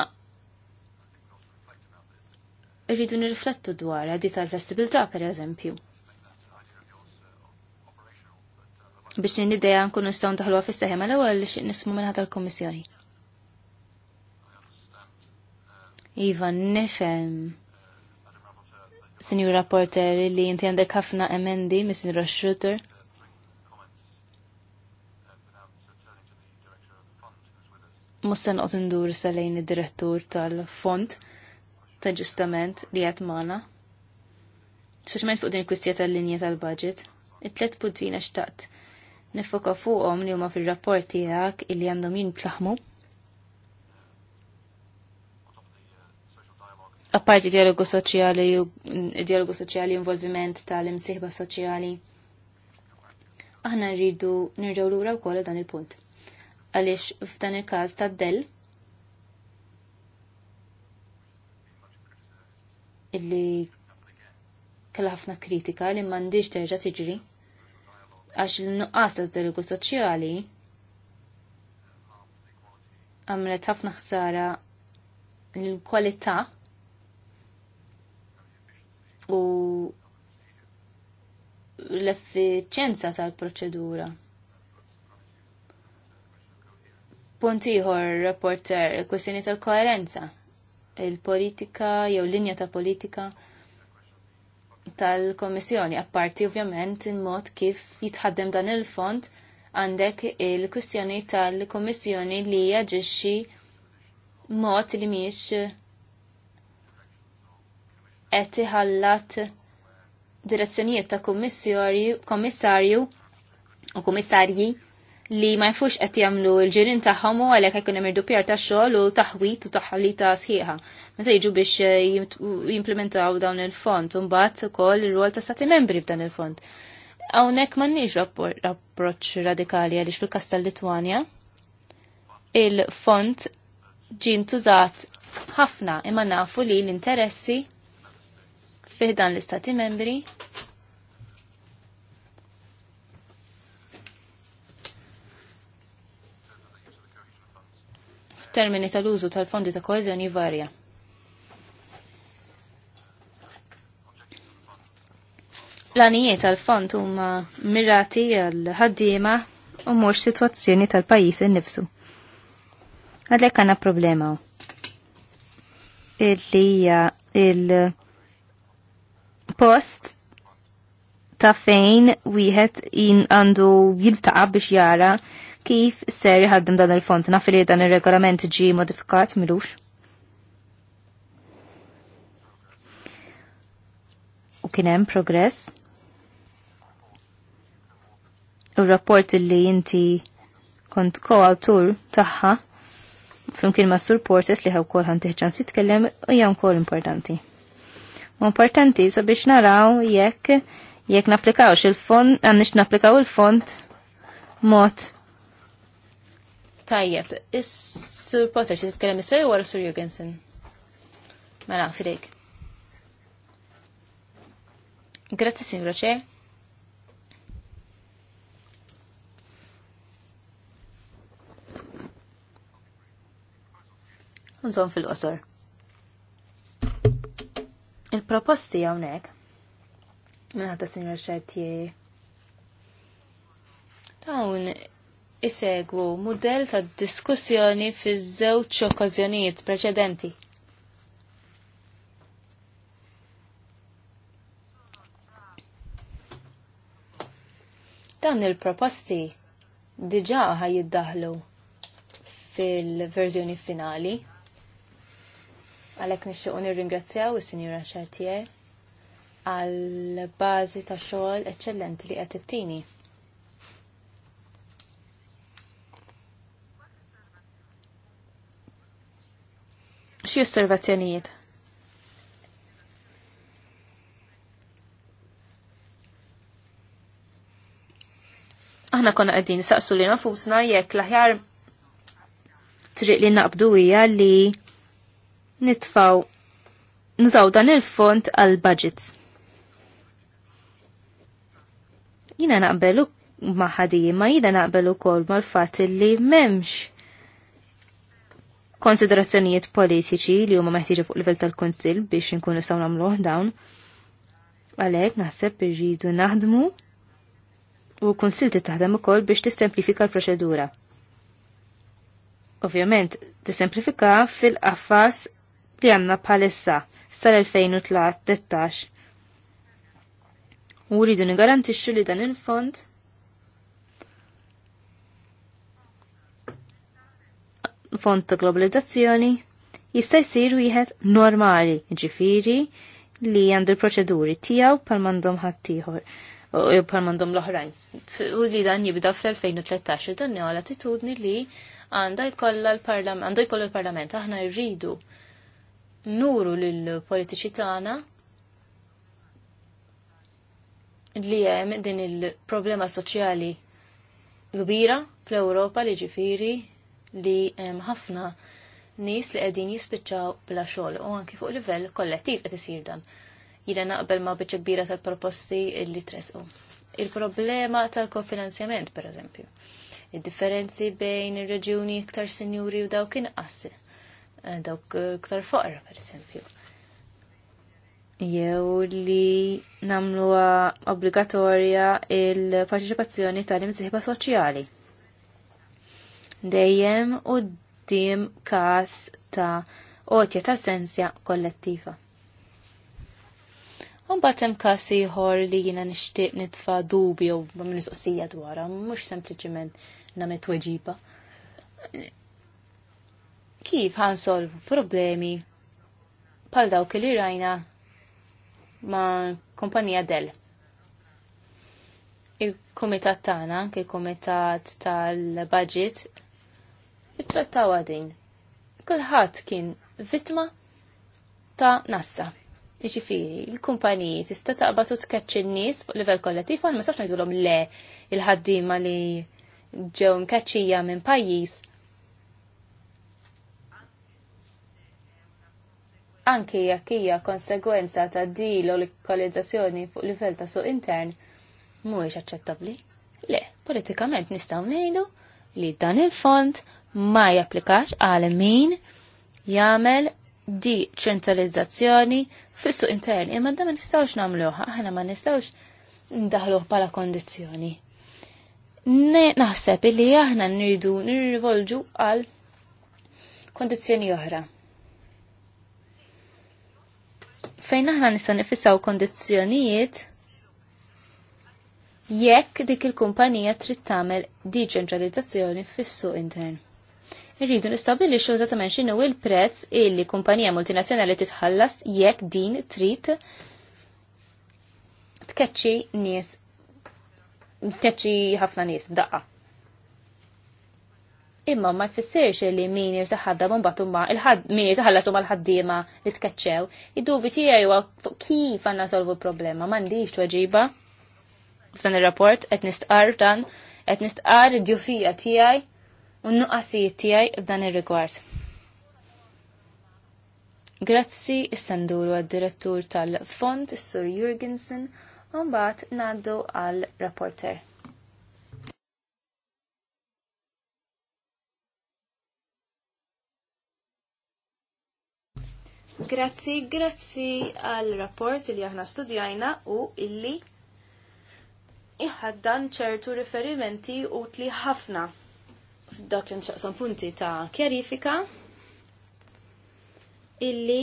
irridu nirriflettu dwar għaddi tal-flessibilità per eżempju. Biex nid-ideja nkun nistaw ndaħlu għafis seħema l għal li nismu minnħat tal-Komissjoni. Iva, nifem. Sinjur rapporter li jinti għandek ħafna emendi, Mr. Schrutter. mussen qot ndur salejn id-direttur tal-fond ta' ġustament li għad mana. Speċjalment fuq din kwistja tal-linja tal-budget, it-tlet puntina xtaqt nifoka fuqhom li huma fir-rapport tiegħek illi għandhom jintlaħmu. Apparti dialogu soċjali u dialogu soċjali involviment tal-imsieħba soċjali. Aħna rridu nirġgħu lura wkoll dan il-punt għaliex f'dan il-każ tad-del illi kellha ħafna kritika li m'għandix terġa' tiġri għax l-nuqqas ta' dialogu soċjali għamlet ħafna ħsara l-kwalità u l-effiċenza tal-proċedura. Punt ieħor rapporter il-kwestjoni tal-koerenza. Il-politika jew linja ta' politika tal-Komissjoni, apparti ovvjament in mod kif jitħaddem dan il-fond għandek il-kwistjoni tal-Komissjoni li jaġixxi mod li miex qed iħallat direzzjonijiet ta' kummissarju u kummissarji li ma jfux qed jagħmlu l-ġirin tagħhom u għalhekk ikun hemm irdupjar ta' xogħol u taħwit u taħħalita sħiħa. Meta jiġu biex eh, jimplementaw dawn il-fond u mbagħad ukoll ir-rwol ta' stati membri f'dan il-fond. Hawnhekk m'għandniex approċċ radikali għaliex fil-kas tal-Litwanja il-fond ġin tużat ħafna imma nafu li l-interessi fih dan l-istati membri termini tal-użu tal-fondi ta' koezjoni varja. L-anijiet tal-fond huma mirati għal ħaddiema u mhux sitwazzjoni tal-pajjiż innifsu. Għalhekk għandna problema illi hija il-post ta' fejn wieħed in għandu jiltaqa' biex jara kif ser jħaddim dan il-font naf li dan il-regolament ġi modifikat milux. U kienem progress. U rapport li inti kont ko-autur taħħa flimkien ma' Sur Portes li ħaw kol ħantiħċan sitkellem u jgħan kol importanti. U importanti sabiex naraw jekk jekk naplikawx il-font, għannix naplikaw il-font mod Tajjeb, is-Sur Potter xi tkellem is-sej wara Sur Jugensen? Mela, fidejk. Grazzi, Signora Chair. Nżon fil-qosor. Il-proposti hawnhekk minn ħadd is-Signora Chair tiegħi isegwu mudell ta' diskussjoni fi żewġ okkażjonijiet preċedenti. Dawn il-proposti diġà ħaj jiddaħlu fil-verżjoni finali. Għalhekk nixtiequ nirringrazzjaw is-Sinjura Chartier għal bażi ta' xogħol eċċellenti li qed ittini. Xi osservazzjonijiet? Aħna konna qegħdin saqsu li nafusna jekk l triq li naqbdu hija li nitfaw nużaw dan il-font għal budgets. Jina naqbelu maħadi, ma jina naqbelu kol mal-fat li memx konsiderazzjonijiet politiċi li huma meħtieġa fuq livell tal-Kunsill biex inkunu saw nagħmluh dawn. Għalhekk naħseb irridu naħdmu u kunsil taħdem ukoll biex tissemplifika l-proċedura. Ovvjament, tissemplifika fil-qaffas li għandna bħalissa sal-2013 u rridu nigarantixxu li dan il-fond fond ta' globalizzazzjoni jista' jsir wieħed normali, ġifiri li għandu l-proċeduri tiegħu pal mandom ħaddieħor u pal mandom l-oħrajn. U li dan jibda fl-2013 dan hija l-attitudni li għandha jkollha l-parlament, għandu jkollu l-parlament, aħna rridu nuru lill-politiċi tagħna li hemm din il-problema soċjali kbira fl-Ewropa li ġifiri li hemm ħafna nies li qegħdin jispiċċaw bla xogħol u anki fuq livell kollettiv qed isir dan. Jiena naqbel ma' biċċa kbira tal-proposti li tresqu. Il-problema tal-kofinanzjament, per eżempju. Id-differenzi bejn ir-reġjuni iktar sinjuri u dawk inqas eh, dawk eh, iktar foqra, per eżempju jew li namluwa obbligatorja il-parċipazzjoni tal-imsieħba soċjali dejjem u dim kas ta' qotja ta' sensja kollettiva. Unbat hemm każ ieħor li jiena nixtieq nitfa' dubju mistoqsija dwarha, mhux sempliciment namet weġiba. Kif ħansolvu problemi bħal dawk li rajna ma' kumpanija Dell. Il-komitat tagħna, anke il-komitat tal-budget, it-trattaw għadin. Kulħat kien vittma ta' nassa. Iġifiri, il-kumpaniji tista' taqbad u tkeċċi n-nies fuq livell kollettiv għal ma safx ngħidulhom le il-ħaddiema li ġew mkeċċija minn pajjiż anki jekk hija konsegwenza ta' di u l-kolonizzazzjoni fuq livell ta' suq intern mhuwiex aċċettabbli. Le, politikament nistgħu ngħidu li dan il-fond ma japplikax għal min jagħmel di ċentralizzazzjoni fis-suq intern. Imma da ma nistgħux nagħmluha, aħna ma nistgħux ndaħluh bħala kondizzjoni. Naħseb illi aħna nridu nirrivolġu għal kondizjoni oħra. Fejn aħna nista' nifissaw kondizzjonijiet jekk dik il-kumpanija trid tagħmel ċentralizzazzjoni fis-suq intern irridu nistabilixxu eżattament x'inhu il-prezz illi kumpanija multinazzjonali titħallas jekk din trid tkeċċi nies tkeċċi ħafna nies daqqa. Imma ma jfissirx li min jirtaħaddam mbagħad huma min jirtaħallas huma l-ħaddiema li tkeċċew. Id-dubi tiegħi huwa kif għandna solvu l-problema, m'għandix tweġiba f'dan ir-rapport qed nistqar dan qed nistqar id-djufija tiegħi u n-nuqqasijiet tiegħi f'dan ir-rigward. Grazzi is-senduru għad-direttur tal-fond, is-Sur Jurgensen, u mbagħad ngħaddu għal-rapporter. Grazzi, grazzi għal rapport li aħna studjajna u illi iħaddan ċertu riferimenti utli ħafna dak li nċaqsam punti ta' kjarifika illi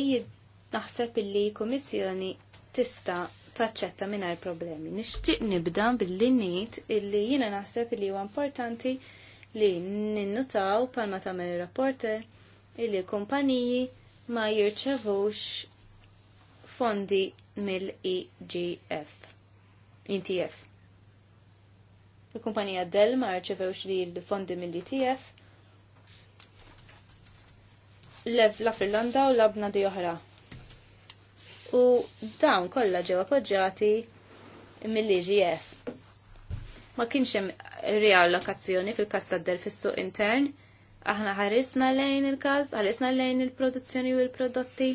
naħseb illi komissjoni tista taċċetta mingħajr problemi. Nixtieq nibda billi ngħid illi jiena naħseb illi huwa importanti li ninnutaw palma tagħmel ir rapporte illi kumpaniji ma jirċevux fondi mill-EGF. ITF. E Il-kumpanija Dell ma rċevewx li l-fondi mill-ITF. Lev la Finlanda u labna di oħra. U dawn kollha ġew appoġġjati mill-IGF. Ma kienx hemm riallokazzjoni fil-każ tad-Dell fis-suq intern. Aħna ħarisna lejn il-każ, ħarisna lejn il-produzzjoni u l-prodotti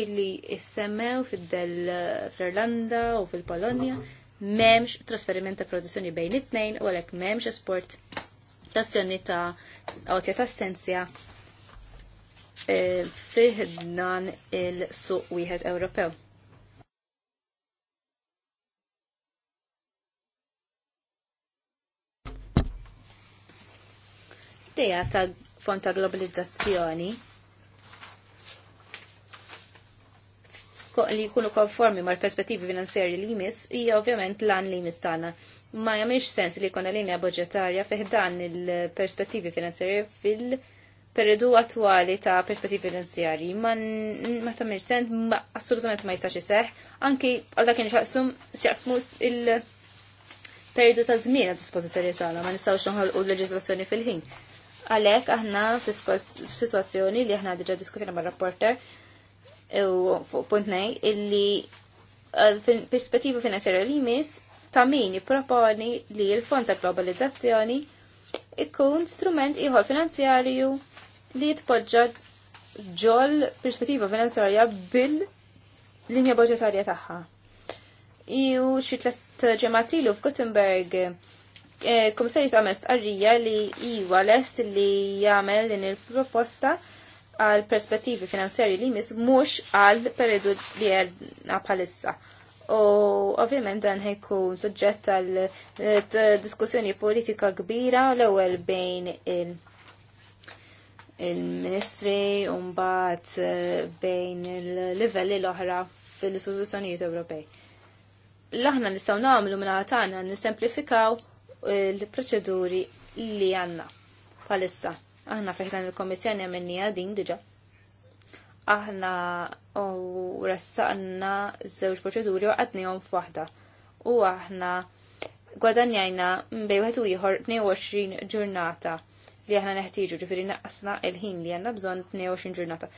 illi issemmew fid-Dell fl-Irlanda u fil-Polonja memx trasferiment ta' produzzjoni bejn it-tnejn u għalhekk memx esport tas-sjoni ta' għotja ta' essenzja e, fih il-suq wieħed Ewropew. Teja ta' fonta globalizzazzjoni li jkunu konformi mal-perspettivi finanzjarji li jmiss hija ovvjament lan li jmiss tagħna. Ma jagħmilx sens li jkun linja budgetarja fih dan il-perspettivi finanzjarji fil- periodu attwali ta' perspettivi finanzjarji ma tagħmilx sens ma assolutament ma jistax iseħħ anki għal dak xaqsum xaqsmu il- periodu ta' żmien għad dispozizjoni tagħna ma nistgħux noħolqu l leġizlazzjoni fil-ħin għalek aħna f-situazzjoni li aħna diġa diskutina ma' rapporter u fuq puntnej illi perspettiva finanzjarja li jmiss ta' min jipproponi li l-Fond ta' Globalizzazzjoni ikun strument ieħor finanzjarju li jitpoġġa ġol perspettiva finanzjarja bil-linja budgetarja tagħha. Ju xi tlet ġematilu f'Gothenburg eh, komissarju għamel stqarrija li iwa lest li jagħmel din il-proposta għal perspettivi finanzjari li mis mux għal periodu li għedna bħalissa. U ovvjament dan ħekku suġġett għal eh, diskussjoni politika kbira l-ewwel bejn il-ministri un mbagħad eh, bejn il-livelli l-oħra fil-istituzzjonijiet Ewropej. L-aħna nistgħu nagħmlu minn għatana nissemplifikaw il-proċeduri li għandna bħalissa Aħna feħdan il-Komissjoni għamenni din diġa. Aħna u rassaqna żewġ proċeduri u f' f'waħda. U aħna għadanjajna mbej u ieħor 22 ġurnata li aħna neħtieġu ġifiri naqqasna il-ħin li għandna bżonn 22 ġurnata.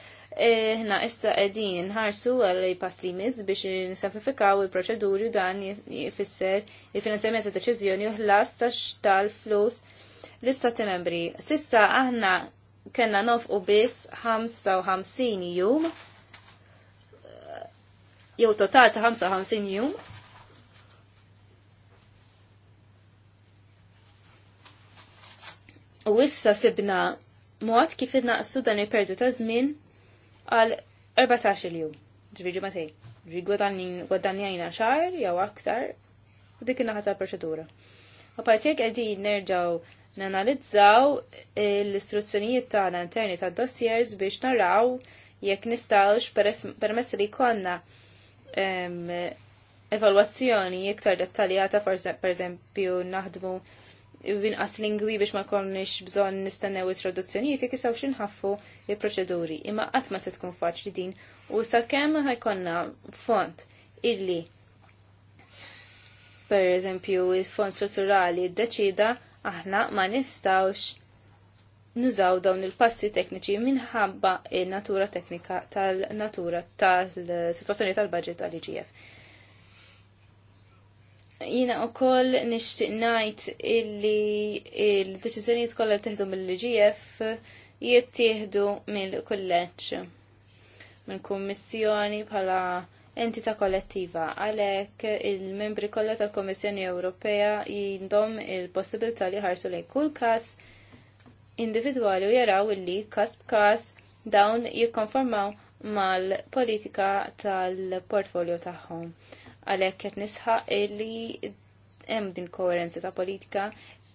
Aħna e, issa qegħdin nħarsu għal pass li miss biex nisemplifikaw il-proċeduri u dan jfisser il-finanzjament ta' deċiżjoni u ħlas tax tal-flus l-istati membri. Sissa aħna kena nofqu biss 55 jum, jew total ta' 55 jum. U issa sibna mod kif naqsu dan il-perdu ta' żmien għal 14 jum. Ġviġi matej, ġviġi xar jew aktar u dik naħa ta' proċedura. U partijek għedin nerġaw nanalizzaw l-istruzzjonijiet tagħna interni tad-dossiers biex naraw jekk nistgħux permess li jkollna evalwazzjoni iktar dettaljata pereżempju naħdmu binqas lingwi biex ma konniex bżonn nistennew it-traduzzjonijiet jekk jistgħux inħaffu il-proċeduri. Imma qatt ma se tkun faċli din u sakemm ħajkonna font illi per eżempju il-fond strutturali d deċida Aħna ma nistawx nużaw dawn il-passi tekniċi minħabba il-natura teknika tal-natura tal-situazzjoni tal-budget tal-IGF. Jina u koll nishtiq najt illi il-deċizjoniet kollha teħdu mill-IGF jittieħdu mill kolleċ mill-kummissjoni bħala entita kollettiva għalhekk il-membri kollha tal-Kommissjoni Ewropea jindom il-possibilità li ħarsu lejn kull każ individwali u jaraw illi każ b'każ dawn jikkonformaw mal-politika tal-portfolio tagħhom. Għalhekk qed nisħaq illi hemm din koerenza ta' politika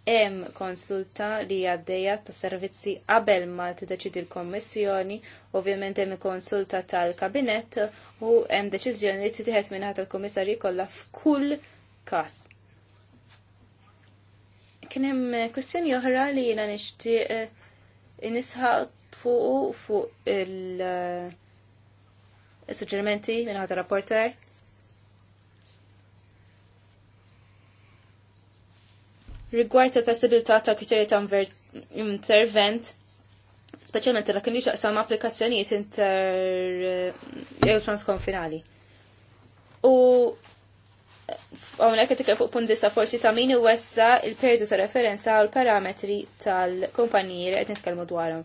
hemm konsulta li għaddejja ta' servizzi qabel ma tiddeċidi l-Kommissjoni, ovvjament hemm konsulta tal-Kabinett u hemm deċiżjoni li titieħed mingħata tal-Kummissarji kollha f'kull każ. Kien hemm kwistjoni oħra li jiena nixtieq nisħaq fuq fuq il- eh, suġġerimenti minn ħata rapporter rigward ta' possibilità ta' kriterji ta' intervent, speċjalment la kienu xaqsam applikazzjonijiet inter jew transkonfinali. U għonek għetik fuq pundissa forsi ta' min wessa il-periodu ta' referenza għal parametri tal-kompanji li għed nitkellmu dwarhom.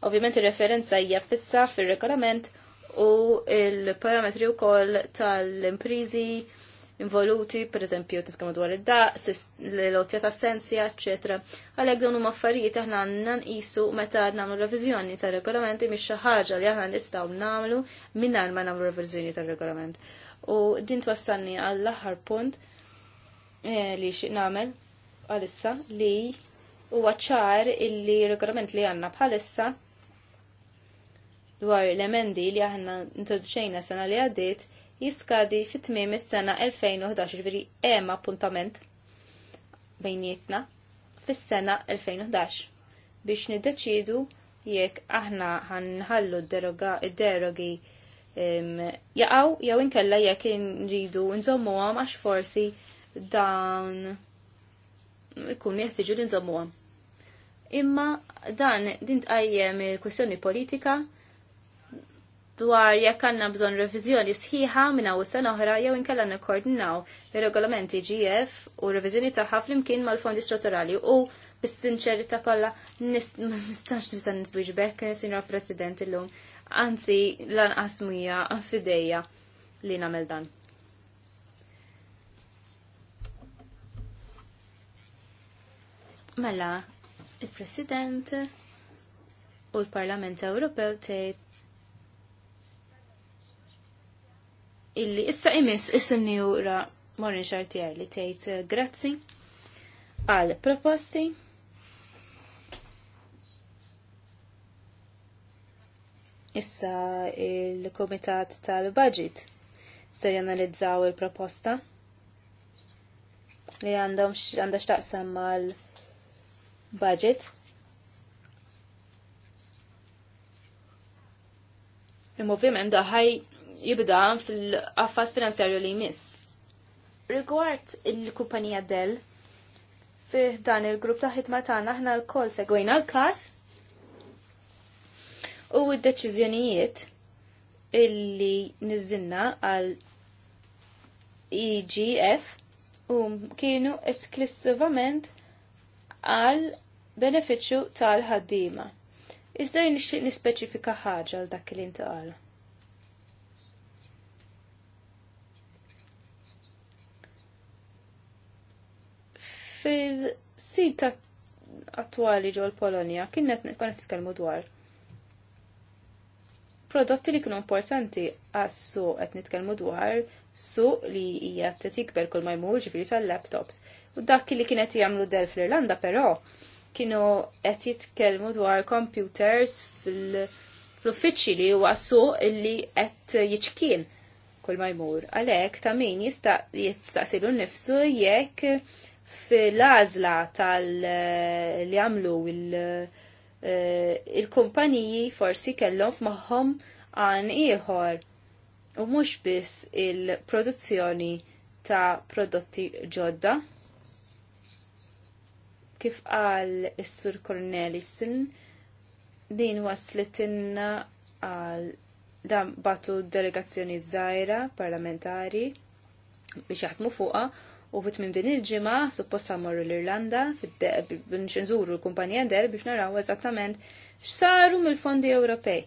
Ovvjament il-referenza hija fissa fil-regolament u il-parametri wkoll tal-imprizi involuti, per eżempju, titkellmu dwar id-daqs, l-lotja ta' sensja, eċetera. Għalhekk dawn huma affarijiet aħna għandna nqisu meta nagħmlu reviżjoni tar-regolamenti mhix xi ħaġa li aħna nistgħu nagħmlu mingħajr ma nagħmlu reviżjoni tar-regolament. U din twassalni għall-aħħar punt eh, li xi nagħmel għalissa li huwa ċar illi regolament li għandna bħalissa dwar l-emendi li aħna introduċejna sena li għaddiet jiskadi fit-tmiem is-sena 2011 ġifieri hemm appuntament bejnietna fis-sena 2011 biex niddeċidu jekk aħna ħanħallu d-derogi deroga jaqaw jew inkella jekk nridu nżommuhom għax forsi dawn ikun jeħtiġu li nżommuhom. Imma dan din tqajjem il kwistjoni politika dwar jekk għandna bżonn reviżjoni sħiħa minn hawn sena oħra jew inkella nikkoordinaw ir-regolamenti GF u reviżjoni tagħha flimkien mal-fondi strutturali u bis-sinċerità kollha nistax nista' nisbix bekk Sinjor President illum. Anzi, lanqas mija fidejja li nagħmel dan. Mela, il-President u l-Parlament Ewropew tgħid illi issa imis issinni ura Morin Chartier li tgħid eh, grazzi għal proposti. Issa il-Komitat tal-Budget ser janalizzaw il-proposta li għandha x'taqsam mal-budget. il movim da ħaj jibda fil-affas finanzjarju li jmiss. Rigward il-kumpanija Dell, fih dan il-grupp ta' ħitma tagħna aħna l koll segwejna l-każ u id deċiżjonijiet illi niżinna għal EGF u kienu esklusivament għal beneficju tal-ħaddima. Iżda nixtieq nispeċifika ħaġa għal dak li intqal. fil-sita attwali ġol Polonja kienet t-kelmu dwar prodotti li kienu importanti għassu qed nitkelmu dwar suq li hija t tikber kull ma jmur ġifieri tal-laptops. U dak li kienet jagħmlu del fl-Irlanda però kienu qed jitkellmu dwar computers fl-uffiċċji li u għassu li qed jiċkien kull ma jmur. Għalhekk ta' min jista' jistaqsilu nnifsu jekk fil-għazla tal-li eh, għamlu eh, il-kumpaniji forsi kellhom f'moħħom għan ieħor u mhux biss il-produzzjoni ta' prodotti ġodda. Kif qal is-Sur Cornelissen, din waslitinna għal dan batu delegazzjoni żgħira parlamentari biex jaħdmu fuqha u fit minn din il-ġimgħa suppost morru l-Irlanda biex nżuru l-kumpanija der biex naraw eżattament x'saru mill-fondi Ewropej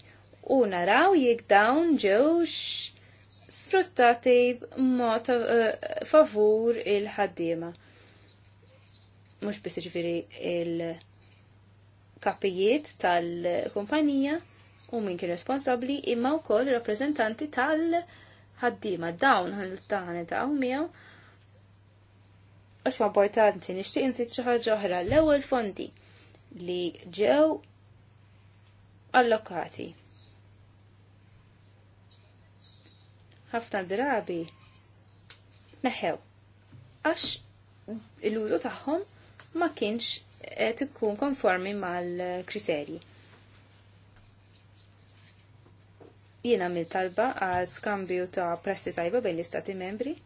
u naraw jekk dawn ġewx sfruttati b'mod eh, favur il-ħaddiema. Mhux biss ġifiri il-kapijiet tal-kumpanija u min kien responsabbli imma wkoll rappreżentanti tal-ħaddiema dawn tal-taħanet ta' miegħu għax huwa importanti nixtieq nsit xi ħaġa oħra l-ewwel fondi li ġew allokati. Ħafna drabi neħew għax l-użu tagħhom ma kienx qed ikun konformi mal-kriterji. Jiena mill-talba għal skambju ta' presti tajba bejn l-istati membri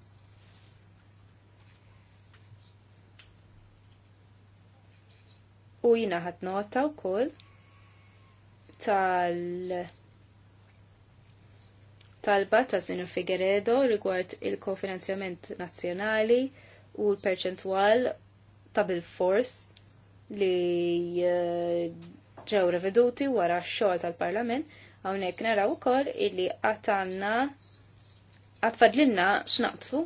U jina ħat nota u koll tal talba ta' Zinu Figueredo rigward il-kofinanzjament nazzjonali u l-perċentwal ta' bil-fors li eh, ġew reveduti wara x-xogħol tal-Parlament hawnhekk naraw ukoll illi għatanna għatfadlinna x'naqtfu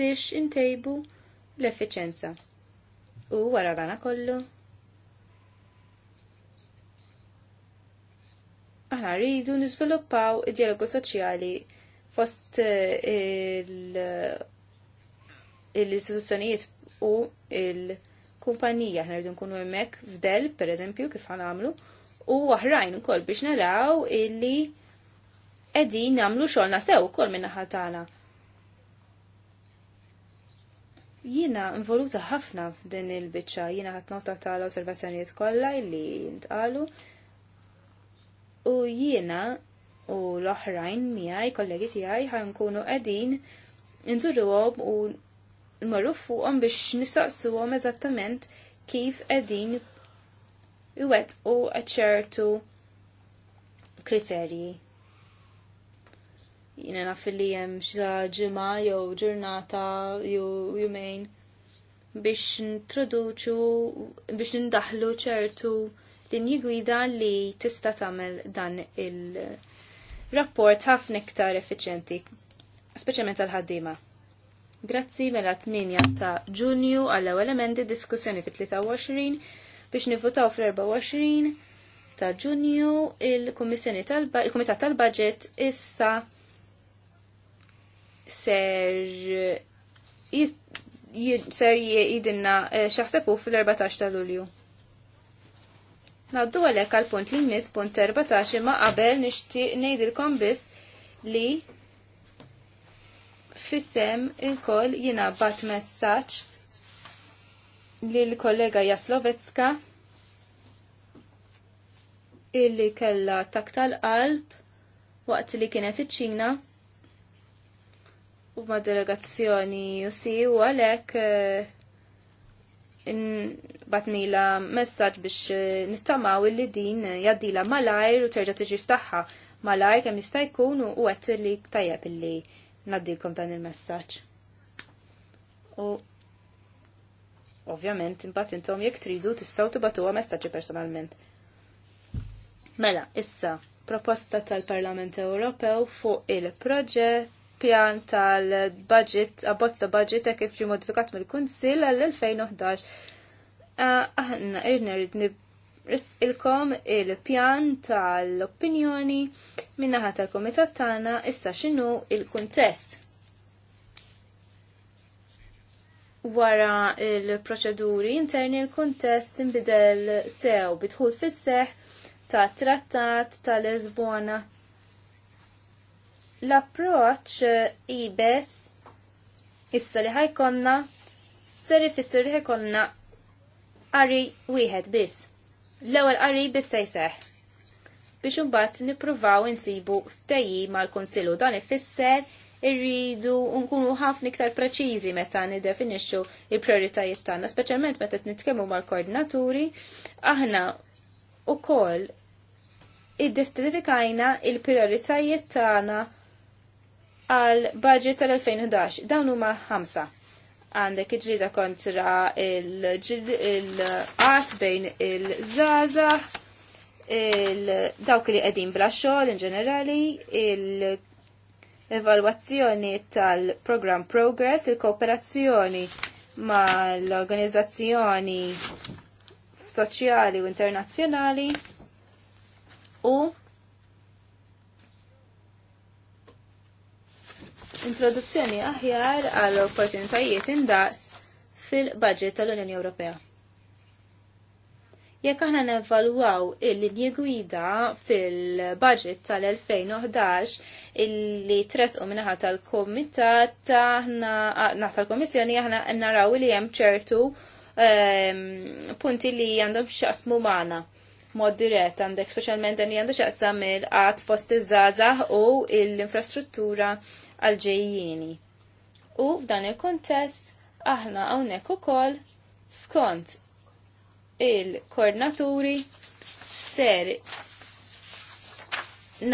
biex intejbu l-effiċenza. U wara dana kollu aħna rridu niżviluppaw id-dialogu soċjali fost eh, il-istituzzjonijiet u il-kumpanija aħna rridu nkunu hemmhekk f'Dell pereżempju kif għamlu u oħrajn ukoll biex naraw illi qegħdin nagħmlu xogħolna sew ukoll min naħa tagħna. Jiena involuta ħafna f'din il-biċċa, jiena ħadd nota tal-osservazzjonijiet kollha illi ntqalu u jiena u l-oħrajn miħaj, kollegi tiegħi għedin qegħdin inżuruhom u nmorru fuqhom biex nistaqsuhom eżattament kif qegħdin iwettqu ċertu kriterji jina naf li jem xta ġima jew ġurnata jew jumejn biex nintroduċu biex nindaħlu ċertu linji gwida li tista' tagħmel dan il-rapport ħafna iktar effiċjenti, speċjalment għal ħaddima Grazzi mela 8 ta' Ġunju għall ewwel emendi diskussjoni fit-23 biex nivvotaw fl-24 ta' Ġunju il-Kummissjoni tal-Kumitat tal-Baġġett issa ser ser jidinna eh, xaħsepu fil-14 ta' Lulju. Naddu għalek għal punt li mis punt 14 ma qabel nishtiq nejdilkom biss li fissem il-koll jina bat messaċ li l-kollega Jaslovetska illi kella taktal qalb waqt li kienet iċ-ċina u ma delegazzjoni u si u għalek uh, batnila messaġġ biex eh, nittamaw illi din jaddila malajr u terġa' tiġi ftaħħa malajr kemm jista' jkun u qed li tajjeb illi naddilkom dan il-messaġġ. U ovvjament imbagħad intom jekk tridu tistgħu tibatuha messaġġi personalment. Mela, issa proposta tal-Parlament Ewropew fuq il-proġett pjan tal-budget, abbozza budget kif ġi modifikat mill-Kunsill għall-2011. Aħna irna rrid ilkom il-pjan tal-opinjoni minnaħa tal-komitat tagħna issa x'inhu il-kuntest. Wara il-proċeduri interni il-kuntest imbidel sew bidħul fis-seħ ta' trattat tal-Lisbona L-approċ eh, ibes issa li ħajkonna seri ifisser li ħajkonna għari wieħed biss. L-ewwel qari biss se jseħ. Biex imbagħad nippruvaw insibu ftejji mal-Kunsillu dan ifisser irridu nkunu ħafna iktar preċiżi meta niddefinixxu il-prioritajiet tagħna, speċjalment meta nitkellmu mal-koordinaturi, aħna ukoll iddistifikajna il-prioritajiet tagħna għal budget tal-2011. Dawn huma ħamsa. Għandek iġrida kontra il-qat bejn il-żaza, dawk li qegħdin bla xogħol in ġenerali, il-evalwazzjoni tal-program Progress, il-kooperazzjoni ma' l-organizzazzjoni soċjali u internazzjonali u introduzzjoni aħjar għall opportunitajiet indaqs fil-budget tal-Unjoni Ewropea. Jekk aħna nevalwaw il-linji gwida fil-budget tal-2011 illi tresqu minnaħa tal-komitat naħta tal komissjoni aħna naraw li hemm ċertu ehm, punti li għandhom xaqsmu maħna mod dirett għandek specialment dan li għandu xaqsam il-qat fost iż u l-infrastruttura għal-ġejjini. U f'dan il-kontest aħna hawnhekk ukoll skont il-koordinaturi ser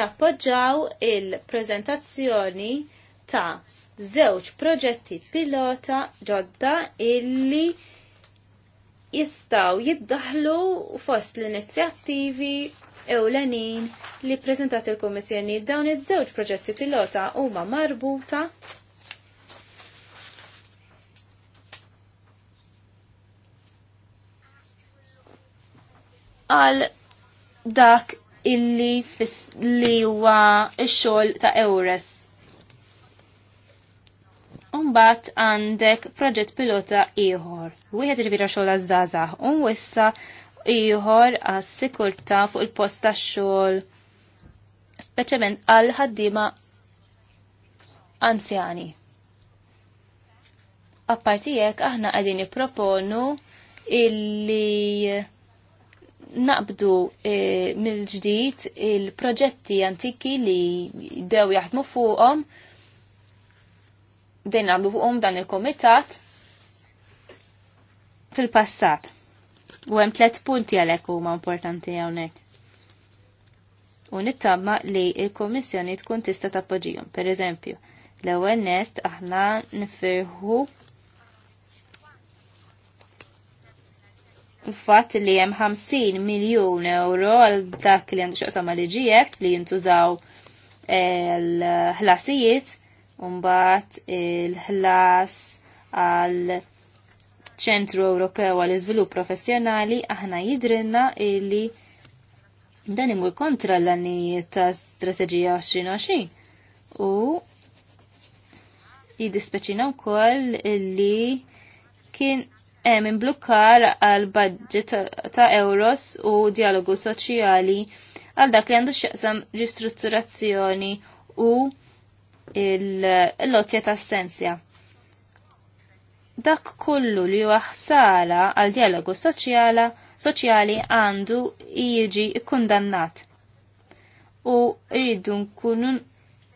nappoġġaw il-prezentazzjoni ta' żewġ proġetti pilota ġodda illi jistaw jiddaħlu fost l-inizjattivi ewlenin li prezentat il komissjoni dawn iż-żewġ proġetti pilota huma marbuta għal dak illi li huwa x-xogħol ta' Eures. Umbat għandek proġett pilota ieħor. Wieħed irvira xogħol għaż-żgħażagħ u wissa ieħor għas-sikurtà fuq il-post tax-xogħol speċjalment għal ħaddiema anzjani. Apparti jekk aħna qegħdin nipproponu illi naqbdu e, mill-ġdid il-proġetti antiki li dew jaħdmu fuqhom dejn għamlu fuqhom dan il-komitat fil-passat. U hemm tliet punti għalhekk huma importanti hawnhekk. U nittama li il-Kommissjoni tkun tista' tappoġġihom. Pereżempju, l-ewwel nest aħna nifirħu fatt li hemm 50 miljun euro għal dak li għandu xaqsam għal IGF li jintużaw eh, l-ħlasijiet u mbagħad il-ħlas għal ċentru Ewropew għal iżvilupp professjonali aħna jidrinna illi dan imur kontra l-għannijiet ta' strategija 2020 u jidispeċina u koll illi kien hemm imblukkar għal budget ta' euros u dialogu soċjali għal dak li għandu x'jaqsam ristrutturazzjoni u l-lotja ta' essenzja dak kollu li waħsala għal dialogu soċjala soċjali għandu jiġi kkundannat. U rridu nkunu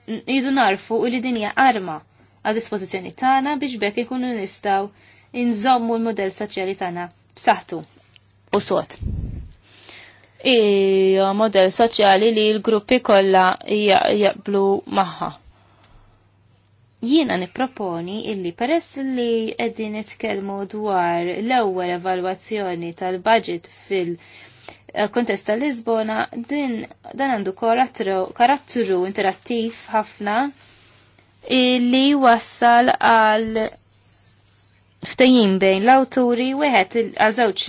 rridu narfu li din hija arma għad dispożizzjoni tagħna biex bekk ikunu nistgħu inżommu l-modell soċjali tagħna b'saħħtu u sot. Ija model soċjali li l-gruppi kollha jaqblu magħha. Jiena nipproponi illi peress li qegħdin nitkellmu dwar l-ewwel evalwazzjoni tal-budget fil- eh, kontest ta' Lisbona, din dan għandu karattru interattiv ħafna li wassal għal ftajim bejn l-awturi wieħed għal żewġ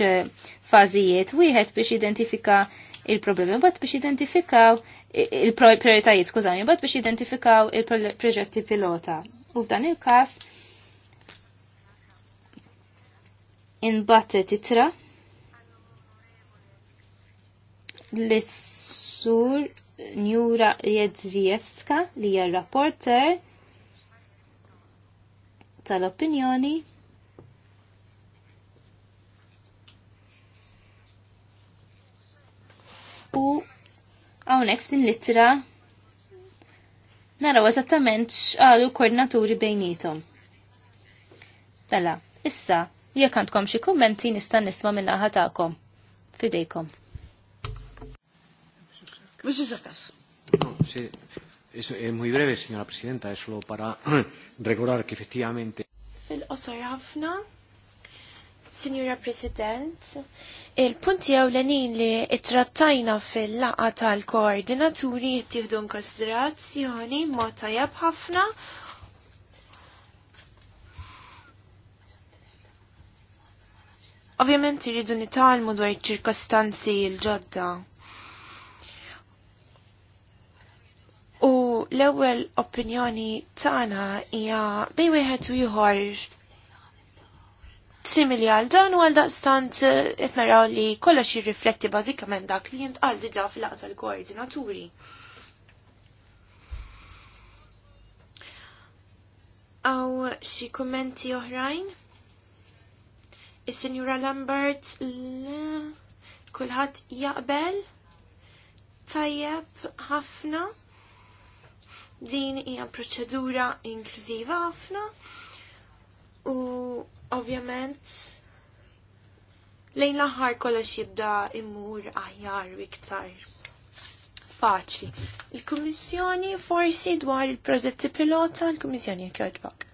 fażijiet, wieħed biex identifika il-problemi, bat biex identifikaw il-prioritajiet, skużani, bat biex identifikaw il-proġetti pilota. U f'dan il-kas inbat titra l-sur Njura Jedzrijewska li hija rapporter tal-opinjoni u għawnek f'din littra naraw eżattament x'qalu koordinaturi bejnietom. Bella, issa, jek għandkom xie kommenti nista' nisma' minna ħatakom. Fidejkom. Mux iżakas.
No, sí, es, eh, muy breve, señora presidenta, es solo para recordar que efectivamente... Fil-qosor ħafna, Signora President, il-punti għawlenin li it-trattajna fil-laqa tal-koordinaturi jittieħdu konsiderazzjoni ma tajab ħafna Ovvjament irridu nitalmu dwar ċirkostanzi l-ġodda. U l-ewwel opinjoni tagħna hija bejn wieħed u ieħor simili għal dan u għal daqstant eh, qed naraw li kollox jirrifletti bażikament dak li għal diġà fil-laqgħa tal-koordinaturi. Għaw xi kummenti oħrajn? Is-Sinjura Lambert kulħadd jaqbel tajjeb ħafna din hija proċedura inklużiva ħafna u Ovvjament, lejn l-aħħar kollox jibda immur aħjar u iktar faċi. Il-Kummissjoni forsi dwar il-proġetti pilota l-Kummissjoni jkjodbak.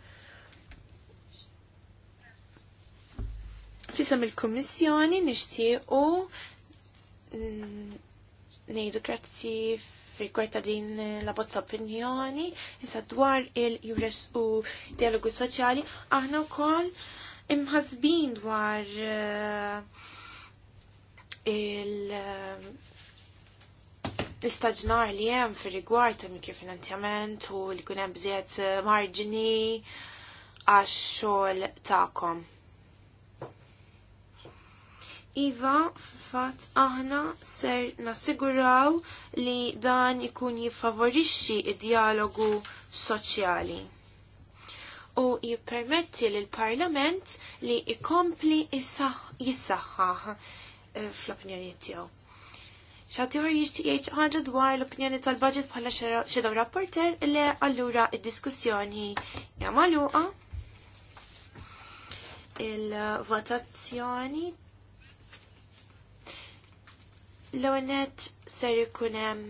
Fisam il-Kummissjoni nixtiequ nejdu grazzi fil din la bozza opinjoni, jisa dwar il-jures u dialogu soċjali, aħna wkoll imħazbin dwar eh, il- eh, l-istaġnar li jem fil rigward ta' mikrofinanzjament u li kunem bżiet eh, marġini għax xogħol ta'kom. Iva, fat aħna ser nassiguraw li dan ikun jiffavorixxi id-dialogu soċjali u jippermetti l parlament li ikompli jissaħħaħ eh, fl-opinjoni tiegħu. ċaħtiħor jishtiq jgħid ħaġa dwar l-opinjoni tal-budget bħala xedaw rapporter li allura id-diskussjoni jamaluqa il-votazzjoni l-għonet ser ikunem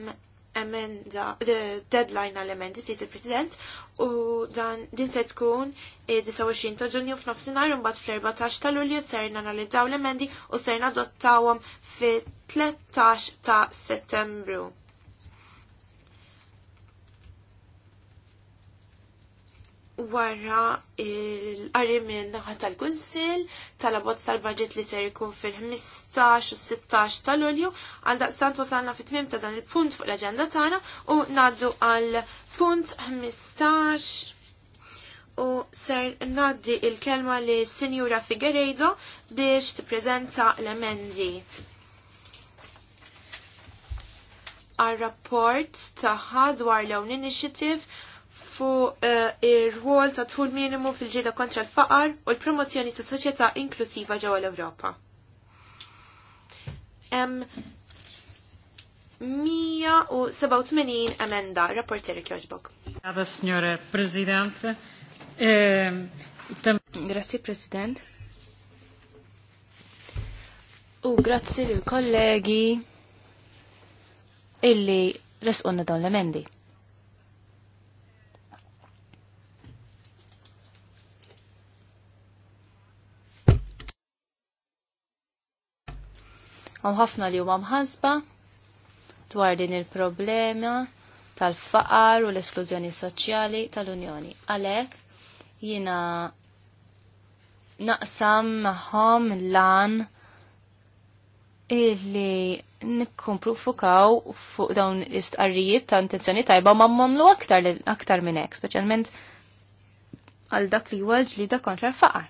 emenda, deadline għal emendi tiet il-President u dan din se tkun 29 ta' ġunju f'nofsinhar u mbagħad fl-14 ta' Lulju ser nanalizzaw l-emendi u ser adottawhom fit-13 ta' Settembru. wara l arrimin minn naħa tal-Kunsil tal abot tal-budget li ser jkun fil-15 u 16 ta' Lulju għal daqstant wasalna fit tmim ta' dan il-punt fuq l-aġenda tagħna u ngħaddu għal punt 15 u ser naddi il-kelma li Sinjura Figueredo biex tippreżenta l-emendi għal rapport taħħa dwar l-own initiative fuq eh, ir-rwol ta' tful minimu fil-ġida kontra l-faqar u l-promozzjoni ta' soċjetà inklusiva ġewwa l-Ewropa. Um, 187 emenda, rapporteri kjoġbok.
Għada, signore President. Ehm, grazie, President. U grazie l-kollegi illi resqonna dawn l-emendi. Għam ħafna li huma mħasba dwar din il-problema tal-faqar u l-esklużjoni soċjali tal-Unjoni. Għalek, jina naqsam maħom lan illi nikkumpru fukaw fuq dawn istqarrijiet ta' intenzjoni tajba ma' mamlu aktar, aktar minn hekk, speċjalment għal dak li huwa l-ġlida kontra l-faqar.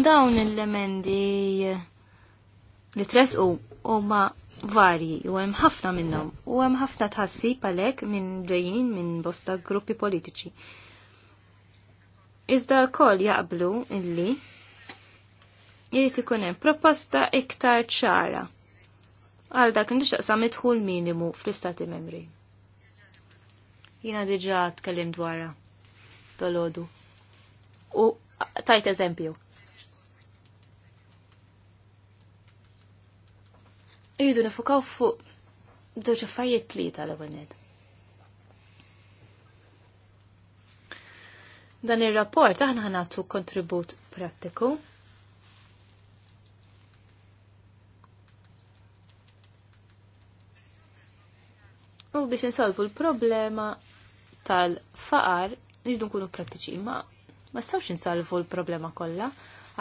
Dawn il-lemendi li tresqu huma varji u hemm ħafna minnhom u hemm ħafna tħassi għalhekk minn ġejjin minn bosta gruppi politiċi. Iżda wkoll jaqblu illi jrid ikun hemm proposta iktar ċara għal dak nixtaqsam idħul minimu fl-istati membri. Jina diġa tkellim dwarha dolodu. U tajt eżempju. Iridu nifukaw fuq żewġ affarijiet li tal ewwel Dan ir-rapport aħna ħanatu kontribut prattiku U biex insolvu l-problema tal-faqar, nridu nkunu prattiċi, ma ma stawx insolvu l-problema kollha.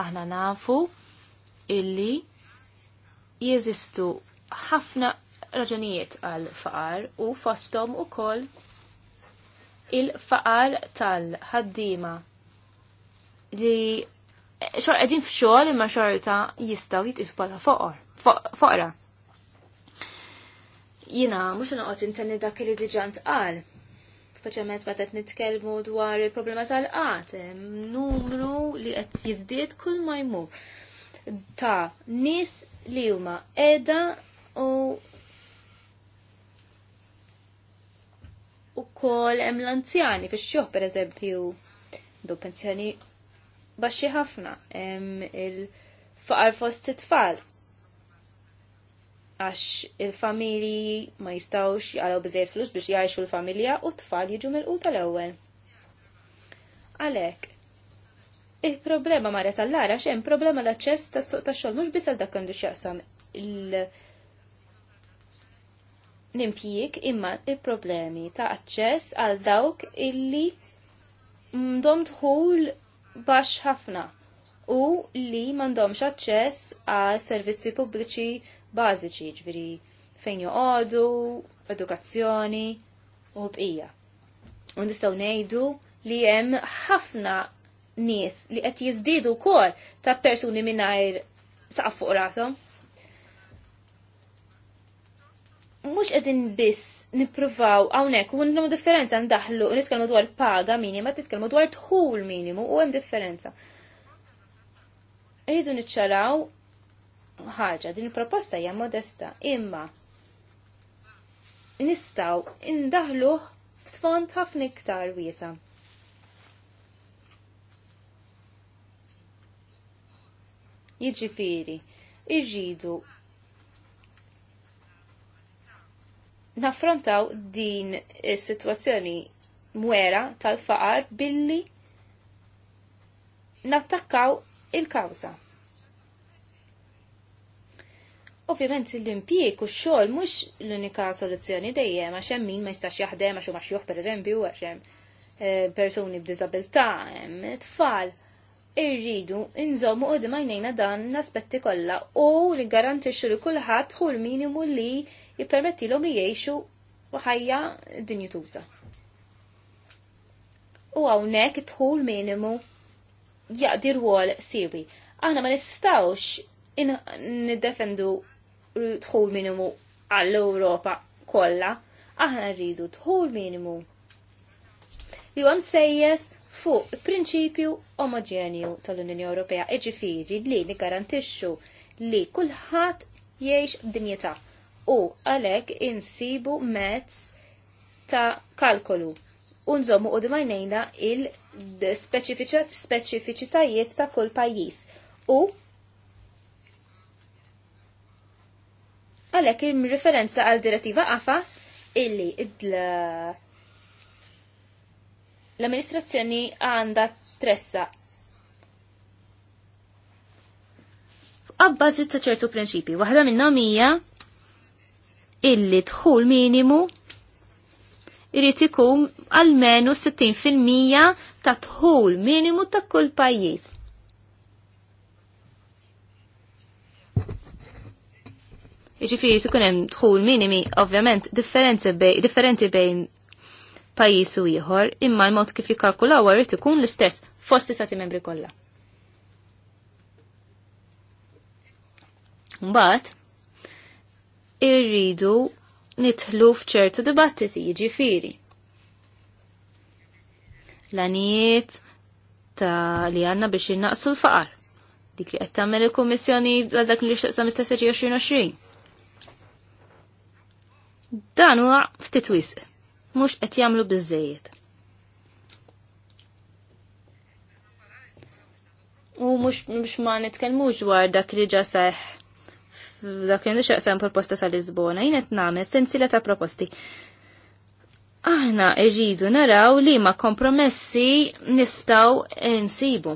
Aħna nafu illi jeżistu ħafna raġunijiet għal faqar u fostom u koll il-faqar tal-ħaddima li xor għedin fxol imma xorta jistaw jitqisbata foqor, foqra. Jina, mux noqot intenni dak li diġant għal. Faċement ma qed nitkellmu dwar il-problema tal-qat, numru li qed jiżdied kull ma jmur ta' nis li huma edha u u kol hemm l-anzjani biex joħ pereżempju do pensjoni baxxi ħafna hemm il-faqar fost it-tfal għax il-familji ma jistawx jgħalaw biżejjed flus biex jgħajxu l-familja u t-tfal jiġu mill-quta l-ewwel. Għalhekk, il-problema marja tal-lara xem problema l-aċċess tas suq tax-xogħol mhux biss għal dak kandu x'jaqsam il- nimpijik imma il-problemi ta' aċċess għal dawk illi mdom dħul bax ħafna u li mandomx aċċess għal servizzi pubbliċi bażiċi ġviri fejn joqogħdu, edukazzjoni u bqija. U nistgħu ngħidu li hemm ħafna nies li qed jiżdiedu wkoll ta' persuni mingħajr saqaf fuq rashom. mux edin biss niprufaw għawnek, u n differenza ndaħlu, u nitkelmu dwar paga minima, titkelmu dwar tħul minimu, u għem differenza. Rridu nitċaraw ħaġa, din il-proposta hija modesta, imma nistaw indaħluh f'sfond ħafna iktar wiesa. Jiġifieri, iġidu naffrontaw din is-sitwazzjoni mwera tal-faqar billi nattakkaw il-kawza. Ovvjament l-impjieg u x-xogħol mhux l-unika soluzzjoni dejjem għax hemm min ma jistax jaħdem għax ma maxjuħ pereżempju għax hemm eh, persuni b'diżabilità, hemm tfal irridu inżommu u dimajnejna dan l-aspetti kollha u li garantixxu li kulħadd hu l-minimu li jippermettilhom li jgħixu ħajja dinjutuża. U hawnhekk idħul minimu jaqdi rwol siwi. Aħna ma nistgħux niddefendu dħul minimu għall-Ewropa kollha, aħna rridu dħul minimu. Ju għam sejjes fuq prinċipju omogenju tal-Unjoni Ewropea, iġifieri li nigarantixxu li kulħadd jgħix b'dinjetà u għalek insibu mezz ta' kalkolu. Unżommu u dimajnejna il-speċifiċitajiet ta' kull pajis. U għalek il-referenza għal direttiva għafa illi l-amministrazzjoni għanda tressa għabbażi ta' ċertu prinċipi. Waħda minnhom hija illi dħul minimu irrit ikun almenu 60% ta' dħul minimu ta' kull pajjiż. Iġifiri, tukun hemm dħul minimi, ovvjament, differenti bejn pajjiż u ieħor, imma l-mod kif jikkalkulaw għarrit ikun l-istess fost istati membri kollha. Mbagħad, irridu nitħlu fċertu dibattiti jiġifieri. l ta' li għanna biex jinnaqsu l-faqar. Dik li qed tagħmel il-Kummissjoni għal dak li mista istess 2020. Dan huwa ftit wisq, mhux qed jagħmlu biżejjed. U mhux biex ma nitkellmux dwar dak li ġa seħħ dak li xaqsam proposta sa' Lisbona, jienet namel sensila ta' proposti. Aħna irridu naraw li ma' kompromessi nistaw nsibu.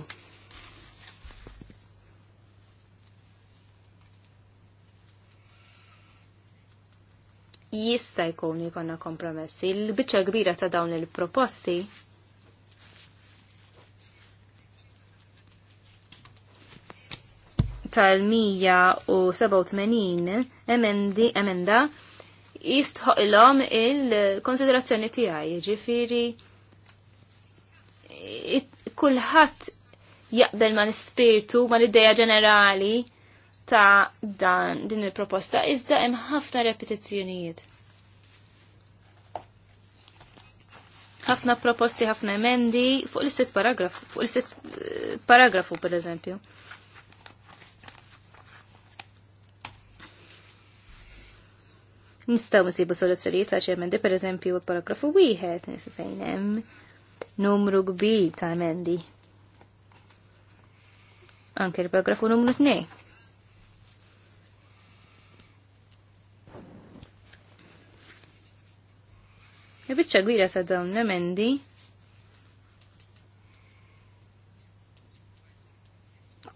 Jista' jkun jkollna kompromessi. Il-biċċa kbira ta' dawn il-proposti tal-187 emendi emenda jistħoq ilhom il-konsiderazzjoni tiegħi, ġifieri kulħadd jaqbel ma' l-ispirtu ma' l-idea ġenerali ta' dan din il-proposta iżda hemm ħafna repetizzjonijiet. ħafna proposti, ħafna emendi fuq l-istess paragraf, fuq l-istess eh, paragrafu per eżempju. Nistaw nsibu soluzzjonijiet għax ċemendi, per eżempju, paragrafu wieħed fejn hemm numru kbir ta' emendi. Anke il-paragrafu numru 2. Il-bicċa gwira ta' dawn l-emendi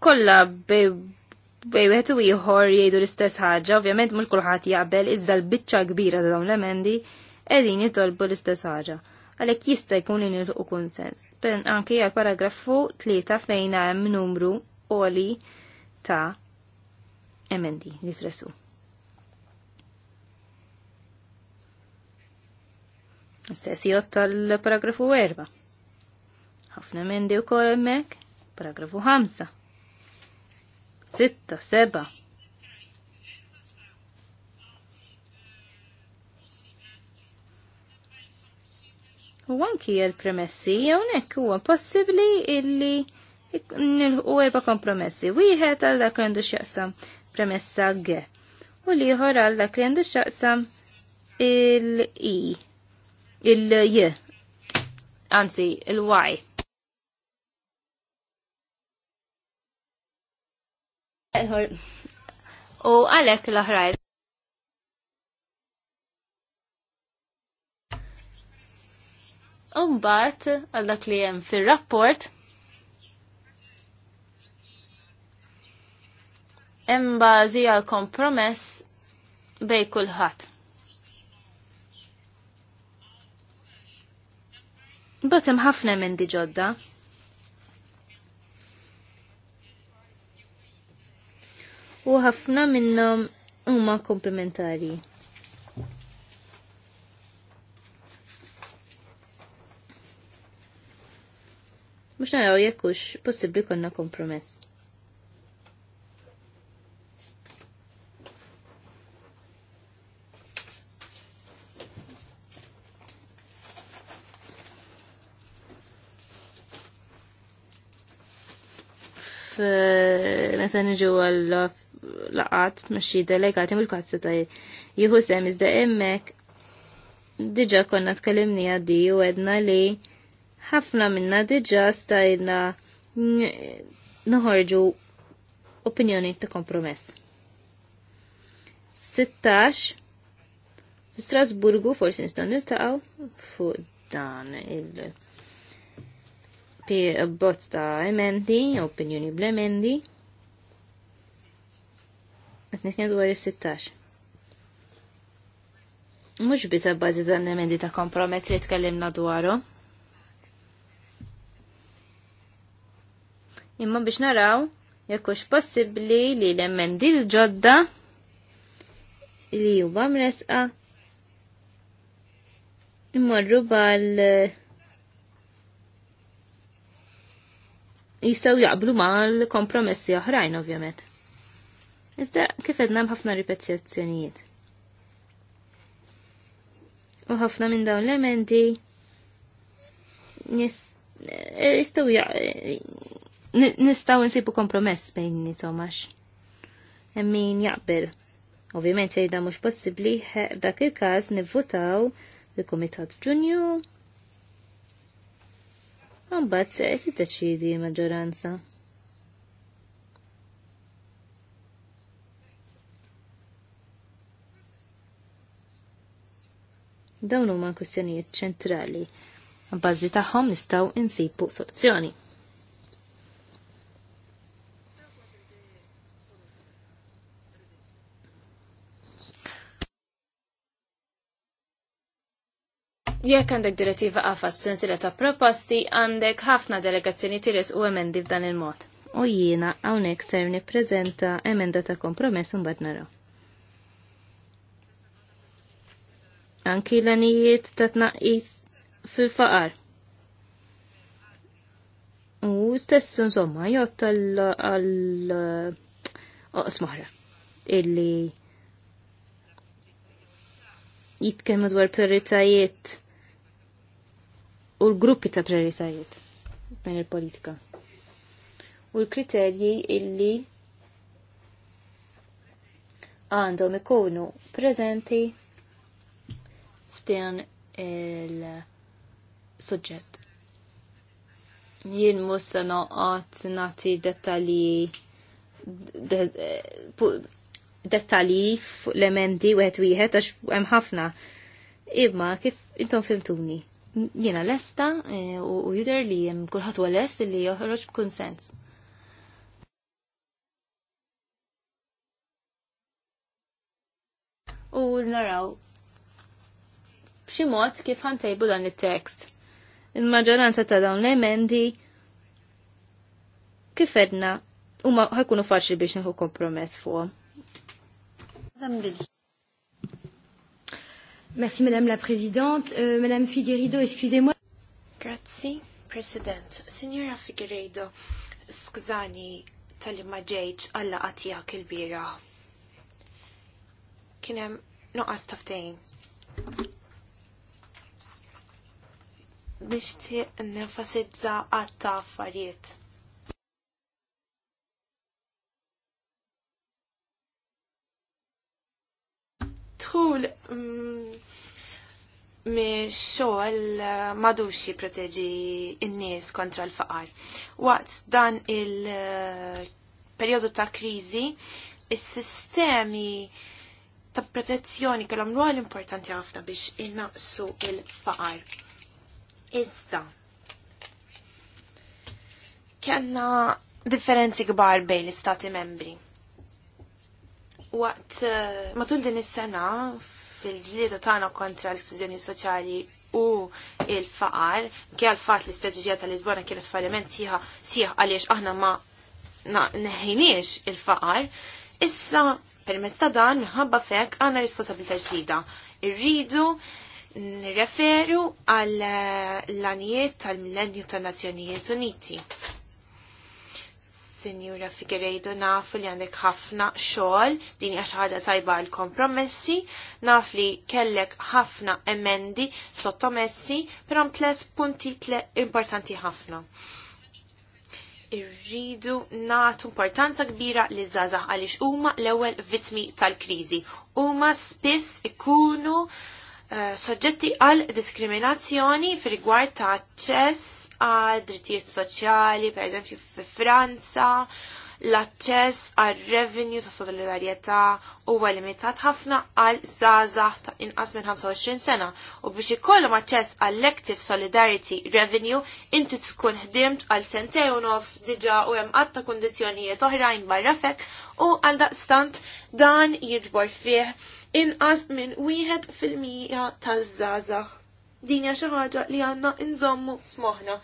kolla bej u ieħor jgħidu l-istess ħaġa, ovvjament mhux kulħadd jaqbel iżda l kbira ta' dawn l-emendi qegħdin jitolbu l-istess ħaġa. Għalhekk jista' jkun li u kunsens. Pen anke għal paragrafu tlieta fejn hemm numru oli ta' emendi li tresu. Stessi tal-paragrafu 4. ħafna emendi u kolmek, paragrafu 5 sitta, seba. U anki l-premessi hawnhekk huwa possibli illi nilħu erba' kompromessi. Wieħed għal dak li għandu xaqsam premessa G. U liħor għal dak li għandu xaqsam il-I. Il-J. Anzi, il-Y. U għalek l-oħrajn. Umbat, għallak li jem fil-rapport, imbazi għal kompromess bej kullħat. Batem ħafna minn diġodda. ġodda. u ħafna minnhom huma komplementari. Mux naraw jekkux possibli konna kompromess. Meta niġu love laqat meċi delegati mill-kazza ta' jihu sem iżda emmek diġa konna tkellimni għaddi u edna li ħafna minna diġa stajna nħorġu opinjoni ta' kompromess. 16 Strasburgu forsi nistgħu niltaqgħu fuq dan il bozz ta' emendi, opinjoni bl-emendi. Għetnitni dwar il-16. Mux bisa bazi dan l-emendi ta' kompromess li tkellimna dwaru. Imma biex naraw, jekkux possibli li l-emendi l-ġodda li juba mresqa imorru bal jistaw jaqblu ma l-kompromessi oħrajn ovvjament. Iżda kif edna ħafna ripetizzjonijiet. U ħafna minn dawn l elementi nistaw nsibu kompromess bejn nitom għax. Emmin jaqbel. Ovvijament fejda mux possibli f'dak il-kas nivvutaw il-Komitat Ġunju. Mbagħad se tiddeċidi maġġoranza. Dawn huma kwistjonijiet ċentrali. Bażi tagħhom nistgħu insibu soluzzjoni. jekk għandek direttiva qafas b'sensiela ta' proposti, għandek ħafna delegazzjoni tiris u emendi f'dan il-mod. U jiena hawnhekk ser nippreżenta emenda ta' kompromess mbagħad naraw. anki l-anijiet ta' fil-faqar. U stess insomma jott għal oqsmara illi jitkemmu dwar prioritajiet u l-gruppi ta' prioritajiet dan il-politika. U l-kriterji illi għandhom ikunu prezenti f'dan il-suġġett. Jien musa noqgħod nagħti dettalji dettalji fuq l-emendi wieħed wieħed għax hemm ħafna. Imma kif intom fimtuni. Jiena lesta e, u jidher li hemm kulħadd huwa lest li joħroġ sens. U naraw b'xi mod kif ħantejbu dan it text Il-maġġoranza ta' dawn l-emendi kif edna huma ħajkunu faċli biex neħu kompromess fuqhom. Merci
Madame la Présidente. Euh, Madame Figueredo, excusez-moi.
Grazie, President. Signora Figueredo, skużani tali ma ġejċ alla għatijak il-bira. Kienem noqas taftejn nixtieq nenfasizza għatta affarijiet. Tħul mi mm, xogħol eh, madux jipproteġi n-nies kontra l-faqar. Waqt dan il eh, periodu ta' kriżi, il sistemi ta' protezzjoni kellhom rwol importanti ħafna biex innaqsu il-faqar Iżda. Kenna differenzi kbar bejn l-istati membri. Waqt eh, matul din is-sena fil-ġlieda tagħna kontra l-isklużjoni soċjali u il-faqar, kien fatt l-istrateġija tal-Lisbona kienet falliment sieħa sieħ għaliex aħna ma neħiniex il-faqar, issa permezz ta' dan minħabba fek għandna responsabilità ġdida. Irridu nirreferu għal l-anijiet tal-millenju tan nazzjonijiet Uniti. Sinjura Figueiredo nafu li għandek ħafna xogħol din hija ħaġa tajba għal kompromessi, naf li kellek ħafna emendi sottomessi, però tliet punti importanti ħafna. Irridu nagħtu importanza kbira li żgħażagħ għaliex huma l-ewwel vittmi tal-kriżi. Huma spiss ikunu Eh, soġġetti għal diskriminazzjoni fir-rigward ta' aċċess għal drittijiet soċjali, per eżempju fi Franza, l-aċċess għal revenue ta' solidarjetà huwa limitat ħafna għal żgħażagħ ta' inqas minn 25 sena u biex ikollhom aċċess għal Active Solidarity Revenue inti tkun ħdimt għal sentej u nofs diġà u hemm qatt ta' kundizzjonijiet oħrajn barrafek u għal daqstant dan jiġbor fih inqas minn wieħed fil-mija taż-żgħażagħ. Din hija xi ħaġa li għandna nżommu f'moħħna.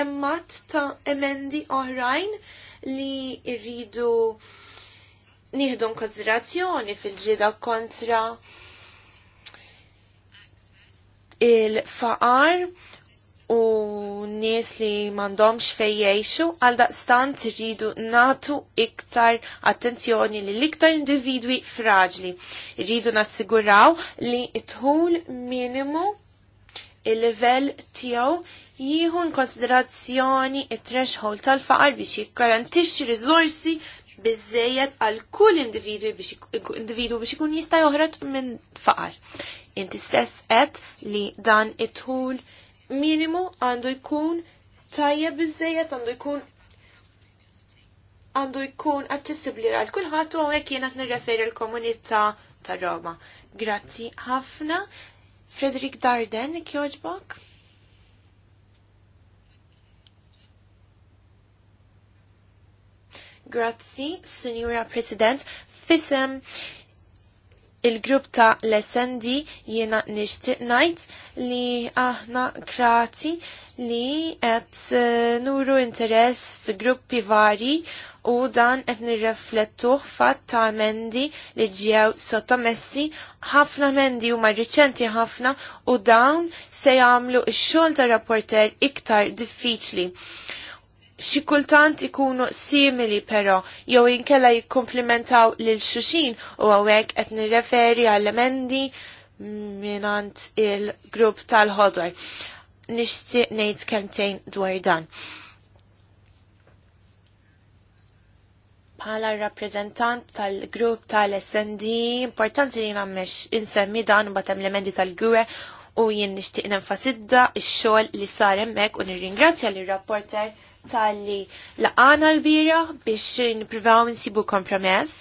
Hemm ta' emendi oħrajn li rridu nieħdu konsiderazzjoni fil-ġida kontra il-faqar u nies li mandomx fej jiexu għal iridu nagħtu natu iktar attenzjoni li l-iktar individwi fraġli. Rridu nassiguraw li tħul minimu il-level tiegħu jieħu konsiderazzjoni it-threshold tal-faqar biex jikkarantixxi riżorsi biżejjed għal kull individwi biex individwu biex ikun jista' joħroġ minn faqar. Inti stess qed li dan it-tħul minimu għandu jkun tajjeb bizzejet, għandu jkun għandu jkun għattisibli għal kulħadd u għek jenat nirreferi l-komunità ta' Roma. Grazzi ħafna. Frederick Darden, kjoġbok? Grazzi, Signora President, fisem il-grupp ta' l-SND jiena nishtiq najt li aħna krati li qed eh, nuru interess fi gruppi vari u dan qed nirreflettuħ fat ta' mendi li ġew sottomessi ħafna mendi huma riċenti ħafna u dawn se jagħmlu ix xogħol ta' rapporter iktar diffiċli xi kultant ikunu simili però jew inkella jikkumplimentaw lil xuxin u hawnhekk qed nirreferi għall emendi minant il-grupp tal-ħodor. Nixtieq ngħid kemtejn dwar dan. bħala rappresentant tal-grupp tal-SND, importanti li nammex insemmi dan batem l-emendi tal-gwe u jien nishtiq nenfasidda il-xol li sar emmek u nirringrazzja li rapporter tal-li laqana l-bira biex nipprivaw nsibu kompromess.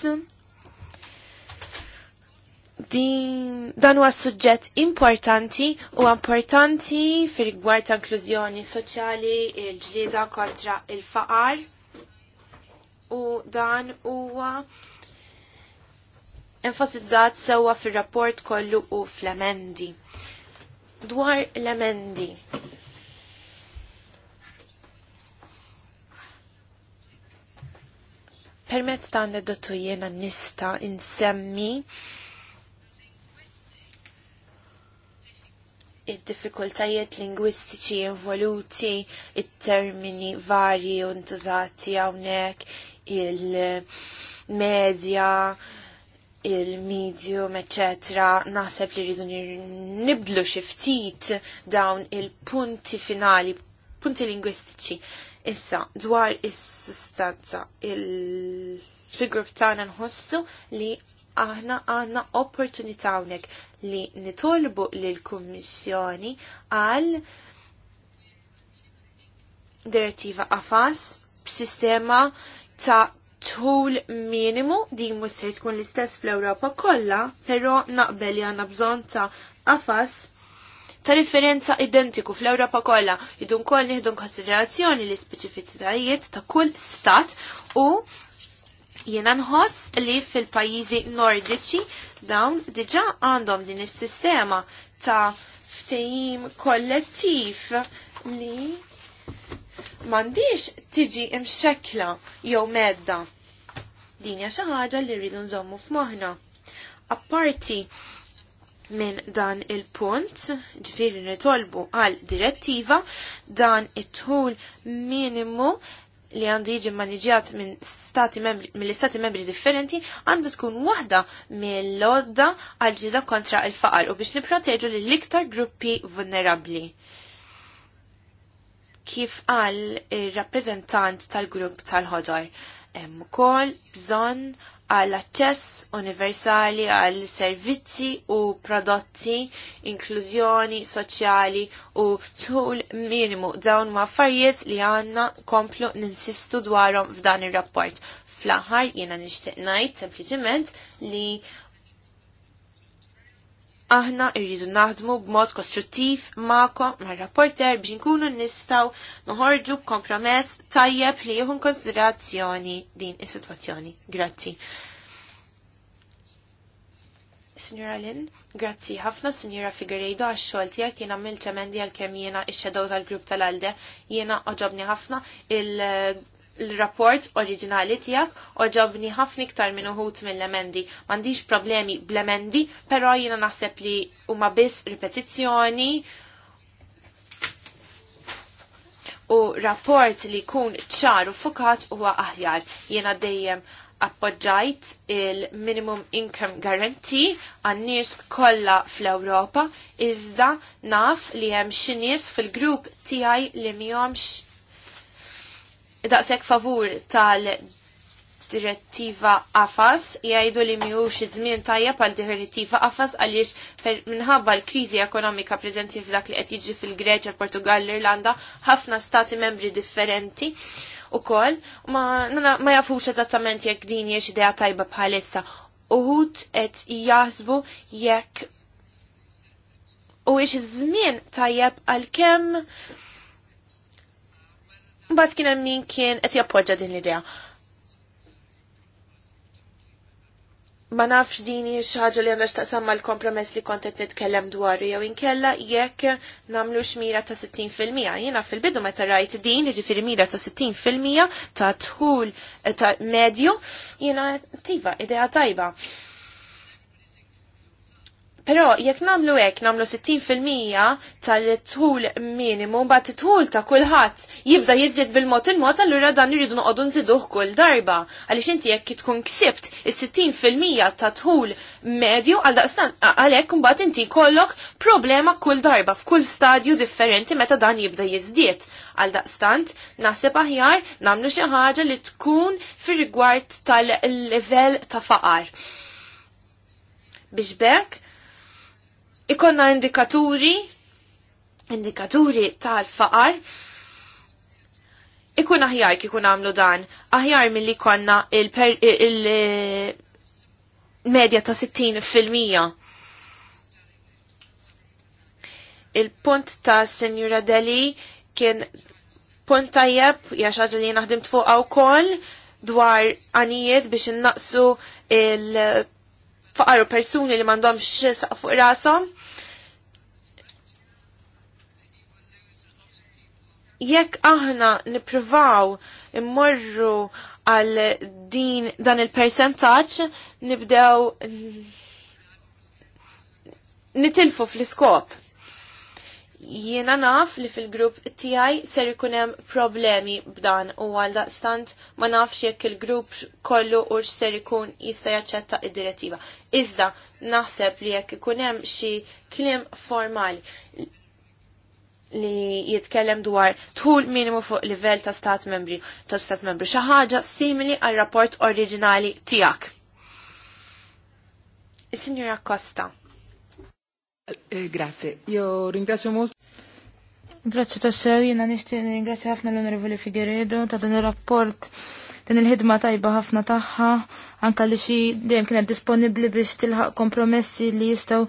Din, dan huwa suġġett importanti u importanti fir rigward ta' inklużjoni soċjali il-ġlieda kontra il-faqar u dan huwa enfasizzat sewwa fir-rapport kollu u fl-emendi. Dwar l-emendi, Permezz ta' aneddotu jena nista insemmi id-diffikultajiet lingwistiċi involuti, it-termini varji untużati hawnhekk, il-medja, il-medium, etc. Naħseb li rridu nibdlu xi ftit dawn il-punti finali, punti lingwistiċi Issa, dwar is-sustanza, il fil tagħna nħossu li aħna għandna opportunità hawnhekk li nitolbu lill kummissjoni għal direttiva qafas b'sistema ta' tul minimu di mhux tkun l-istess fl-Ewropa kollha, però naqbel li għandna bżonn ta' qafas ta' referenza identiku fl-Ewropa kollha idu wkoll nieħdu konsiderazzjoni l ispeċifiċitajiet ta' kull stat u jiena nħoss li fil-pajjiżi nordiċi dawn diġà għandhom din is-sistema ta' ftehim kollettiv li mandiċ tiġi imxekla jew medda. Din hija xi ħaġa li rridu nżommu f'moħħna. Apparti minn dan il-punt, ġifiri nitolbu għal direttiva, dan it-tul minimu li għandu jiġi maniġjat minn stati membri, mill-istati membri differenti, għandu tkun waħda mill-lodda għal ġida kontra il-faqar u biex niprotegġu li l-iktar gruppi vulnerabli. Kif għal il-rappresentant tal-grupp tal-ħodor, hemm ukoll bżonn għall aċċess universali għal servizzi u prodotti, inklużjoni soċjali u tul minimu dawn ma' affarijiet li għanna komplu ninsistu dwarhom f'dan ir-rapport. Fl-aħħar jiena nixtieq ngħid sempliċement li aħna irridu naħdmu b'mod kostruttiv ma'kom ma' rapporter biex nkunu nistaw noħorġu kompromess tajjeb li jieħu konsiderazzjoni din is-sitwazzjoni. Grazzi. Signora Lynn, grazzi ħafna Signora Figueiredo għax xogħol tiegħek jien għamilt emendi għal kemm jiena x xedow tal-grupp tal-Alde. Jiena oġobni ħafna il- l-rapport oriġinali tijak oġobni ħafna iktar minn uħut mill-emendi. Mandiġ problemi bl-emendi, pero jina naħseb li huma biss ripetizzjoni u rapport li kun ċar u fukat huwa aħjar. Jena dejjem appoġġajt il-minimum income guarantee għan-nies kollha fl-Ewropa iżda naf li hemm xi nies fil-grupp tiegħi li mihomx Daqsek favur tal-direttiva AFAS jgħidu li mhijiex iż-żmien tajjeb għal direttiva AFAS għaliex minħabba l-kriżi ekonomika preżenti f'dak li qed jiġi fil-Greċja, Portugal, l-Irlanda, ħafna stati membri differenti ukoll ma, ma jafux eżattament jekk din jiex idea tajba bħalissa. Uħut qed jazbu jekk u iż żmien tajjeb għal kem Mbagħad kien hemm min kien qed jappoġġa din l-idea. Ma nafx din hi xi ħaġa li għandha x'taqsam mal-kompromess li kont qed nitkellem dwar jew inkella jekk nagħmlu x'mira ta' 60%. Jiena fil-bidu meta rajt din, jiġifieri mira ta' 60% ta' tħul ta' medju, jiena tiva idea tajba. Pero jekk namlu hekk namlu 60% tal-tul minimu mbagħad it-tul ta' kulħadd jibda jiżdied bil-mod il-mod allura dan iridu noqogħdu ziduħ kull darba għaliex inti jekk kitkun ksibt is-60% ta' tul medju għal daqstan għalhekk bat inti jkollok problema kull darba f'kull stadju differenti meta dan jibda jiżdied. Għal daqstan, naħseb aħjar namlu xi ħaġa li tkun fir-rigward tal-livell ta' faqar. Biex bekk ikonna indikaturi, indikaturi tal-faqar, ikun aħjar kikun għamlu dan, aħjar mill-li konna il-medja il ta' 60%. Il-punt ta' Senjura Deli kien punt tajjeb, jaxħaġa li naħdimt fuq għaw kol, dwar għanijiet biex innaqsu il- faqaru persuni li mandom saq fuq rasom. Jekk aħna nipruvaw immorru għal din dan il-percentaċ nibdew nitilfu fl-iskop. Jiena naf li fil-grupp tiegħi ser ikun hemm problemi b'dan u għal daqstant ma nafx jekk il-grupp kollu u ser ikun jista' jaċċetta id-direttiva. Iżda naħseb li jekk ikun hemm xi kliem formali li jitkellem dwar tul minimu fuq livell ta' stat membri ta' stat membri xi ħaġa simili għal rapport oriġinali tiegħek. Is-Sinjura Costa. Eh, grazie, io ringrazio molto.
Grazie sew. jena nishti ringrazja ħafna l-Onorevoli Figueredo ta' dan il-rapport din il-ħidma tajba ħafna tagħha, anka li xi dejjem kienet disponibbli biex tilħaq kompromessi li jistgħu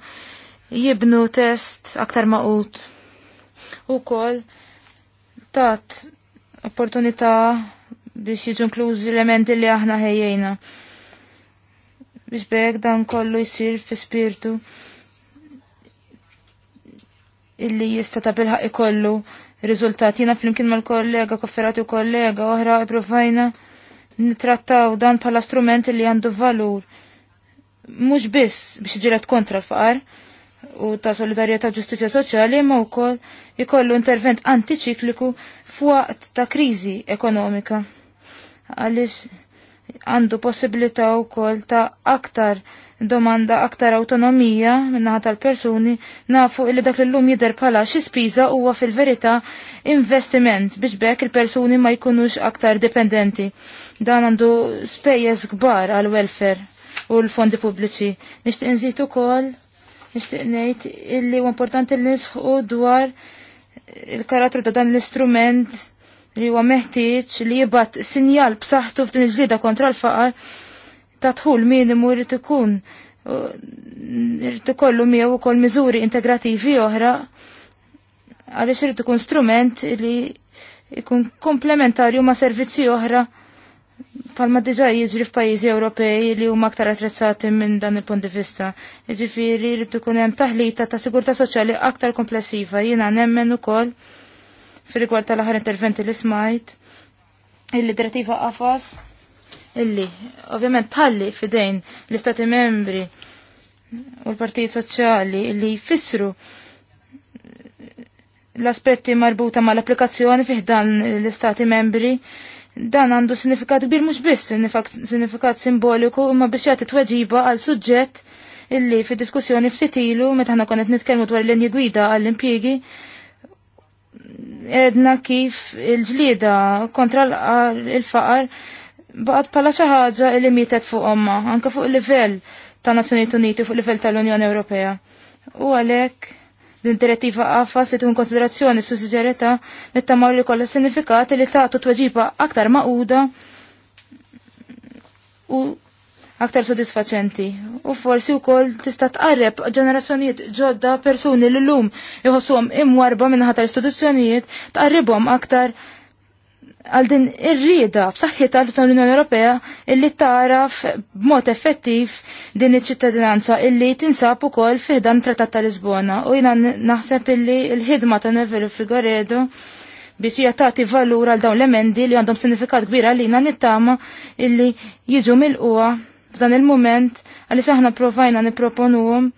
jibnu test aktar maqut. Ukoll tat opportunità biex jiġu nklużi elementi li aħna ħejjejna. Biex bek dan kollu jsir fi spirtu illi jista ta' bilħa ikollu riżultat. Jina flimkien mal-kollega, kofferati u kollega, oħra provajna nitrattaw dan pala strument li għandu valur. Mux biss biex ġilet kontra l-faqar u ta' solidarieta u ġustizja soċjali ma' u koll ikollu intervent antiċikliku fuqt ta' krizi ekonomika. Għalix għandu possibilità wkoll ta' aktar domanda aktar autonomija minnaħa tal-persuni nafu illi dak l-lum jider bħala xi spiża huwa fil-verità investiment biex bekk il-persuni ma jkunux aktar dipendenti. Dan għandu spejjeż kbar għal welfare u l-fondi pubbliċi. Nixtieq nżid ukoll nixtieq ngħid illi huwa importanti li nisħu dwar il-karattru ta' dan l-istrument li huwa meħtieġ li jibgħat sinjal b'saħħtu f'din il-ġlieda kontra l-faqar ta' tħul minimu jrid ikun Irid uh, ikollu miegħu wkoll miżuri integrativi oħra għaliex irid ikun strument li jkun komplementarju ma' servizzi oħra palma diġa jiġri f'pajjiżi Ewropej li huma aktar attrezzati minn dan il-punt di vista. Jiġifieri jrid ikun hemm taħlita ta' sigurtà soċjali aktar komplessiva jiena nemmen ukoll fil-rigward tal-aħħar interventi li smajt illi direttiva qafas illi ovvjament tħalli fidejn l-istati membri u l-partijiet soċjali illi jfissru l-aspetti marbuta ma l-applikazzjoni fiħdan l-istati membri dan għandu sinifikat kbir mhux biss sinifikat simboliku imma biex jagħti tweġiba għal suġġett illi fi diskussjoni ftit ilu meta ħana konet nitkellmu dwar l-linji gwida għall-impjiegi edna kif il-ġlida kontra il-faqar baqat pala xi ħaġa li mietet fuq omma, anke fuq livell ta' Nazzjonijiet Uniti fuq livell tal-Unjoni Ewropea. U għalhekk din direttiva qafa se tkun konsiderazzjoni s-sussidjarjetà nittamaw li kollha sinifikat li tagħtu tweġiba aktar maquda u aktar sodisfaċenti. U forsi wkoll tista' tqarreb ġenerazzjonijiet ġodda persuni l lum iħossuhom imwarba minn ħatar istituzzjonijiet tqarribhom aktar għal din ir-rieda b'saħħitha li l-Unjoni Ewropea illi taraf b'mod effettiv din iċ-ċittadinanza illi tinsab ukoll fiħdan Trattat ta' Lisbona u jiena naħseb illi l-ħidma ta' Nevelu Figoredo biex hija tagħti valur għal dawn l-emendi li għandhom sinifikat kbir għalina nittama illi jiġu mill f'dan il-moment għaliex aħna provajna niproponuhom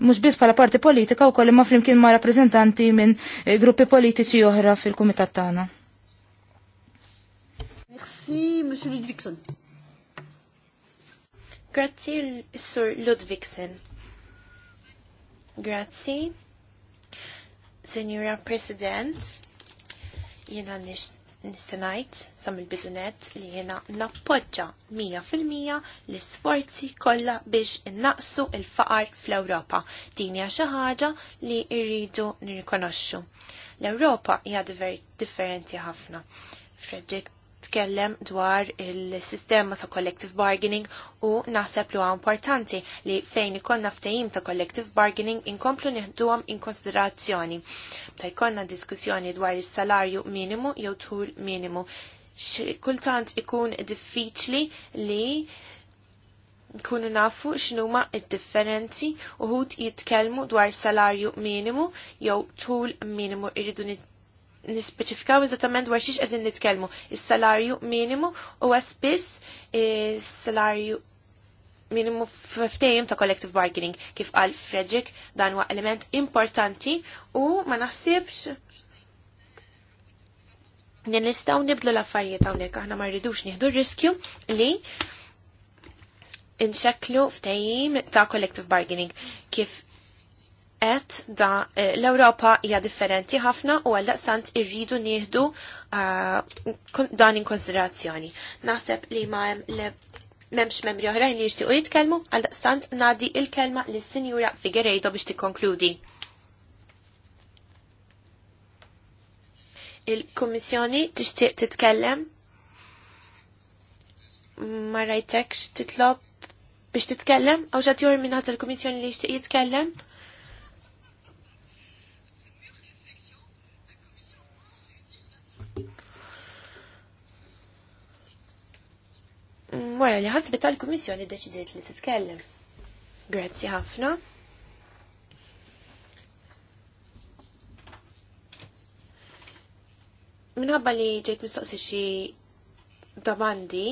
mhux biss bħala parti politika kolli ma flimkien ma' rappresentanti minn eh, gruppi politiċi oħra fil-kumitat tagħna.
Merci, Monsieur Ludvigsen. Grazzi, Sur Ludvigsen. Grazzi, Signora President, jena nishtiq nistenajt sam il-bidunet li jena nappoġġa 100% l-sforzi kollha biex innaqsu il-faqar fl-Ewropa. Din hija xi ħaġa li rridu nirrikonoxxu. L-Ewropa hija differenti ħafna. Frederick tkellem dwar il-sistema ta' collective bargaining u naħseb li huwa importanti li fejn ikonna ftehim ta' collective bargaining inkomplu nieħduhom in konsiderazzjoni. Ta' jkollna diskussjoni dwar is-salarju minimu jew tul minimu. Kultant ikun diffiċli li nkunu nafu x'numa id-differenzi uħud jitkellmu dwar salarju minimu jew tul minimu irridu nispeċifikaw eżattament dwar xiex qegħdin nitkellmu. Is-salarju minimu huwa spiss is-salarju minimu f'ftejjem ta' collective bargaining kif qal Frederick dan huwa element importanti u ma naħsibx nistgħu nibdlu l-affarijiet hawnhekk aħna ma rridux nieħdu riskju li inxeklu ftehim ta' collective bargaining kif et da eh, l-Europa hija differenti ħafna u għal daqsant irridu nieħdu eh, dan in konsiderazzjoni. Naħseb li ma hemm memx membri oħrajn li jixtiequ jitkellmu għal daqsant nadi il-kelma lis sinjura Figueredo biex tikkonkludi. Il-Kummissjoni tixtieq titkellem ma rajtekx titlob biex titkellem għaw ġat jor il-Kummissjoni li jixtieq jitkellem. wara li ħasbet tal-Kummissjoni deċidiet li tkellem. Grazzi ħafna. Minħabba li ġejt mistoqsi xi domandi,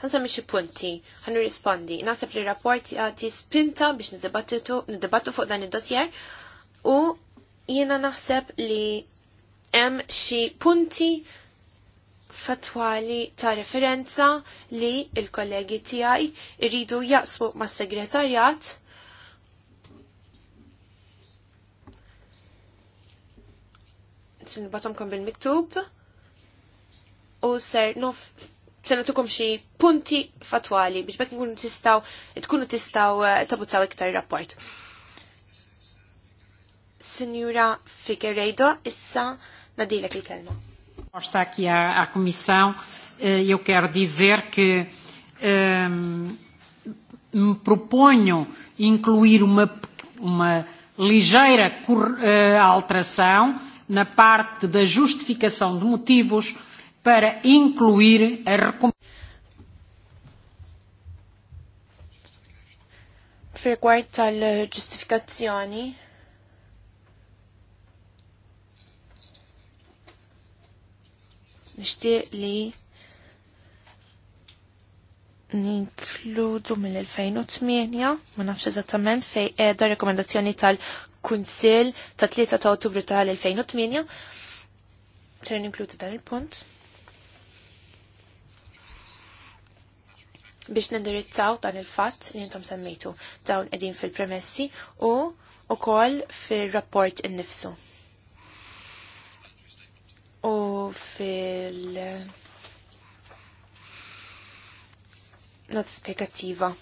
ħansemmi xi punti, ħan rispondi. Naħseb li rapporti jagħti spinta biex nid-debattu fuq dan id-dossier u jiena naħseb li hemm xi punti fatwali ta' referenza li il-kollegi tijaj irridu jaqsmu ma' segretarjat nibatomkom bil-miktub u ser nof senatukom xi punti fatwali biex bekk nkunu tistaw tkunu tistaw eh, tabuzzaw iktar rapport. Signora Figueiredo, issa nadilek il-kelma.
Está aqui à, à Comissão, eh, eu quero dizer que um, me proponho incluir uma, uma ligeira eh, alteração na parte da justificação de motivos para incluir a recomendação.
Fil-kwart tal-ġustifikazzjoni, nixtieq li ninkludu mill-2008, ma nafx eżattament fej edha rekomendazzjoni tal-Kunsil ta' 3 ta' Ottubru tal-2008. Ċer ninkludu dan il-punt. biex nindirizzaw dan il-fatt li jintom semmejtu dawn edin fil-premessi u u koll fil-rapport innifsu. nifsu u fil not spiegativa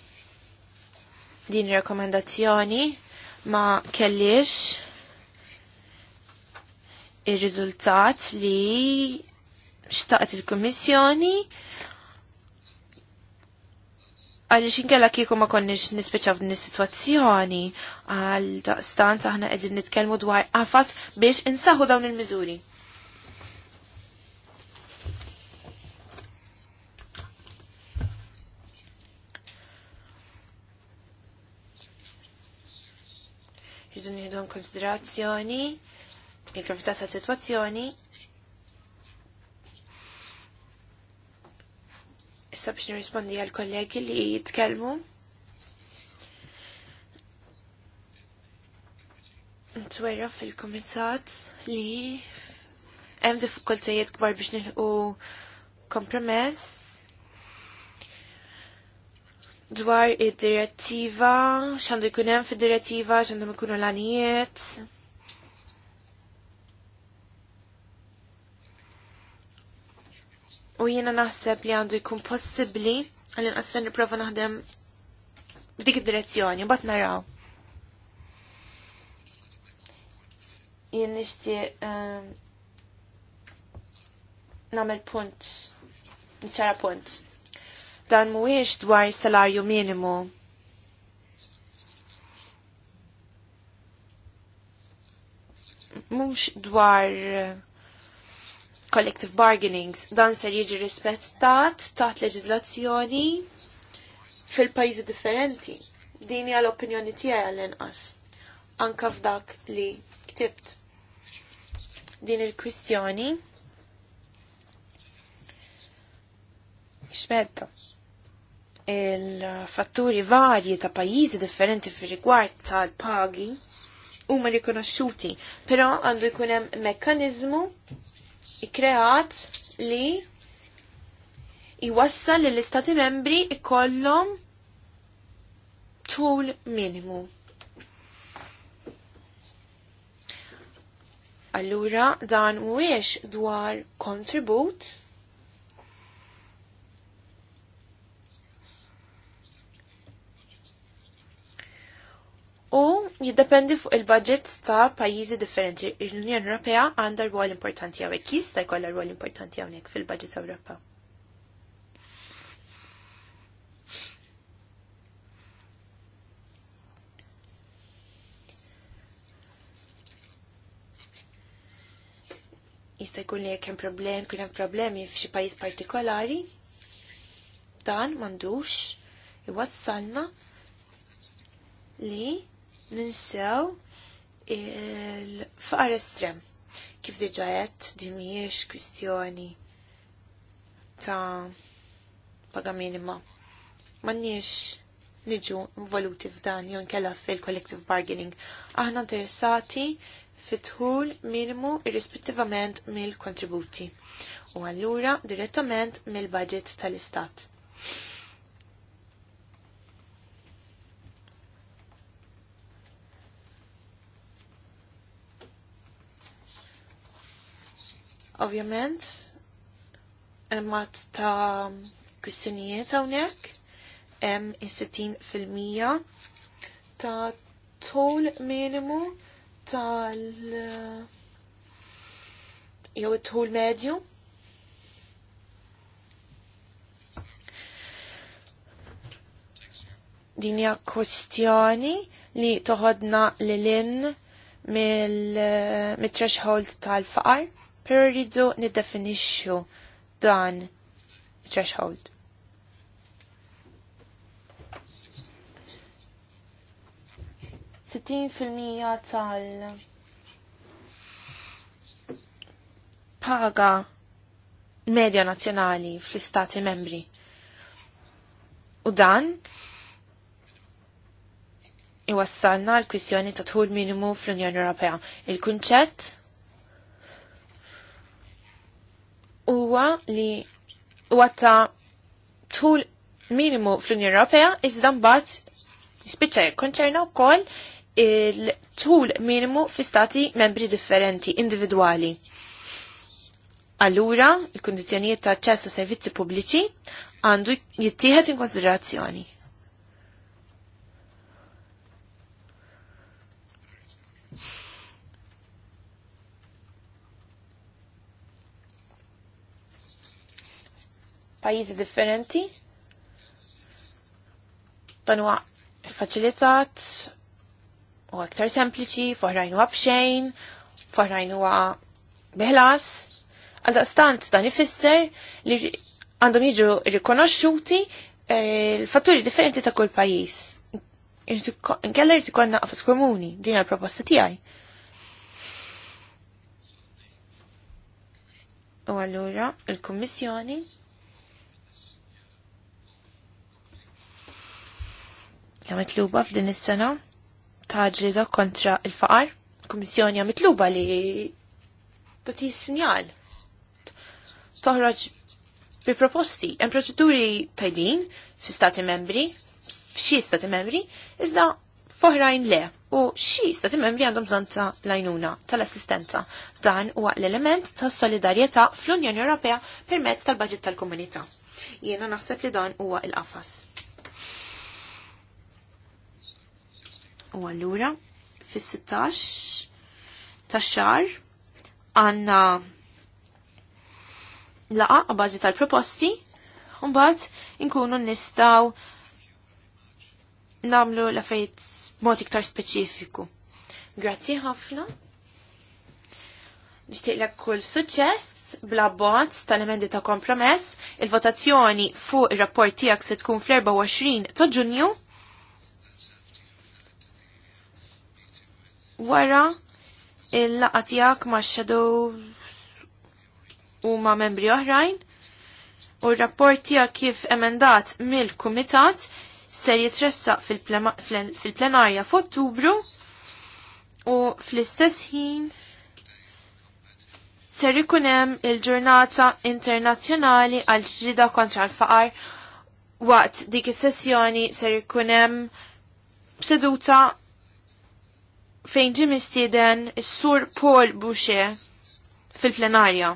din rekomendazzjoni ma kellix il-rizultat li xtaqt il-Kommissjoni għalix inkella kieku ma konniex nispeċa din is-sitwazzjoni għal daqstant aħna qegħdin nitkellmu dwar qafas biex insaħu dawn il-miżuri. Jidu nieħdu konsiderazzjoni il-gravità sa' situazzjoni. Issa biex nirrispondi għal kollegi li jitkellmu. Ntwerra fil-komitat li hemm diffikultajiet kbar biex nilqu kompromess dwar id-direttiva, xandu jkun hemm fid-direttiva, xandu mkunu l-anijiet. U jiena naħseb li għandu jkun possibbli għallin għassan niprofa naħdem f'dik id-direzzjoni, bat naraw. Jien nixtieq um, nagħmel punt, nċara punt dan mhuwiex dwar salarju minimu. Mhux dwar uh, collective bargainings, dan ser jiġi rispettat taħt leġiżlazzjoni fil-pajjiżi differenti. Din hija l-opinjoni tiegħi għal inqas Anka f'dak li ktibt din il-kwistjoni xmedda il-fatturi varji ta' pajjiżi differenti fir rigward tal-pagi huma rikonoxxuti, però għandu jkun hemm mekkaniżmu ikkreat li jwassal li l-istati membri ikollhom tul minimu. Allura dan mhuwiex dwar kontribut u jiddependi fuq il-budget ta' pajjiżi differenti. L-Unjoni Ewropea għandha rwol importanti hawnhekk, jista' jkollha rwol importanti hawnhekk fil-budget Ewropa. Jista' jkun li hemm problem, kien hemm problemi f'xi pajjiż partikolari, dan m'għandux iwassalna li ninsew il-faqar estrem. Kif diġajet, qed din mhijiex kwistjoni ta' paga minima. M'għandniex niġu involuti f'dan jon kella fil-collective bargaining. Aħna interessati fitħul minimu irrispettivament mill-kontributi u allura direttament mill-budget tal-istat. Ovvjament, emmat ta' kwistjonijiet hawnhekk hemm is-60 fil-mija ta' tol minimu tal jew tul medju. Din hija kwestjoni li toħodna lil in mill-threshold tal-faqar pero rridu niddefinixxu dan threshold. Sittin fil-mija tal paga medja nazzjonali fl-istati membri. U dan iwassalna l-kwistjoni ta' tħul minimu fl-Unjoni Ewropea. Il-kunċett huwa li huwa ta' tul minimu fl-Unjoni Ewropea iżda mbagħad spiċċa jikkonċerna wkoll il-tul minimu fi stati membri differenti individwali. Allura, il-kondizjonijiet ta' ċessa servizzi pubbliċi għandu jittieħed in konsiderazzjoni. pajjiżi differenti. Dan huwa faċilitat u għaktar sempliċi, forrajn huwa bxejn, forrajn huwa biħlas. Għaldaqstant dan ifisser li għandhom jiġu rikonoxxuti eh, l-fatturi differenti ta' kull pajjiż. Nkella jrid ikun naqfas komuni din għal proposta tiegħi. U allura il-Kummissjoni Ja mitluba f'din is-sena ta' ġlida kontra il-faqar. Kummissjoni hija mitluba li s sinjal toħroġ bi proposti. Hemm proċeduri tajbin fi stati membri, f'xi stati membri, iżda foħrajn le u xi stati membri għandhom bżonn ta' lajnuna tal-assistenza. Dan huwa l-element ta' solidarjetà fl-Unjoni Ewropea permezz tal-baġit tal-komunità. Jiena naħseb li dan huwa il-qafas. U allura fis-16 ta' xar għanna laqa għabazi tal-proposti Umbat inkunu nistaw namlu la fejt mod iktar speċifiku. Grazzi ħafna. Nishtiqlek kull suċċess bla bot tal-emendi ta' kompromess. Il-votazzjoni fuq ir-rapport tiegħek se tkun fl-24 ta' Ġunju. wara il laqat tiegħek ma' shadow u ma' membri oħrajn u r-rapport tiegħek kif emendat mill-kumitat ser jitressaq fil-plenarja f'Ottubru u fl-istess ħin ser ikun hemm il-Ġurnata Internazzjonali għal ġida kontra l-faqar waqt dik is-sessjoni ser ikun hemm seduta fejn ġim istieden is-sur Paul Boucher fil-plenarja.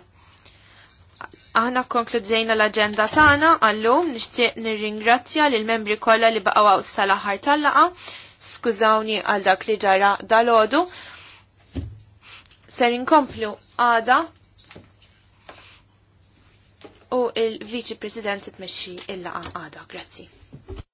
Aħna konkludzejna l-agenda tagħna għallum nixtieq nirringrazzja lil membri kollha li baqgħu sal-aħħar tal-laqa. Skużawni għal dak li ġara dalodu. Ser inkomplu għada u il-Viċi President tmexxi il-laqa għada. Grazzi.